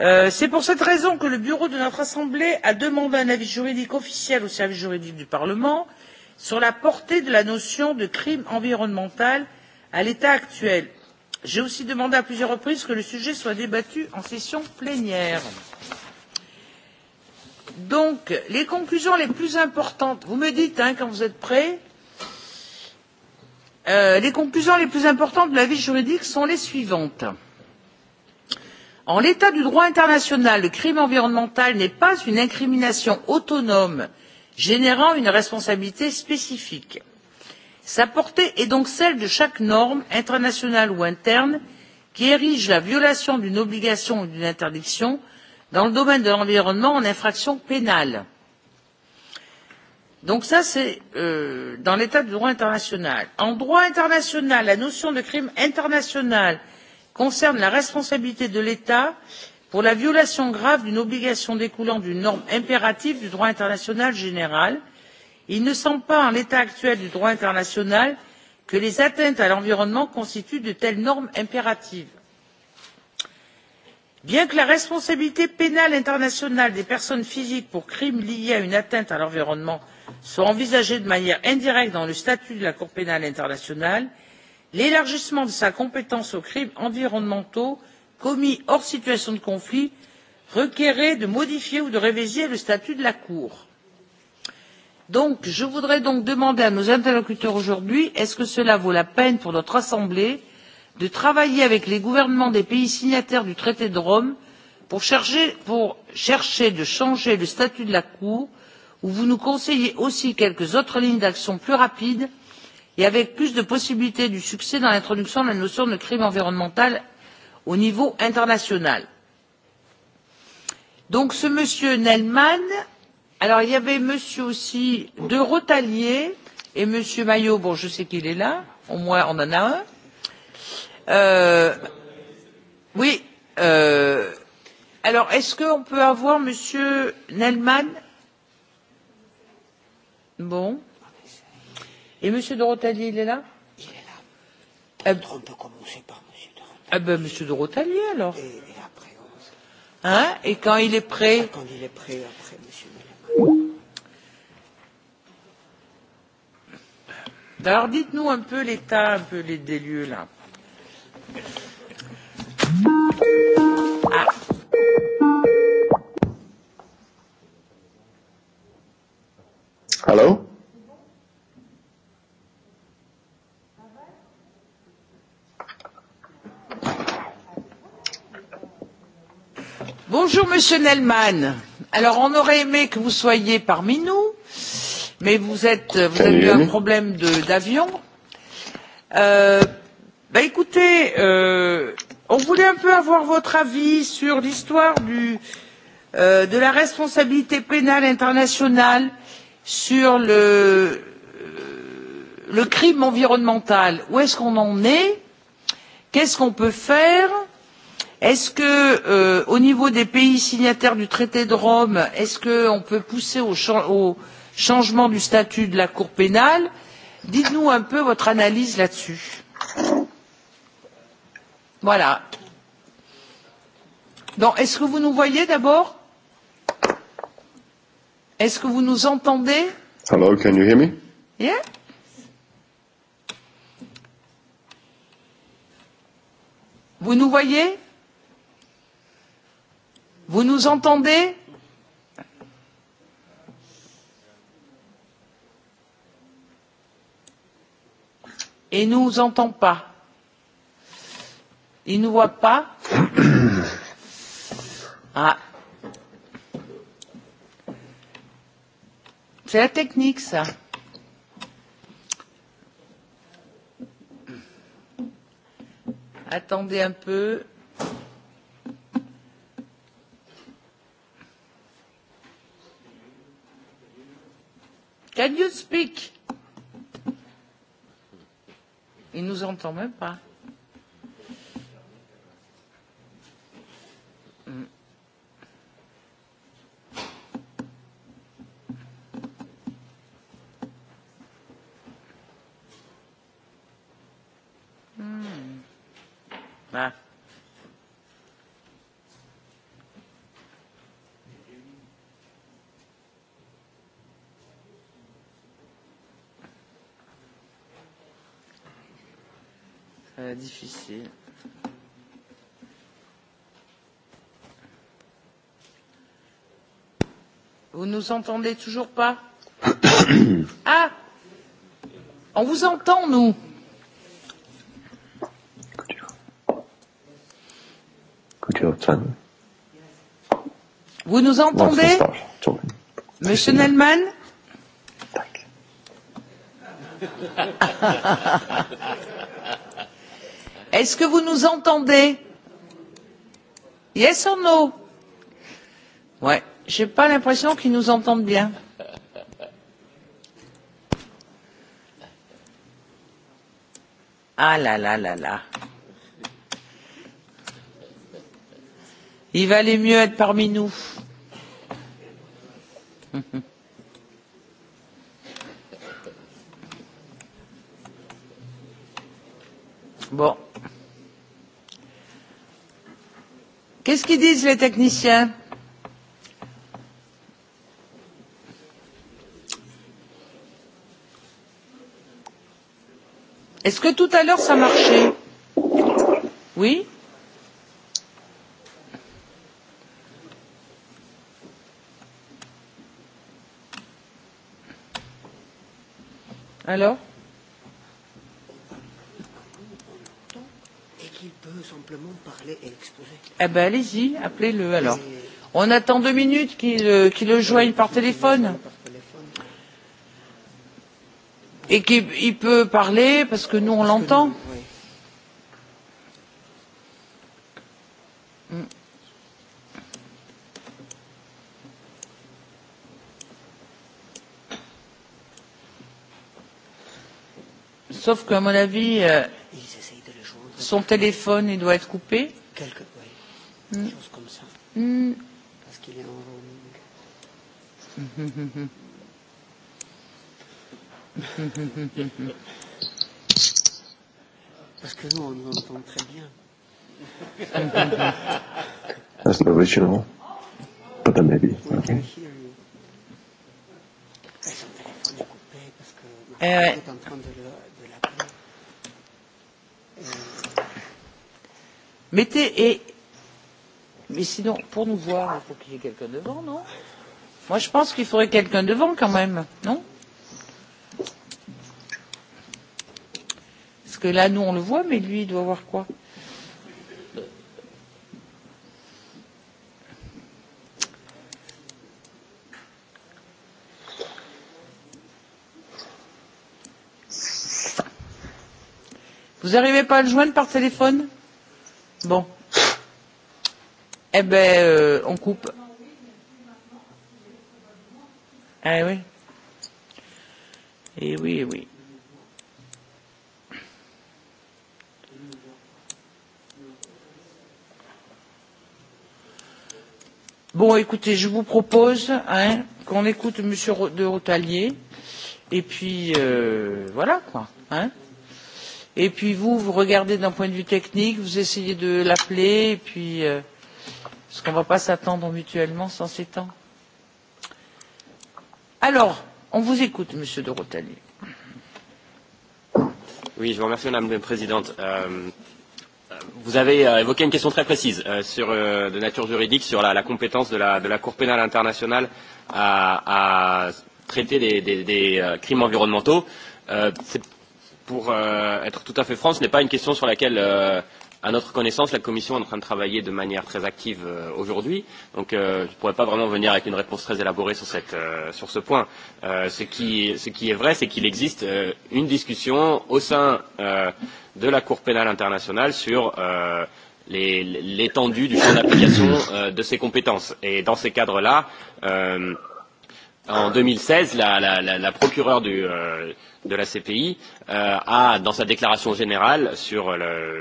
Speaker 3: C'est pour cette raison que le bureau de notre Assemblée a demandé un avis juridique officiel au service juridique du Parlement sur la portée de la notion de crime environnemental à l'état actuel. J'ai aussi demandé à plusieurs reprises que le sujet soit débattu en session plénière. Donc, les conclusions les plus importantes, vous me dites quand vous êtes prêts, les conclusions les plus importantes de la vie juridique sont les suivantes. En l'état du droit international, le crime environnemental n'est pas une incrimination autonome générant une responsabilité spécifique. Sa portée est donc celle de chaque norme, internationale ou interne, qui érige la violation d'une obligation ou d'une interdiction dans le domaine de l'environnement en infraction pénale. Donc ça, c'est dans l'état du droit international. En droit international, la notion de crime international concerne la responsabilité de l'État pour la violation grave d'une obligation découlant d'une norme impérative du droit international général. Il ne semble pas, en l'état actuel du droit international, que les atteintes à l'environnement constituent de telles normes impératives bien que la responsabilité pénale internationale des personnes physiques pour crimes liés à une atteinte à l'environnement soit envisagée de manière indirecte dans le statut de la cour pénale internationale l'élargissement de sa compétence aux crimes environnementaux commis hors situation de conflit requerrait de modifier ou de réviser le statut de la cour. je voudrais donc demander à nos interlocuteurs aujourd'hui est ce que cela vaut la peine pour notre assemblée de travailler avec les gouvernements des pays signataires du traité de Rome pour chercher de changer le statut de la Cour, où vous nous conseillez aussi quelques autres lignes d'action plus rapides et avec plus de possibilités du succès dans l'introduction de la notion de crime environnemental au niveau international. Donc ce monsieur Nelman, alors il y avait monsieur aussi de Rotalier et monsieur Maillot, bon je sais qu'il est là, au moins on en a un Oui. Alors, est-ce qu'on peut avoir Monsieur Nelman Bon. Et Monsieur Dorotali, il est là Il est là. On peut commencer par Monsieur Dorotali. Ah ben, Monsieur Dorotali, alors. Et,
Speaker 5: et après, on...
Speaker 3: Hein Et quand il est prêt
Speaker 5: Quand il est prêt, après Monsieur Nelman.
Speaker 3: Alors, dites-nous un peu l'état, un peu les lieux là. Hello? Bonjour Monsieur Nelman. Alors on aurait aimé que vous soyez parmi nous, mais vous êtes vous avez eu un problème d'avion. Écoutez, on voulait un peu avoir votre avis sur l'histoire de la responsabilité pénale internationale sur le crime environnemental. Où est-ce qu'on en est Qu'est-ce qu'on peut faire Est-ce que, au niveau des pays signataires du traité de Rome, est-ce qu'on peut pousser au changement du statut de la Cour pénale Dites-nous un peu votre analyse là-dessus. Voilà. Donc, est-ce que vous nous voyez d'abord Est-ce que vous nous entendez
Speaker 12: Hello, can you hear me
Speaker 3: Yeah Vous nous voyez Vous nous entendez Et nous entend pas. Il ne voit pas Ah. C'est la technique, ça. Attendez un peu. Can you speak Il nous entend même pas. Vous nous entendez toujours pas Ah On vous entend, nous Vous nous entendez Monsieur Nelman Est-ce que vous nous entendez Yes or no Ouais, j'ai pas l'impression qu'ils nous entendent bien. Ah là là là là. Il valait mieux être parmi nous. Bon. Qu'est-ce qu'ils disent les techniciens Est-ce que tout à l'heure ça marchait Oui Alors
Speaker 1: simplement parler et exposer. Eh
Speaker 3: ben allez-y, appelez-le alors. On attend deux minutes qu'il qu le joigne par téléphone. Et qu'il peut parler parce que nous on l'entend. Sauf qu'à mon avis, son téléphone, il doit être coupé.
Speaker 5: Quelque oui. chose comme ça. Parce qu'il est en roaming.
Speaker 1: Parce que nous, on nous entend très bien.
Speaker 12: That's not original. But then maybe. Okay.
Speaker 3: Euh, mettez et mais sinon pour nous voir il faut qu'il y ait quelqu'un devant non moi je pense qu'il faudrait quelqu'un devant quand même non parce que là nous on le voit mais lui il doit voir quoi Vous n'arrivez pas à le joindre par téléphone Bon. Eh ben, on coupe. Eh oui. Et oui, oui. Bon, écoutez, je vous propose hein, qu'on écoute Monsieur de Rotalier, et puis voilà quoi. Hein. Et puis vous, vous regardez d'un point de vue technique, vous essayez de l'appeler, et puis ce qu'on ne va pas s'attendre mutuellement sans ces temps. Alors, on vous écoute, Monsieur Dorotali.
Speaker 10: Oui, je vous remercie, Madame la Présidente. Vous avez évoqué une question très précise sur, de nature juridique sur la, la compétence de la, de la Cour pénale internationale à, à traiter des, des, des crimes environnementaux. C'est pour être tout à fait franc, ce n'est pas une question sur laquelle, à notre connaissance, la Commission est en train de travailler de manière très active aujourd'hui. Donc, je ne pourrais pas vraiment venir avec une réponse très élaborée sur, cette, sur ce point. ce, qui, ce qui est vrai, c'est qu'il existe une discussion au sein de la Cour pénale internationale sur l'étendue du champ d'application de ses compétences. Et dans ces cadres-là, en 2016, la, la, la, la procureure du de la CPI a, dans sa déclaration générale sur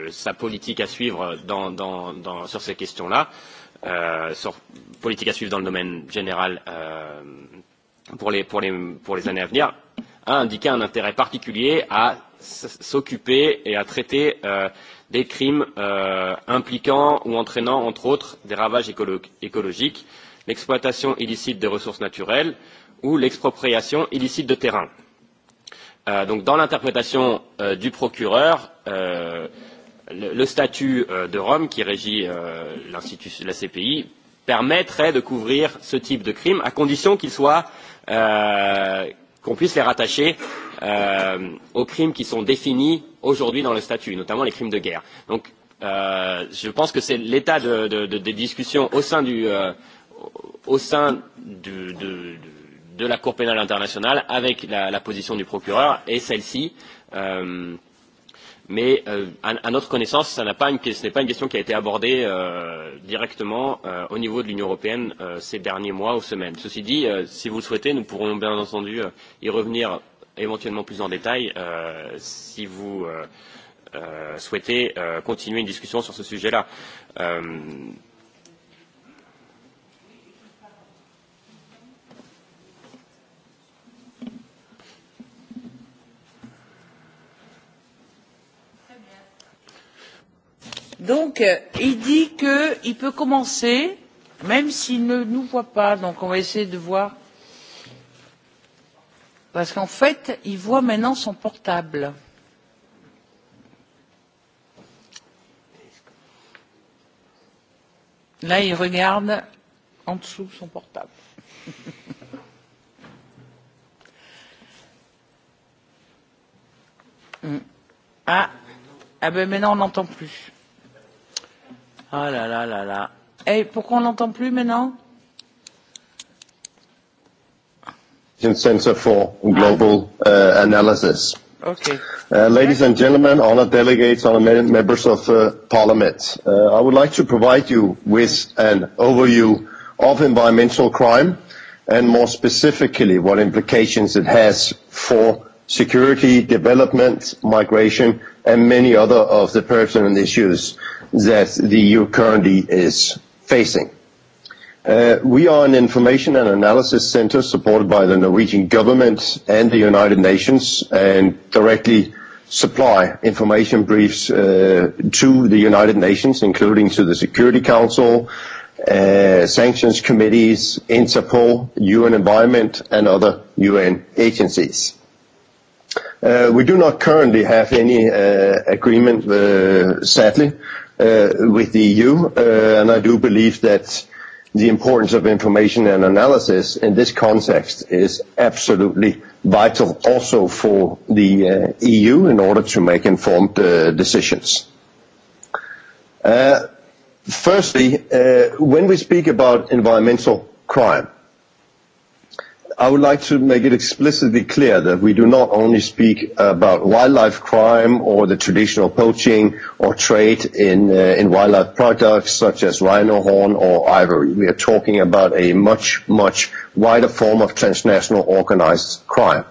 Speaker 10: sa politique à suivre sur ces questions-là, sur politique à suivre dans le domaine général pour les années à venir, a indiqué un intérêt particulier à s'occuper et à traiter des crimes impliquant ou entraînant, entre autres, des ravages écologiques, l'exploitation illicite des ressources naturelles ou l'expropriation illicite de terrains donc dans l'interprétation du procureur le statut de rome qui régit la cpi permettrait de couvrir ce type de crime à condition qu'il soit qu'on puisse les rattacher aux crimes qui sont définis aujourd'hui dans le statut notamment les crimes de guerre. donc je pense que c'est l'état des discussions au sein du au sein de de la Cour pénale internationale avec la position du procureur et celle-ci. Mais à notre connaissance, ce n'est pas une question qui a été abordée directement au niveau de l'Union européenne ces derniers mois ou semaines. Ceci dit, si vous le souhaitez, nous pourrons bien entendu y revenir éventuellement plus en détail si vous souhaitez continuer une discussion sur ce sujet-là.
Speaker 3: Donc, il dit qu'il peut commencer, même s'il ne nous voit pas. Donc, on va essayer de voir. Parce qu'en fait, il voit maintenant son portable. Là, il regarde en dessous son portable. Ah, ah ben maintenant, on n'entend plus.
Speaker 1: Ah là là là là.
Speaker 3: Et pourquoi on n'entend plus maintenant
Speaker 12: Center for Global uh, Analysis. Okay. Uh, ladies and gentlemen, honored delegates, honored members of uh, Parliament, uh, I would like to provide you with an overview of environmental crime and more specifically what implications it has for security, development, migration and many other of the pertinent issues that the EU currently is facing. We are an information and analysis center supported by the Norwegian government and the United Nations and directly supply information briefs to the United Nations, including to the Security Council, sanctions committees, Interpol, UN Environment, and other UN agencies. We do not currently have any agreement, sadly, with the EU, and I do believe that the importance of information and analysis in this context is absolutely vital also for the EU in order to make informed decisions. Firstly, when we speak about environmental crime, I would like to make it explicitly clear that we do not only speak about wildlife crime or the traditional poaching or trade in in wildlife products such as rhino horn or ivory. We are talking about a much, much wider form of transnational organized crime.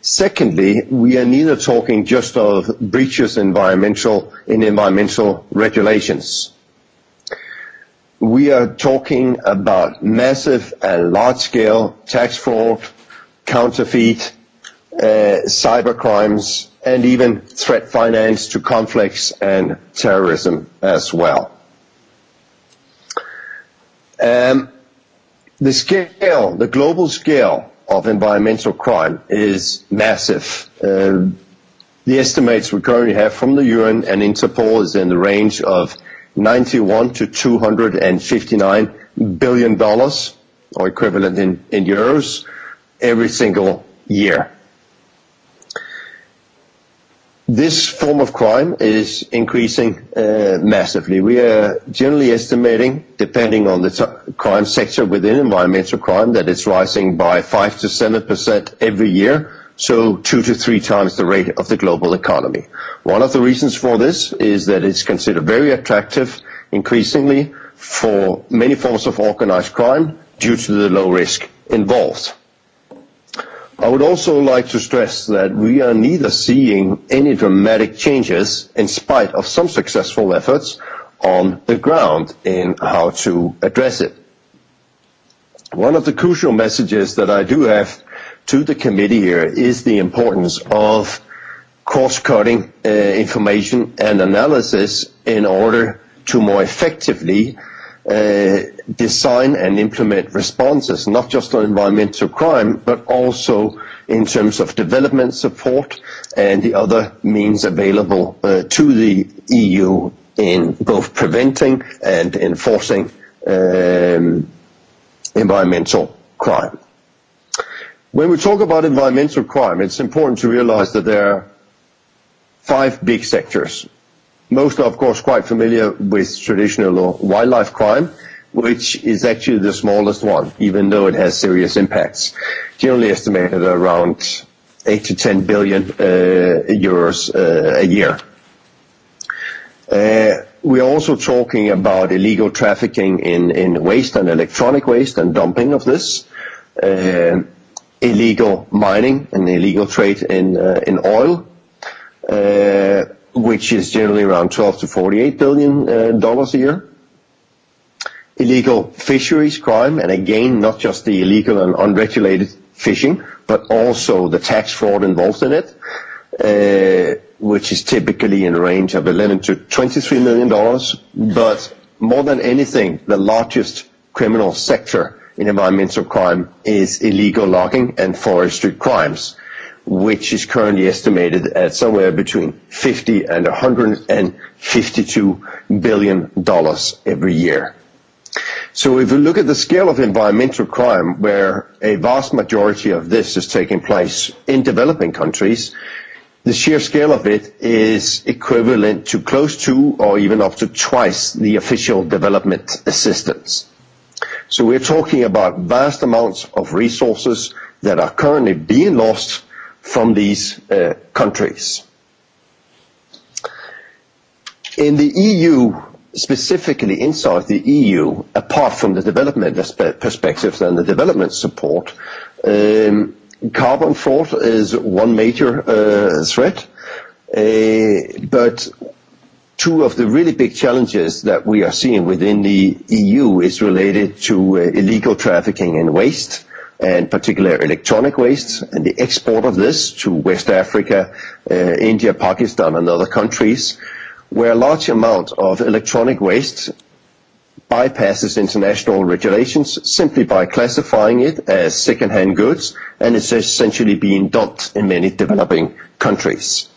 Speaker 12: Secondly, we are neither talking just of breaches environmental in environmental regulations we are talking about massive and large-scale tax fraud, counterfeit, cyber crimes, and even threat finance to conflicts and terrorism as well. The scale, the global scale of environmental crime is massive. The estimates we currently have from the UN and Interpol is in the range of 91 to 259 billion dollars or equivalent in euros every single year. This form of crime is increasing massively. We are generally estimating, depending on the crime sector within environmental crime, that it's rising by 5 to 7% every year so two to three times the rate of the global economy. One of the reasons for this is that it's considered very attractive increasingly for many forms of organized crime due to the low risk involved. I would also like to stress that we are neither seeing any dramatic changes in spite of some successful efforts on the ground in how to address it. One of the crucial messages that I do have to the committee here is the importance of cross-cutting information and analysis in order to more effectively design and implement responses, not just on environmental crime, but also in terms of development support and the other means available to the EU in both preventing and enforcing environmental crime. When we talk about environmental crime, it's important to realize that there are five big sectors. Most are, of course, quite familiar with traditional wildlife crime, which is actually the smallest one, even though it has serious impacts. Generally estimated around 8 to 10 billion euros a year. We are also talking about illegal trafficking in waste and electronic waste and dumping of this illegal mining and illegal trade in in oil, which is generally around 12 to 48 billion dollars a year. Illegal fisheries crime, and again, not just the illegal and unregulated fishing, but also the tax fraud involved in it, which is typically in the range of 11 to 23 million dollars. But more than anything, the largest criminal sector in environmental crime is illegal logging and forestry crimes, which is currently estimated at somewhere between 50 and 152 billion dollars every year. So if we look at the scale of environmental crime, where a vast majority of this is taking place in developing countries, the sheer scale of it is equivalent to close to or even up to twice the official development assistance. So we're talking about vast amounts of resources that are currently being lost from these countries. In the EU, specifically inside the EU, apart from the development perspectives and the development support, carbon fraud is one major threat. But two of the really big challenges that we are seeing within the EU is related to illegal trafficking in waste and particular electronic waste and the export of this to West Africa, India, Pakistan and other countries where a large amount of electronic waste bypasses international regulations simply by classifying it as second-hand goods and it's essentially being dumped in many developing countries.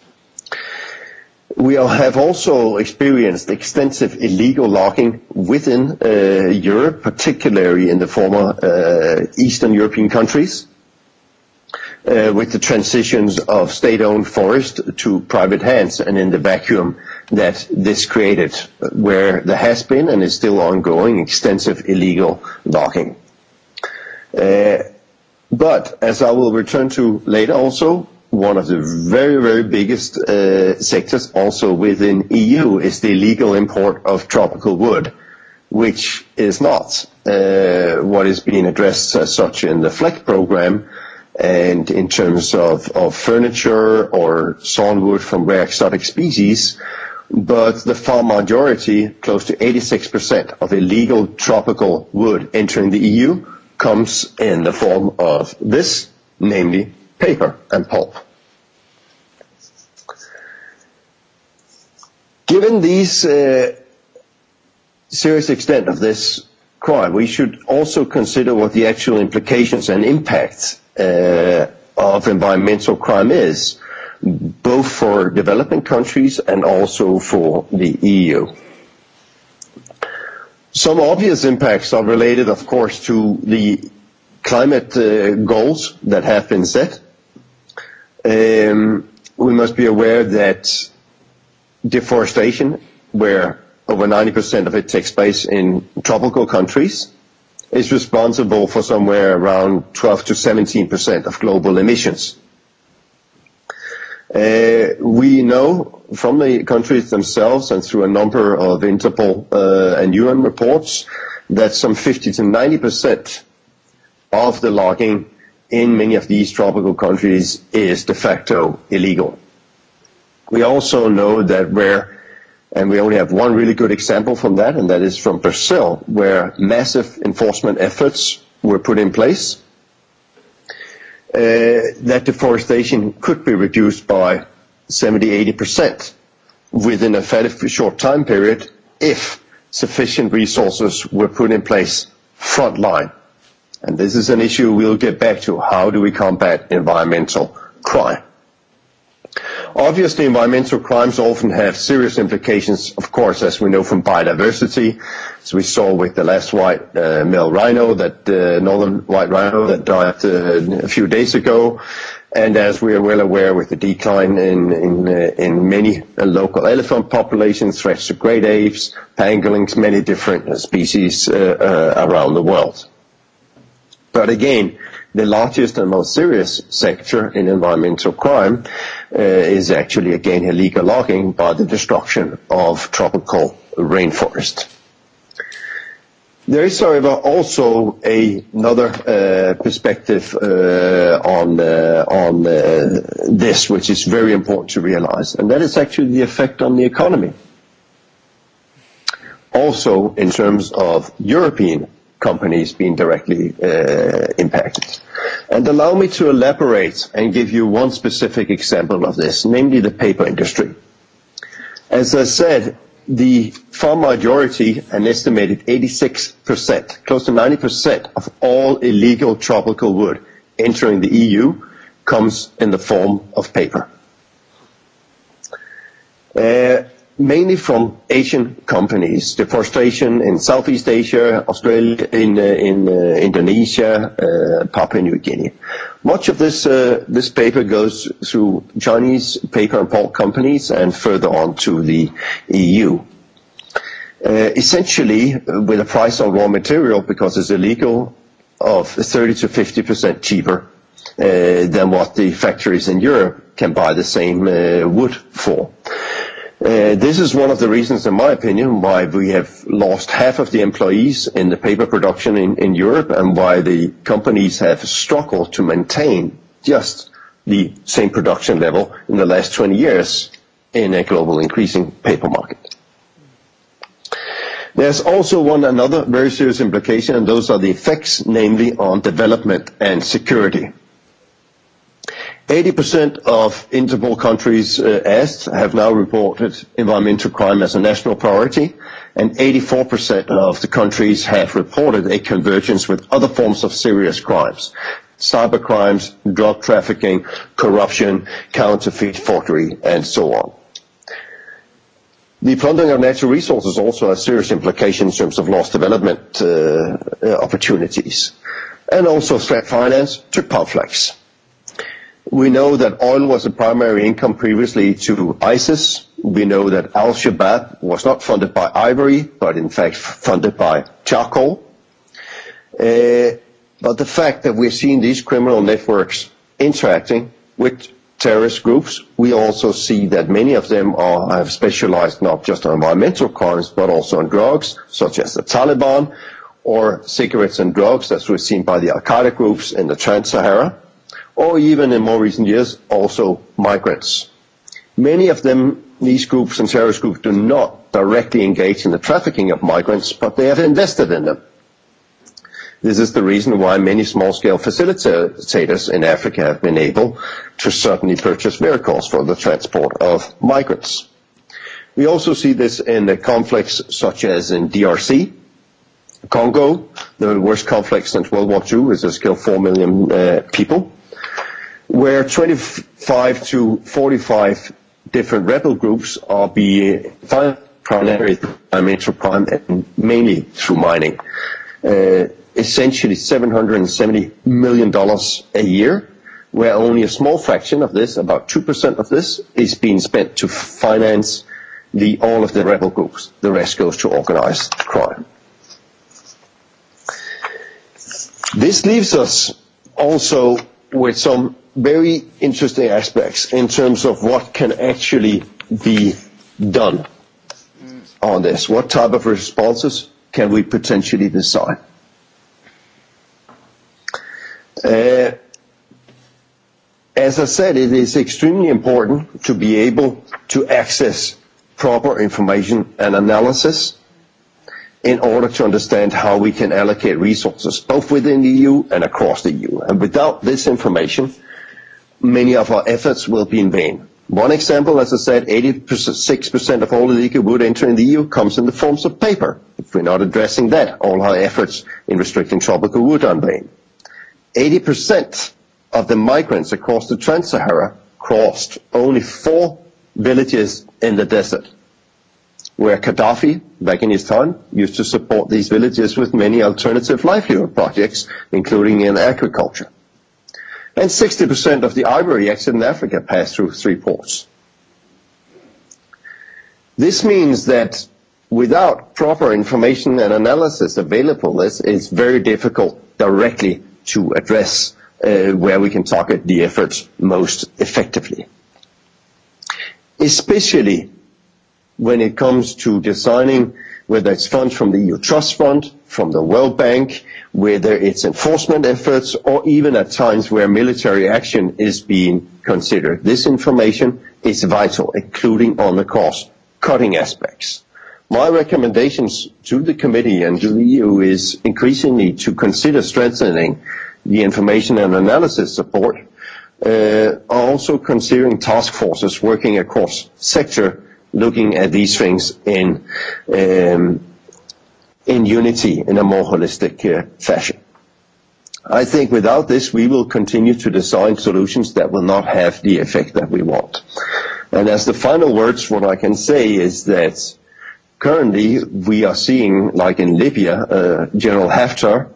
Speaker 12: We have also experienced extensive illegal logging within Europe, particularly in the former Eastern European countries, with the transitions of state-owned forest to private hands and in the vacuum that this created, where there has been and is still ongoing extensive illegal logging. But, as I will return to later also, one of the very, very biggest sectors also within EU is the illegal import of tropical wood, which is not what is being addressed as such in the FLEC program. And in terms of, of furniture or sawn wood from rare exotic species, but the far majority, close to 86% of illegal tropical wood entering the EU comes in the form of this, namely paper and pulp. Given these serious extent of this crime, we should also consider what the actual implications and impacts of environmental crime is, both for developing countries and also for the EU. Some obvious impacts are related, of course, to the climate goals that have been set. We must be aware that deforestation, where over 90% of it takes place in tropical countries, is responsible for somewhere around 12 to 17% of global emissions. We know from the countries themselves and through a number of Interpol and UN reports that some 50 to 90% of the logging in many of these tropical countries is de facto illegal. We also know that where, and we only have one really good example from that, and that is from Brazil, where massive enforcement efforts were put in place, that deforestation could be reduced by 70-80% within a fairly short time period if sufficient resources were put in place frontline. And this is an issue we'll get back to. How do we combat environmental crime? Obviously, environmental crimes often have serious implications, of course, as we know from biodiversity. As we saw with the last white male rhino, that northern white rhino that died a few days ago. And as we are well aware with the decline in many local elephant populations, threats to great apes, pangolins, many different species around the world. But again, the largest and most serious sector in environmental crime is actually again illegal logging by the destruction of tropical rainforest. There is, however, also another perspective on on this, which is very important to realize, and that is actually the effect on the economy. Also, in terms of European companies being directly impacted. And allow me to elaborate and give you one specific example of this, namely the paper industry. As I said, the far majority, an estimated 86%, close to 90% of all illegal tropical wood entering the EU comes in the form of paper mainly from Asian companies. Deforestation in Southeast Asia, Australia, in in Indonesia, Papua New Guinea. Much of this this paper goes through Chinese paper and pulp companies and further on to the EU. Essentially, with a price on raw material because it's illegal, of 30 to 50% cheaper than what the factories in Europe can buy the same wood for. This is one of the reasons, in my opinion, why we have lost half of the employees in the paper production in Europe and why the companies have struggled to maintain just the same production level in the last 20 years in a global increasing paper market. There's also one another very serious implication, and those are the effects, namely on development and security. 80% of Interpol countries asked have now reported environmental crime as a national priority, and 84% of the countries have reported a convergence with other forms of serious crimes, cyber crimes, drug trafficking, corruption, counterfeit forgery, and so on. The plundering of natural resources also has serious implications in terms of lost development opportunities, and also threat finance to conflicts. We know that oil was a primary income previously to ISIS. We know that al-Shabaab was not funded by ivory, but in fact funded by charcoal. But the fact that we've seeing these criminal networks interacting with terrorist groups, we also see that many of them are have specialized not just on environmental crimes, but also on drugs, such as the Taliban, or cigarettes and drugs, as we've seen by the Al-Qaeda groups in the Trans-Sahara or even in more recent years, also migrants. Many of them, these groups and terrorist groups, do not directly engage in the trafficking of migrants, but they have invested in them. This is the reason why many small-scale facilitators in Africa have been able to certainly purchase vehicles for the transport of migrants. We also see this in the conflicts such as in DRC, Congo, the worst conflict since World War II, which has killed 4 million people where 25 to 45 different rebel groups are being financed primarily major crime and mainly through mining. Essentially 770 million dollars a year, where only a small fraction of this, about 2% of this, is being spent to finance the all of the rebel groups. The rest goes to organized crime. This leaves us also with some very interesting aspects in terms of what can actually be done on this. What type of responses can we potentially design? As I said, it is extremely important to be able to access proper information and analysis in order to understand how we can allocate resources, both within the EU and across the EU. And without this information, many of our efforts will be in vain. One example, as I said, 86% of all illegal wood entering the EU comes in the forms of paper. If we're not addressing that, all our efforts in restricting tropical wood are in vain. 80% of the migrants across the Trans-Sahara crossed only four villages in the desert, where Gaddafi, back in his time, used to support these villages with many alternative livelihood projects, including in agriculture and 60% of the ivory exit in Africa pass through three ports. This means that without proper information and analysis available, it's very difficult directly to address where we can target the efforts most effectively. Especially when it comes to designing whether it's funds from the EU Trust Fund from the World Bank, whether it's enforcement efforts or even at times where military action is being considered. This information is vital, including on the cost-cutting aspects. My recommendations to the committee and to the EU is increasingly to consider strengthening the information and analysis support, also considering task forces working across sector looking at these things in in unity in a more holistic fashion. I think without this we will continue to design solutions that will not have the effect that we want. And as the final words, what I can say is that currently we are seeing, like in Libya, General Haftar,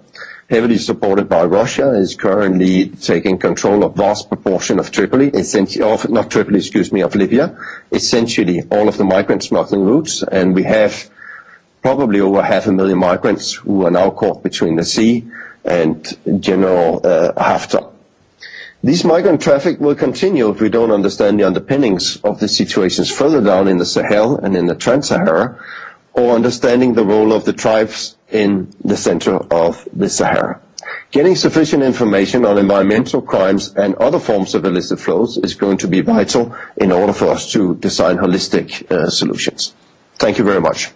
Speaker 12: heavily supported by Russia, is currently taking control of vast proportion of Tripoli, of, not Tripoli, excuse me, of Libya, essentially all of the migrant smuggling routes, and we have probably over half a million migrants who are now caught between the sea and general Haftar. This migrant traffic will continue if we don't understand the underpinnings of the situations further down in the Sahel and in the Trans-Sahara, or understanding the role of the tribes in the center of the Sahara. Getting sufficient information on environmental crimes and other forms of illicit flows is going to be vital in order for us to design holistic solutions. Thank you very much.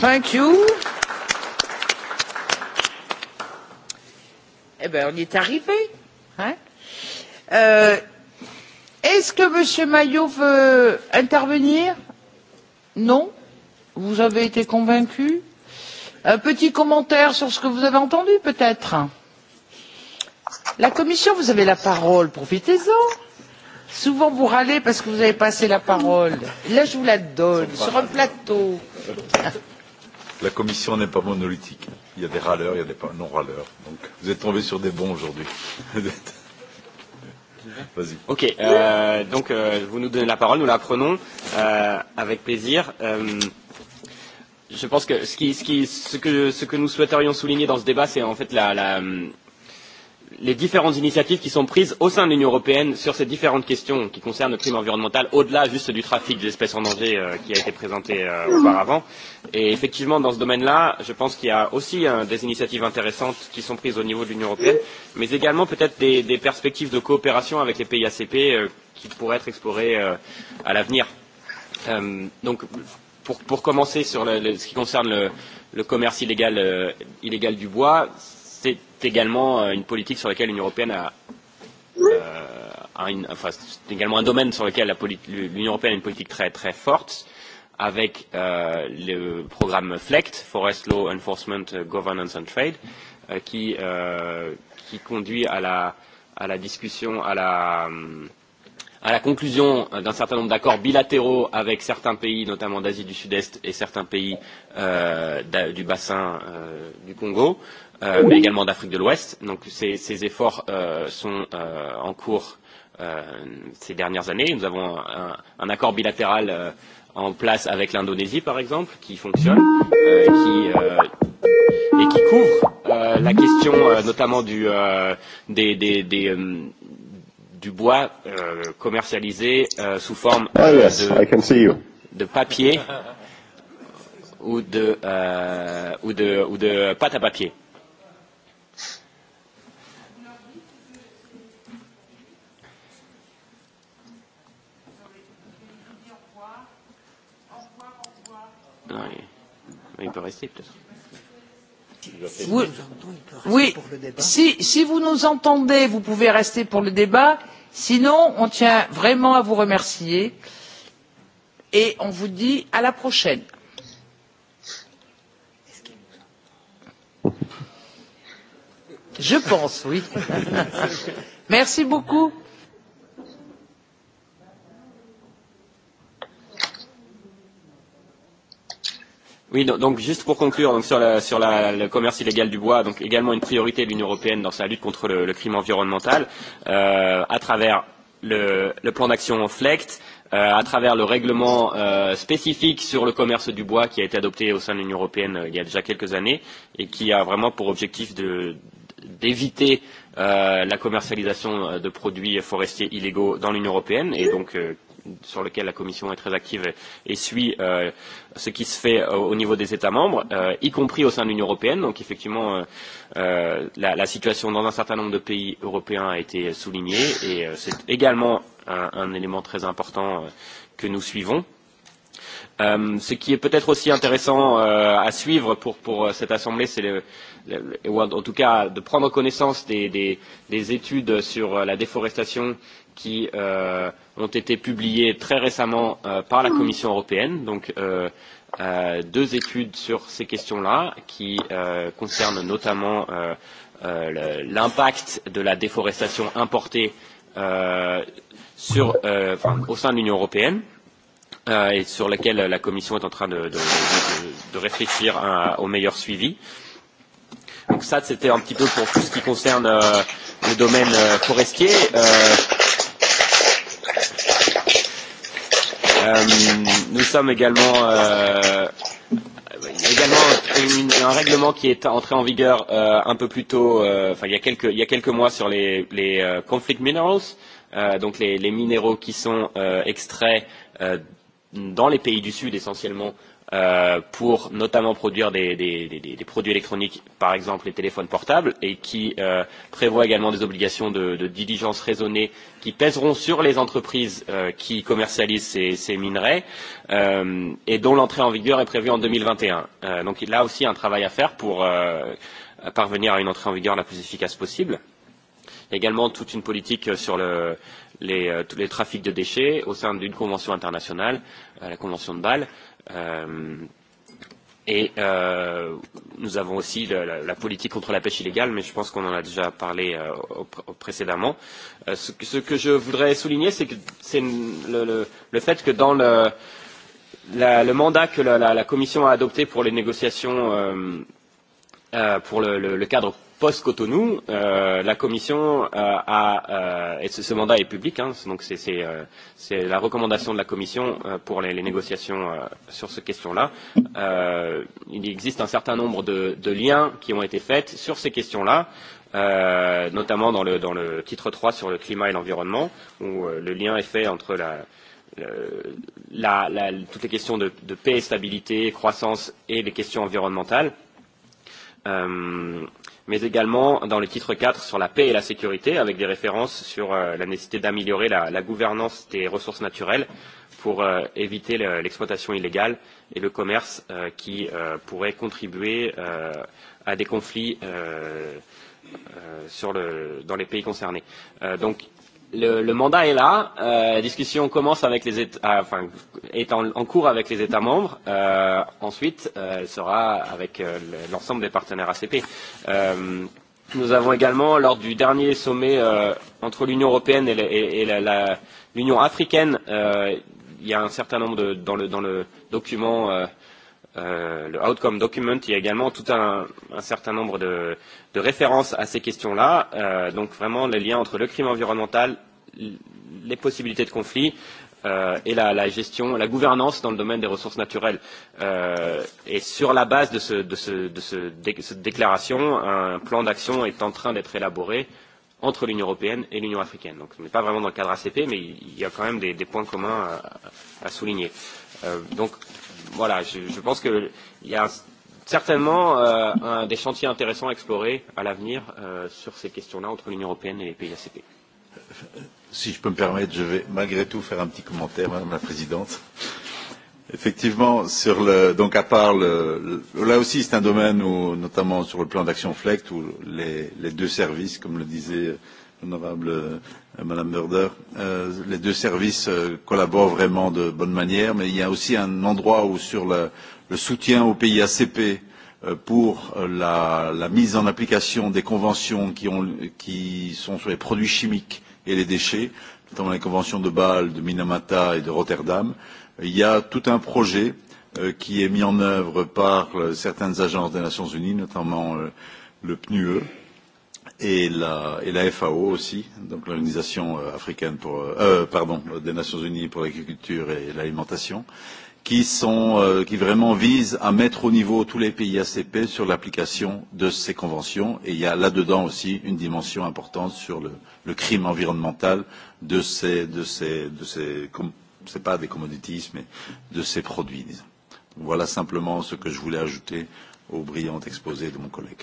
Speaker 3: Thank you. Eh bien, on y est arrivé. Hein euh, Est-ce que M. Maillot veut intervenir Non Vous avez été convaincu Un petit commentaire sur ce que vous avez entendu, peut-être La Commission, vous avez la parole, profitez-en. Souvent, vous râlez parce que vous avez passé la parole. Là, je vous la donne, sur un
Speaker 5: plateau.
Speaker 11: La commission n'est pas monolithique. Il y a des râleurs, il y a des non-râleurs. Donc, vous êtes tombé sur des bons aujourd'hui. Vas-y.
Speaker 10: Ok. Euh, donc, vous nous donnez la parole, nous la prenons euh, avec plaisir. je pense que ce, qui, ce, qui, ce, que, ce que nous souhaiterions souligner dans ce débat, c'est en fait la, la, les différentes initiatives qui sont prises au sein de l'Union européenne sur ces différentes questions qui concernent le crime environnemental, au-delà juste du trafic des espèces en danger qui a été présenté auparavant. Et effectivement, dans ce domaine-là, je pense qu'il y a aussi des initiatives intéressantes qui sont prises au niveau de l'Union européenne, mais également peut-être des perspectives de coopération avec les pays ACP qui pourraient être explorées à l'avenir. Donc, pour commencer sur ce qui concerne le commerce illégal du bois, C'est également une politique sur laquelle l'Union européenne a, enfin, c'est également un domaine sur lequel l'Union européenne a une politique très très forte, avec le programme FLECT, Forest Law Enforcement, Governance and Trade, qui qui conduit à la à la discussion, à la à la conclusion d'un certain nombre d'accords bilatéraux avec certains pays, notamment d'Asie du Sud-Est et certains pays du bassin du Congo, mais également d'Afrique de l'Ouest. Donc ces efforts sont en cours ces dernières années. Nous avons un accord bilatéral en place avec l'Indonésie, par exemple, qui fonctionne et qui couvre la question notamment du du bois commercialisé sous forme
Speaker 12: de
Speaker 10: papier ou de ou de pâte à papier. Non, il peut rester peut-être. Oui, si
Speaker 3: vous nous entendez, vous pouvez rester pour le débat. Sinon, on tient vraiment à vous remercier et on vous dit à la prochaine. Je pense, oui. Merci beaucoup.
Speaker 10: donc juste pour conclure, sur, sur la, le commerce illégal du bois, donc également une priorité de l'Union européenne dans sa lutte contre le, crime environnemental, à travers le, le plan d'action FLECT, à travers le règlement spécifique sur le commerce du bois qui a été adopté au sein de l'Union européenne il y a déjà quelques années et qui a vraiment pour objectif d'éviter la commercialisation de produits forestiers illégaux dans l'Union européenne et donc sur lequel la Commission est très active et suit ce qui se fait au niveau des États membres, y compris au sein de l'Union européenne. Donc effectivement, la situation dans un certain nombre de pays européens a été soulignée et c'est également un élément très important que nous suivons. Ce qui est peut-être aussi intéressant à suivre pour cette Assemblée, c'est en tout cas de prendre connaissance des études sur la déforestation qui ont été publiées très récemment par la Commission européenne. Donc, deux études sur ces questions-là qui concernent notamment l'impact de la déforestation importée sur, enfin, au sein de l'Union européenne et sur laquelle la Commission est en train de, de, réfléchir au meilleur suivi. Donc ça, c'était un petit peu pour tout ce qui concerne le domaine forestier. Nous sommes également également un règlement qui est entré en vigueur un peu plus tôt, enfin il y a quelques il y a quelques mois sur les les conflict minerals, donc les les minéraux qui sont extraits dans les pays du Sud essentiellement pour notamment produire des produits électroniques, par exemple les téléphones portables, et qui prévoit également des obligations de diligence raisonnée qui pèseront sur les entreprises qui commercialisent ces minerais et dont l'entrée en vigueur est prévue en 2021. Donc il y a aussi un travail à faire pour parvenir à une entrée en vigueur la plus efficace possible. Il y a également toute une politique sur les trafics de déchets au sein d'une convention internationale, la convention de Bâle Et nous avons aussi la politique contre la pêche illégale, mais je pense qu'on en a déjà parlé précédemment. Ce que je voudrais souligner, c'est le fait que dans le mandat que la Commission a adopté pour les négociations pour le cadre post-Cotonou, la Commission a, et ce mandat est public, donc c'est la recommandation de la Commission pour les négociations sur ces questions-là. Il existe un certain nombre de liens qui ont été faits sur ces questions-là, notamment dans le titre 3 sur le climat et l'environnement, où le lien est fait entre la la la toutes les questions de de paix, stabilité, croissance et les questions environnementales. Euh mais également dans le titre 4 sur la paix et la sécurité, avec des références sur la nécessité d'améliorer la gouvernance des ressources naturelles pour éviter l'exploitation illégale et le commerce qui pourrait contribuer à des conflits dans les pays concernés. Donc le, le mandat est là. Euh, la discussion commence avec les États, enfin, est en, cours avec les États membres. ensuite, elle sera avec l'ensemble des partenaires ACP. Euh, nous avons également, lors du dernier sommet entre l'Union européenne et l'Union africaine, il y a un certain nombre dans le, dans le document le outcome document, il y a également tout un, un certain nombre de, de références à ces questions-là. donc vraiment les liens entre le crime environnemental, les possibilités de conflit et la, la gestion, la gouvernance dans le domaine des ressources naturelles. Euh, et sur la base de, ce, de, ce, de, ce, cette déclaration, un plan d'action est en train d'être élaboré entre l'Union européenne et l'Union africaine. Donc on n'est pas vraiment dans le cadre ACP, mais il y a quand même des, des points communs à, à souligner. donc voilà, je, je pense qu'il y a certainement un, des chantiers intéressants à explorer à l'avenir sur ces questions-là entre l'Union européenne et les pays ACP.
Speaker 11: Si je peux me permettre, je vais malgré tout faire un petit commentaire, Madame la Présidente. Effectivement, sur le, donc à part le, là aussi c'est un domaine où, notamment sur le plan d'action FLECT, où les, les deux services, comme le disait honorable Madame Murder, les deux services collaborent vraiment de bonne manière, mais il y a aussi un endroit où sur le soutien au pays ACP pour la mise en application des conventions qui sont sur les produits chimiques et les déchets, notamment les conventions de Bâle, de Minamata et de Rotterdam, il y a tout un projet qui est mis en œuvre par certaines agences des Nations Unies, notamment le PNUE et la, et la FAO aussi, donc l'organisation africaine pour, pardon, des Nations Unies pour l'agriculture et l'alimentation, qui sont, qui vraiment visent à mettre au niveau tous les pays ACP sur l'application de ces conventions. Et il y a là-dedans aussi une dimension importante sur le, crime environnemental de ces, de ces, de ces, c'est pas des commodities, mais de ces produits, disons. Voilà simplement ce que je voulais ajouter au brillant exposé de mon collègue.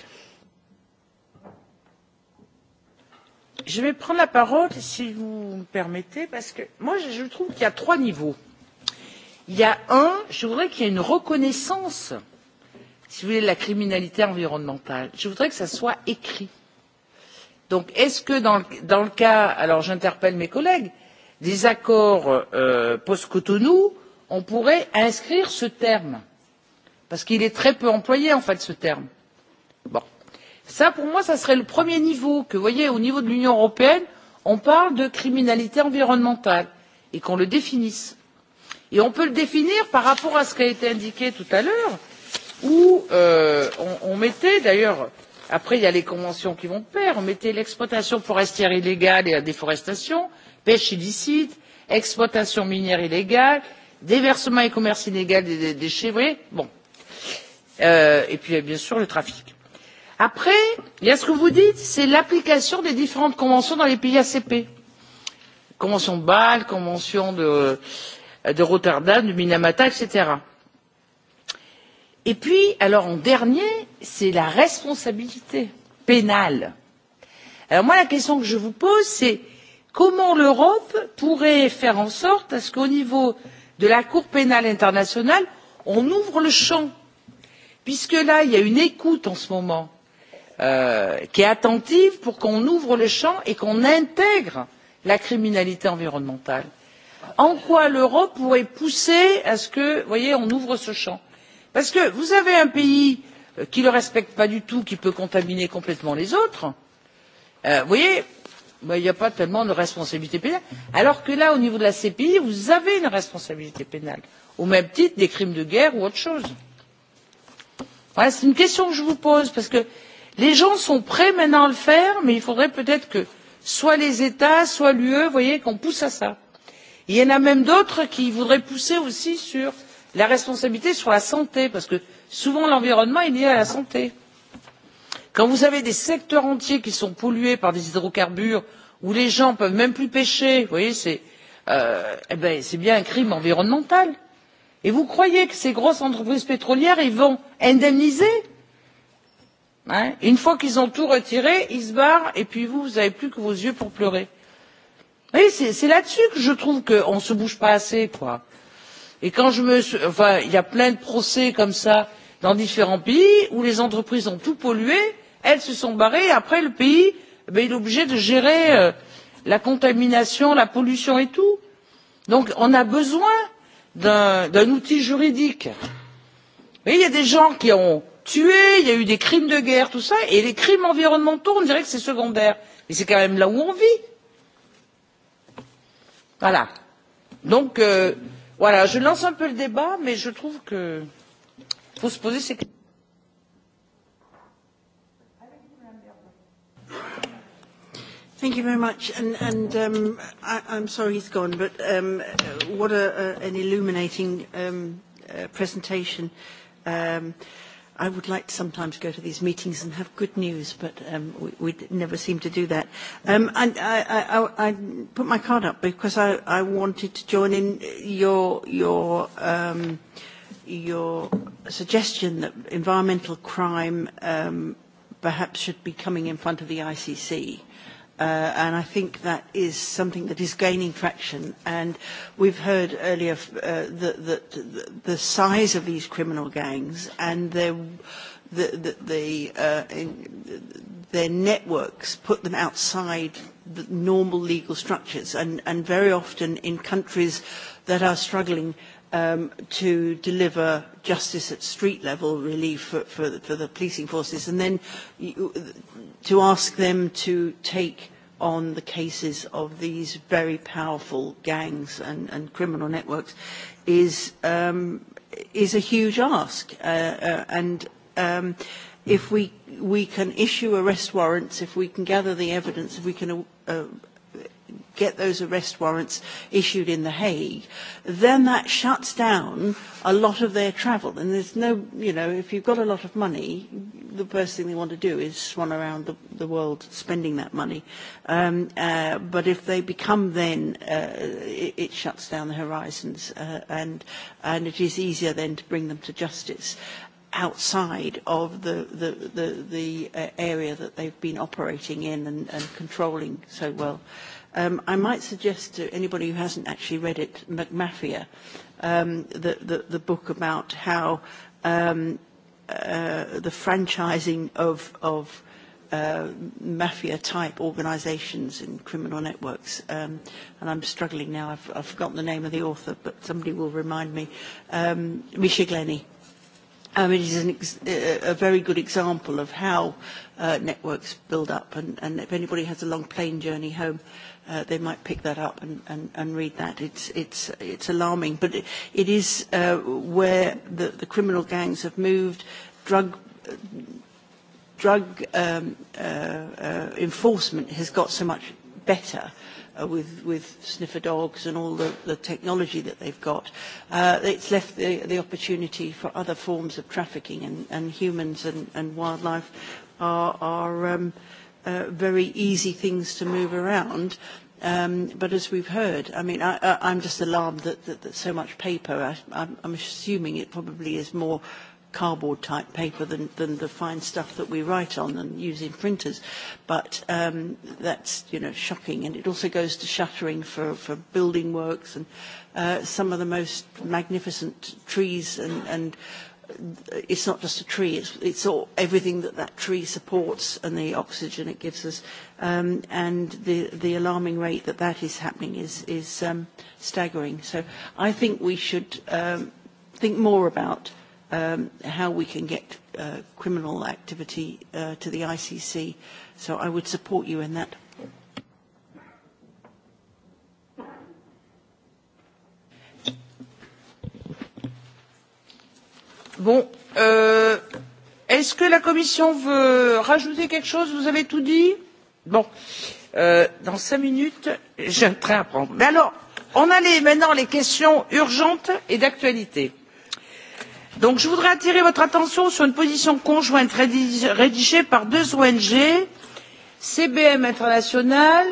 Speaker 3: je vais prendre la parole si vous me permettez parce que moi je trouve qu'il y a trois niveaux. il y a un je voudrais qu'il y ait une reconnaissance si vous voulez de la criminalité environnementale. je voudrais que ça soit écrit. donc est ce que dans le cas alors j'interpelle mes collègues des accords post cotonou on pourrait inscrire ce terme parce qu'il est très peu employé en fait ce terme. bon Ça, pour moi, ça serait le premier niveau, que, vous voyez, au niveau de l'Union européenne, on parle de criminalité environnementale et qu'on le définisse. Et on peut le définir par rapport à ce qui a été indiqué tout à l'heure, où on mettait d'ailleurs après il y a les conventions qui vont perdre, on mettait l'exploitation forestière illégale et la déforestation pêche illicite exploitation minière illégale déversement et commerce illégal des déchets vous voyez bon et puis bien sûr le trafic. Après, il y a ce que vous dites, c'est l'application des différentes conventions dans les pays ACP. Convention de Bâle, convention de, de Rotterdam, de Minamata, etc. Et puis, alors en dernier, c'est la responsabilité pénale. Alors moi, la question que je vous pose, c'est comment l'Europe pourrait faire en sorte à ce qu'au niveau de la Cour pénale internationale, on ouvre le champ. Puisque là, il y a une écoute en ce moment qui est attentive pour qu'on ouvre le champ et qu'on intègre la criminalité environnementale. En quoi l'Europe pourrait pousser à ce que, vous voyez, on ouvre ce champ Parce que vous avez un pays qui ne le respecte pas du tout, qui peut contaminer complètement les autres. Vous voyez, il n'y a pas tellement de responsabilité pénale. Alors que là, au niveau de la CPI, vous avez une responsabilité pénale, au même titre des crimes de guerre ou autre chose. Voilà, c'est une question que je vous pose, parce que les gens sont prêts maintenant à le faire mais il faudrait peut être que soit les états soit l'ue voyez qu'on pousse à cela. il y en a même d'autres qui voudraient pousser aussi sur la responsabilité sur la santé parce que souvent l'environnement est lié à la santé. quand vous avez des secteurs entiers qui sont pollués par des hydrocarbures où les gens ne peuvent même plus pêcher vous voyez c'est bien un crime environnemental. et vous croyez que ces grosses entreprises pétrolières vont indemniser? Une fois qu'ils ont tout retiré, ils se barrent et puis vous, vous n'avez plus que vos yeux pour pleurer. C'est là-dessus que je trouve qu'on ne se bouge pas assez. il y a plein de procès comme ça dans différents pays où les entreprises ont tout pollué, elles se sont barrées et après le pays, est obligé de gérer la contamination, la pollution et tout. Donc on a besoin d'un outil juridique. Il y a des gens qui ont tués, il y a eu des crimes de guerre, tout ça, et les crimes environnementaux, on dirait que c'est secondaire. Mais c'est quand même là où on vit. Voilà. Donc, voilà, je lance un peu le débat, mais je trouve que faut se poser ces questions.
Speaker 4: Thank you very much. And um I'm sorry he's gone, but um what an illuminating presentation. Um I would like to sometimes go to these meetings and have good news, but we never seem to do that. I put my card up because I wanted to join in your suggestion that environmental crime perhaps should be coming in front of the ICC and I think that is something that is gaining traction. And we've heard earlier that the size of these criminal gangs and their their networks put them outside the normal legal structures and very often in countries that are struggling to deliver justice at street level relief for the policing forces and then to ask them to take on the cases of these very powerful gangs and criminal networks is is a huge ask and if we we can issue arrest warrants if we can gather the evidence if we can get those arrest warrants issued in The Hague, then that shuts down a lot of their travel. And there's no, you know, if you've got a lot of money, the first thing they want to do is swan around the, the world spending that money. but if they become then, it, it shuts down the horizons and, it is easier then to bring them to justice outside of the, the, the, the area that they've been operating in and, controlling so well. I might suggest to anybody who hasn't actually read it, McMafia, the book about how the franchising of mafia-type organisations and criminal networks, and I'm struggling now, I've forgotten the name of the author, but somebody will remind me, Misha It is a very good example of how networks build up, and if anybody has a long plane journey home, they might pick that up and read that. It's alarming. But it is where the criminal gangs have moved, drug enforcement has got so much better with with sniffer dogs and all the technology that they've got. It's left the opportunity for other forms of trafficking and humans and wildlife are very easy things to move around. But as we've heard, I mean, I'm just alarmed that so much paper. I'm assuming it probably is more cardboard type paper than the fine stuff that we write on and use in printers. But that's, you know, shocking. And it also goes to shuttering for building works and some of the most magnificent trees and it's not just a tree, it's, it's all, everything that that tree supports and the oxygen it gives us. Um, and the, the alarming rate that that is happening is, is um, staggering. So I think we should um, think more about um, how we can get uh, criminal activity uh, to the ICC. So I would support you in that.
Speaker 3: Bon, est-ce que la Commission veut rajouter quelque chose Vous avez tout dit Bon, dans cinq minutes, j'ai un train à prendre. Mais alors, on a maintenant les questions urgentes et d'actualité. Donc, je voudrais attirer votre attention sur une position conjointe rédigée par deux ONG, CBM International,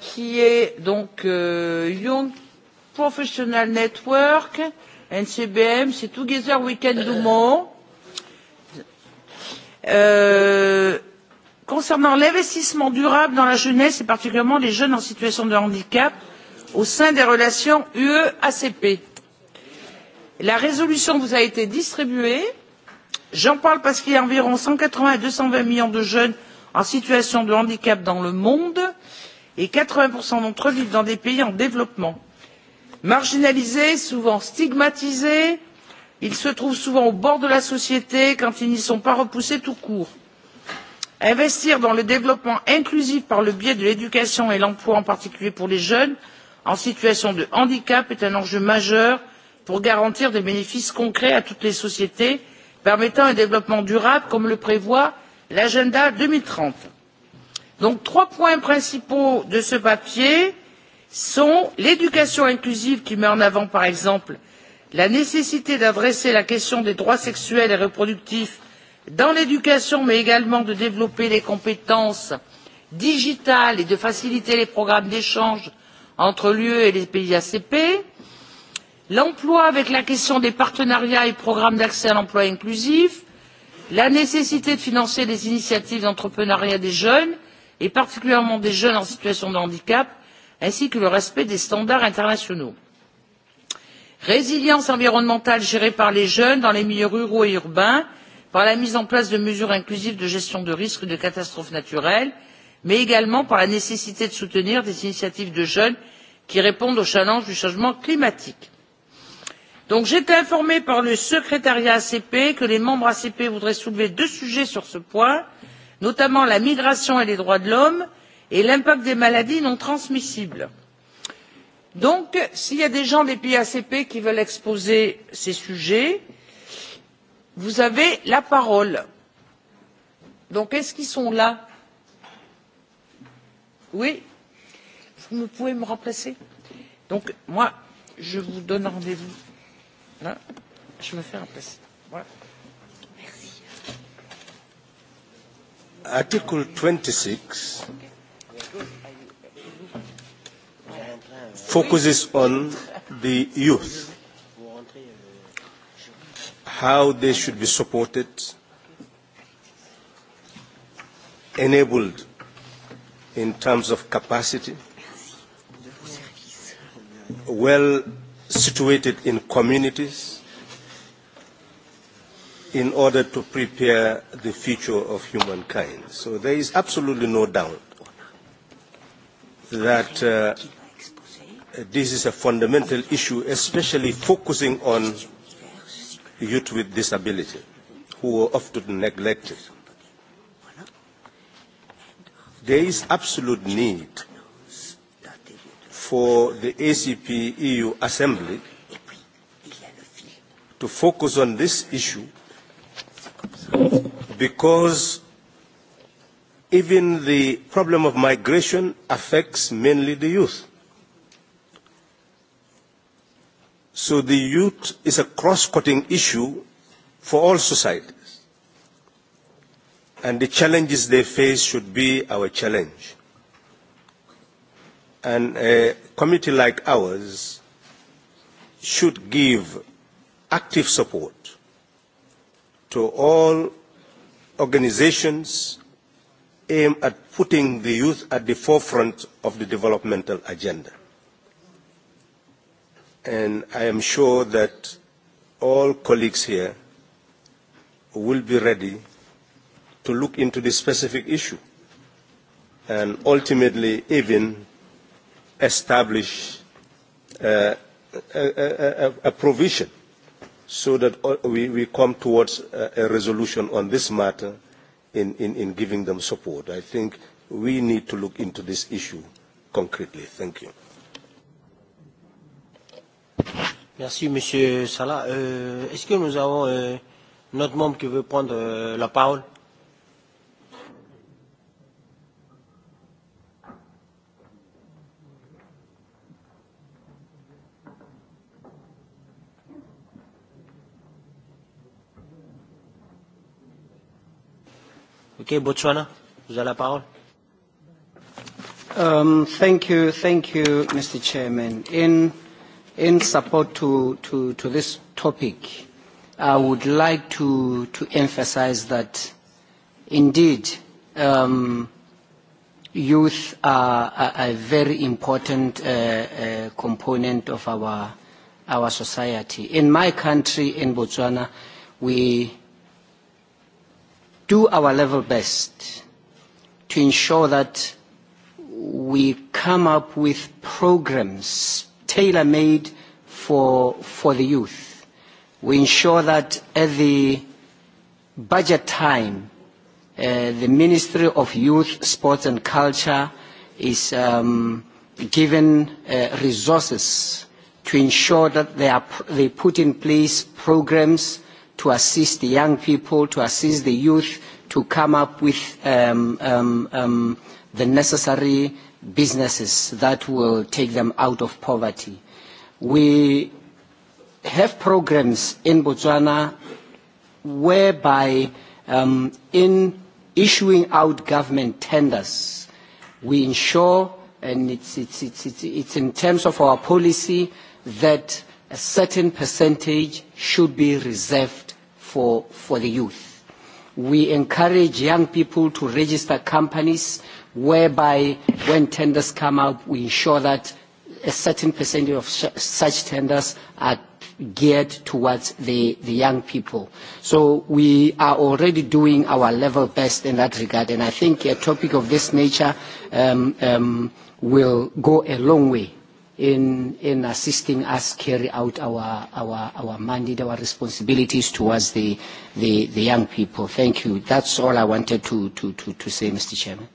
Speaker 3: qui est donc Young Professional Network, NCBM, c'est Together Weekend do Euh, concernant l'investissement durable dans la jeunesse et particulièrement les jeunes en situation de handicap au sein des relations UE ACP. La résolution vous a été distribuée. J'en parle parce qu'il y a environ 180 à 220 millions de jeunes en situation de handicap dans le monde et 80% d'entre eux vivent dans des pays en développement marginalisés souvent stigmatisés ils se trouvent souvent au bord de la société quand ils n'y sont pas repoussés tout court. investir dans le développement inclusif par le biais de l'éducation et l'emploi en particulier pour les jeunes en situation de handicap est un enjeu majeur pour garantir des bénéfices concrets à toutes les sociétés permettant un développement durable comme le prévoit l'agenda. deux mille trente donc trois points principaux de ce papier sont l'éducation inclusive qui met en avant par exemple la nécessité d'adresser la question des droits sexuels et reproductifs dans l'éducation mais également de développer les compétences digitales et de faciliter les programmes d'échange entre l'ue et les pays acp l'emploi avec la question des partenariats et programmes d'accès à l'emploi inclusif la nécessité de financer les initiatives d'entrepreneuriat des jeunes et particulièrement des jeunes en situation de handicap ainsi que le respect des standards internationaux. Résilience environnementale gérée par les jeunes dans les milieux ruraux et urbains, par la mise en place de mesures inclusives de gestion de risques de catastrophes naturelles, mais également par la nécessité de soutenir des initiatives de jeunes qui répondent aux challenges du changement climatique. J'ai été informée par le secrétariat ACP que les membres ACP voudraient soulever deux sujets sur ce point, notamment la migration et les droits de l'homme et l'impact des maladies non transmissibles. donc s'il y a des gens des pays acp qui veulent exposer ces sujets vous avez la parole. donc est ce qu'ils sont là? oui? vous pouvez me remplacer? donc moi je vous donne rendez vous. je me fais remplacer. Voilà. Merci.
Speaker 7: Article 26 focuses on the youth, how they should be supported, enabled in terms of capacity, well situated in communities in order to prepare the future of humankind. So there is absolutely no doubt that this is a fundamental issue, especially focusing on youth with disability, who are often neglected. There is absolute need for the ACP EU Assembly to focus on this issue because even the problem of migration affects mainly the youth. So the youth is a cross-cutting issue for all societies. And the challenges they face should be our challenge. And a committee like ours should give active support to all organizations aimed at putting the youth at the forefront of the developmental agenda and I am sure that all colleagues here will be ready to look into this specific issue and ultimately even establish a provision so that we come towards a resolution on this matter in giving them support. I think we need to look into this issue concretely. Thank you.
Speaker 1: Merci, Monsieur Salah. Euh, Est-ce que nous avons euh, notre membre qui veut prendre euh, la parole Ok, Botswana, vous avez la parole.
Speaker 5: Um, thank you, thank you, Mr. Chairman. In in support to, to, this topic, I would like to, to emphasize that indeed um, youth are a, very important component of our, our society. In my country, in Botswana, we do our level best to ensure that we come up with programs tailor-made for for the youth. We ensure that at the budget time, the Ministry of Youth, Sports and Culture is given resources to ensure that they put in place programs to assist the young people, to assist the youth to come up with the necessary businesses that will take them out of poverty. We have programs in Botswana whereby in issuing out government tenders, we ensure, and it's in terms of our policy, that a certain percentage should be reserved for the youth. We encourage young people to register companies whereby when tenders come up, we ensure that a certain percentage of such tenders are geared towards the young people. So we are already doing our level best in that regard, and I think a topic of this nature will go a long way in assisting us carry out our mandate, our responsibilities towards the young people. Thank you. That's all I wanted to say, Mr. Chairman.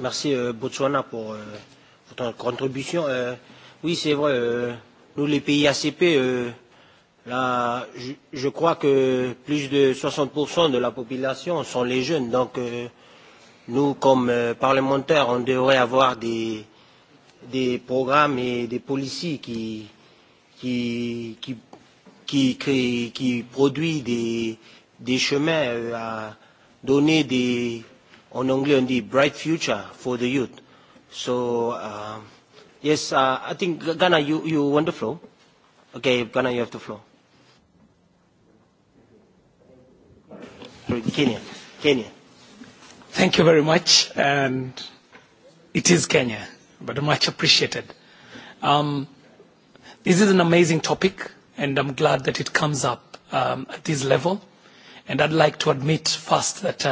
Speaker 1: Merci Botswana pour votre contribution. Oui, c'est vrai, nous les pays ACP, là, je crois que plus de 60% de la population sont les jeunes. Donc, nous, comme parlementaires, on devrait avoir des des programmes et des policiers qui qui qui qui qui des des chemins à donner des on only on the bright future for the youth. So, yes, I think, Ghana, you, you want the floor? Okay, Ghana, you have the floor. Kenya. Kenya.
Speaker 8: Thank you very much. And it is Kenya, but much appreciated. Um, this is an amazing topic, and I'm glad that it comes up um, at this level. And I'd like to admit first that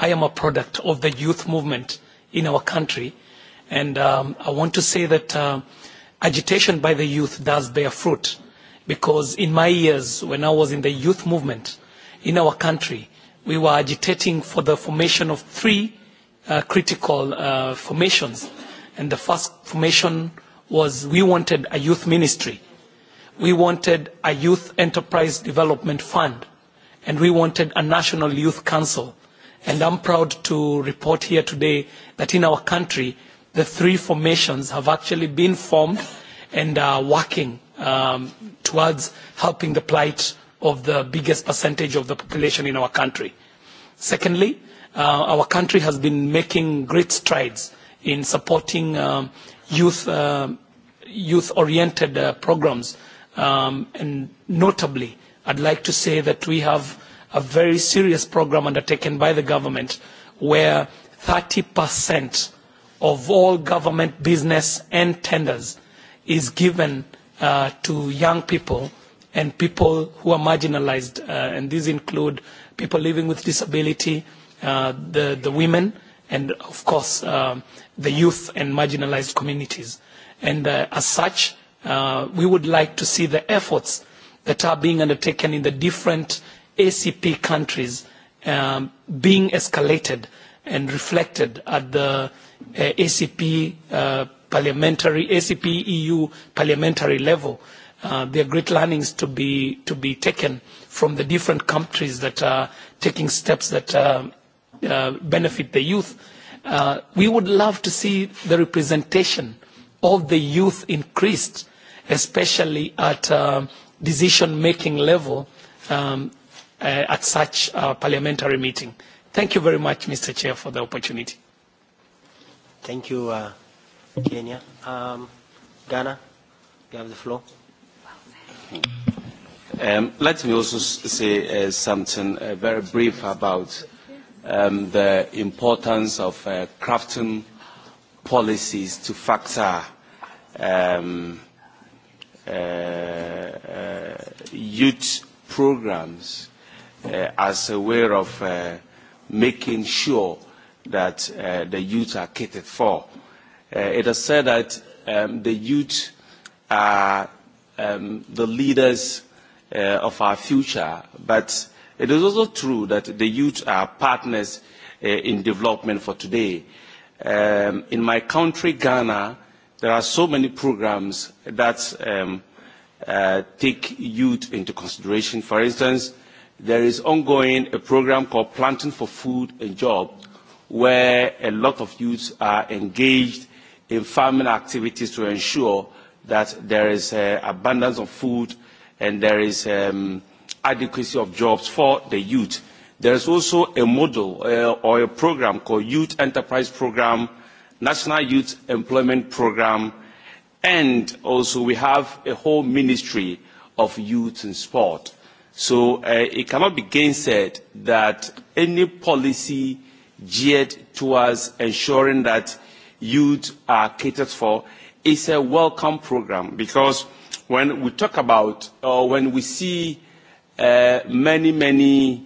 Speaker 8: I am a product of the youth movement in our country, and I want to say that agitation by the youth does bear fruit, because in my years, when I was in the youth movement in our country, we were agitating for the formation of three critical formations, and the first formation was we wanted a youth ministry, we wanted a youth enterprise development fund, and we wanted a national youth council And I'm proud to report here today that in our country, the three formations have actually been formed and are working towards helping the plight of the biggest percentage of the population in our country. Secondly, our country has been making great strides in supporting youth-oriented programs. And notably, I'd like to say that we have a very serious program undertaken by the government where 30% of all government business and tenders is given to young people and people who are marginalized. And these include people living with disability, the women, and of course the youth and marginalized communities. And as such, we would like to see the efforts that are being undertaken in the different ACP countries being escalated and reflected at the ACP parliamentary, ACP EU parliamentary level. There are great learnings to be to be taken from the different countries that are taking steps that benefit the youth. We would love to see the representation of the youth increased, especially at decision-making level at such a parliamentary meeting. Thank you very much, Mr. Chair, for the opportunity.
Speaker 1: Thank you, Kenya. Ghana, you have the floor.
Speaker 9: Let me also say something very brief about the importance of crafting policies to factor youth programs as a way of making sure that the youth are catered for. It is said that the youth are the leaders of our future, but it is also true that the youth are partners in development for today. In my country, Ghana, there are so many programs that take youth into consideration. For instance, there is ongoing a program called Planting for Food and Jobs, where a lot of youths are engaged in farming activities to ensure that there is abundance of food and there is adequacy of jobs for the youth. There is also a model or a program called Youth Enterprise Program, National Youth Employment Program, and also we have a whole ministry of youth and sport. So it cannot be gainsaid that any policy geared towards ensuring that youth are catered for is a welcome program because when we talk about or when we see many, many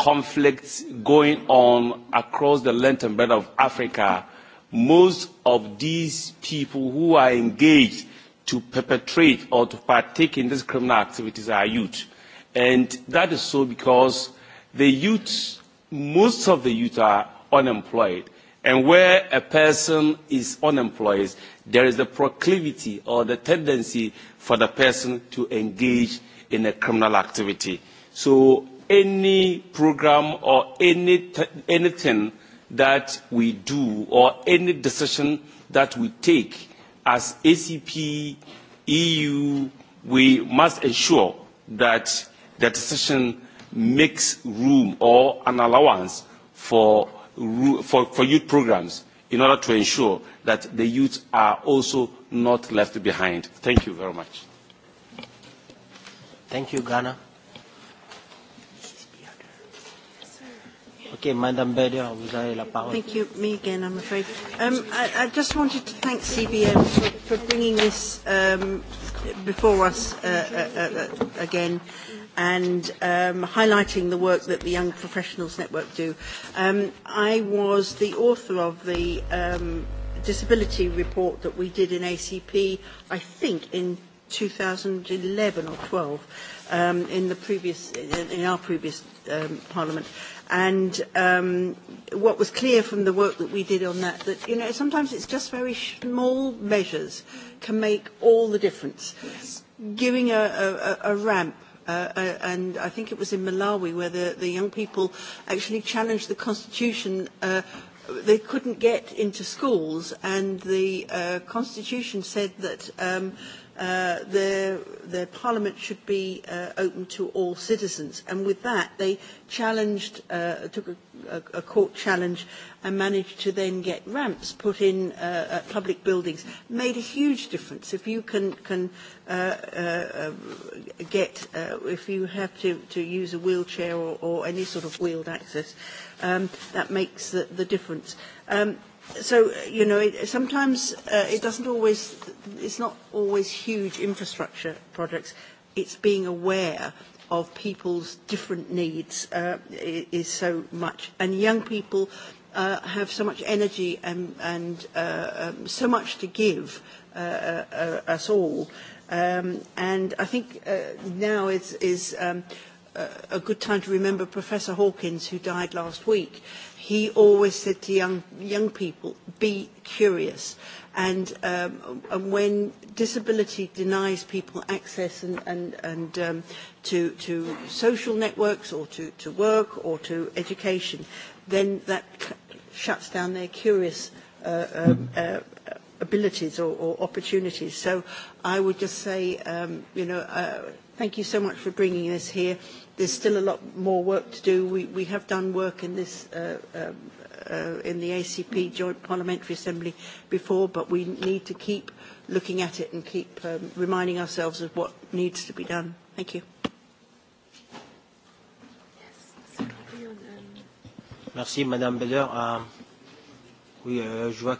Speaker 9: conflicts going on across the length and breadth of Africa, most of these people who are engaged to perpetrate or to partake in these criminal activities are youth. And that is so because the youth, most of the youth are unemployed. And where a person is unemployed, there is a proclivity or the tendency for the person to engage in a criminal activity. So any program or anything that we do or any decision that we take as ACP, EU, we must ensure that that decision makes room or an allowance for youth programs in order to ensure that the youth are also not left behind. Thank you very much.
Speaker 1: Thank you, Ghana. Okay, Madame Bedia, vous avez la parole. Thank
Speaker 4: you, me again, I'm afraid. Um, I, just wanted to thank CBM for, for bringing this um, before us again and highlighting the work that the Young Professionals Network do. I was the author of the disability report that we did in ACP, I think, in 2011 or 12 in the previous in our previous parliament and what was clear from the work that we did on that that you know sometimes it's just very small measures can make all the difference giving a ramp and I think it was in Malawi where the, the young people actually challenged the constitution. they couldn't get into schools, and the constitution said that um, the Parliament should be open to all citizens. And with that, they challenged, took a court challenge and managed to then get ramps put in at public buildings. Made a huge difference. If you can can get, if you have to to use a wheelchair or any sort of wheeled access, that makes the difference. So, you know, it, sometimes uh, it doesn't always, it's not always huge infrastructure projects. It's being aware of people's different needs uh, is so much. And young people uh, have so much energy and, and uh, um, so much to give uh, uh, us all. Um, and I think uh, now is, is um, a good time to remember Professor Hawkins, who died last week. He always said to young young people, be curious. And when disability denies people access and to social networks or to work or to education, then that shuts down their curious abilities or opportunities. So I would just say, you know, thank you so much for bringing this here there's still a lot more work to do. We, have done work in this in the ACP Joint Parliamentary Assembly before, but we need to keep looking at it and keep reminding ourselves of what needs to be done. Thank you.
Speaker 1: Merci, Madame Beller. Oui, je vois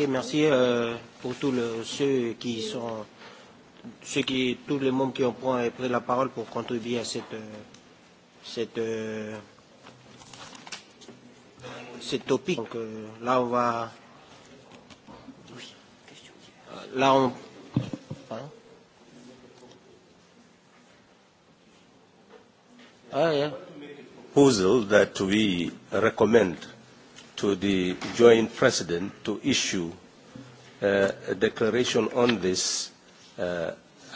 Speaker 1: Ok, merci pour tous ceux qui sont, ceux qui, tous les membres qui ont pris la parole pour contribuer à cette, cette, cette topic. Donc là, on va, là on, ah, yeah.
Speaker 7: puzzle that we recommend to the joint president to issue a declaration on this,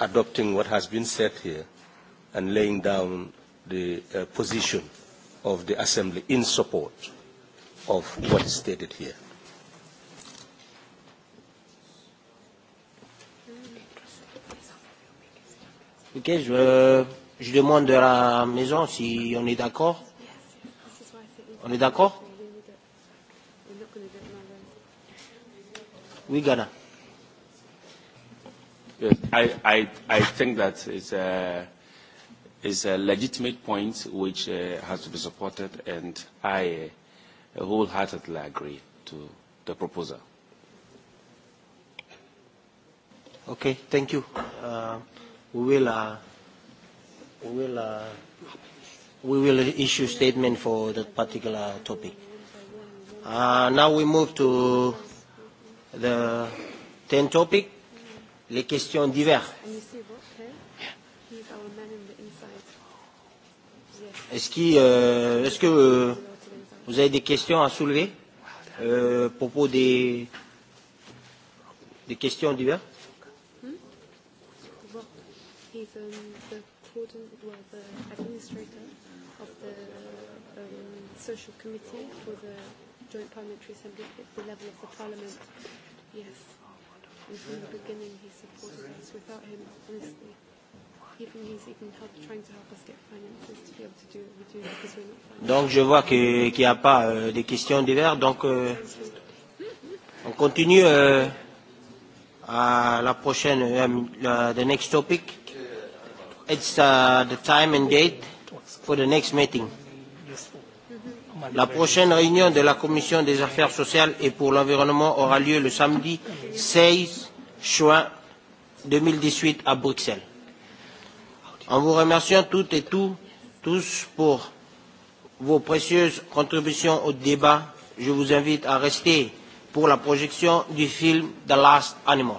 Speaker 7: adopting what has been said here and laying down the position of the Assembly in support of what is stated here.
Speaker 1: Okay, je, je demande à la maison si on est d'accord. On est d'accord we
Speaker 9: I, think that is a, is a legitimate point which has to be supported, and I wholeheartedly agree to the proposal.
Speaker 1: Okay, thank you. we will, we will, we will issue statement for that particular topic. now we move to the ten topic, les questions diverses. Est-ce qu euh, est-ce que vous avez des questions à soulever euh, à propos des, des questions diverses?
Speaker 5: the administrator of the social committee for the Joint Parliamentary Assembly at the level of the Parliament. Yes. And from the beginning he supported us. Without him, honestly, even
Speaker 1: he's even helped, trying to help us get finances to be able to do what we do because we're not financed. Donc je vois qu'il n'y a pas euh, des questions diverses, donc euh, on continue euh, à la prochaine, um, uh, the next topic. It's uh, the time and date for the next meeting. La prochaine réunion de la Commission des affaires sociales et pour l'environnement aura lieu le samedi 16 juin 2018 à Bruxelles. En vous remerciant toutes et tous, tous pour vos précieuses contributions au débat, je vous invite à rester pour la projection du film The Last Animal.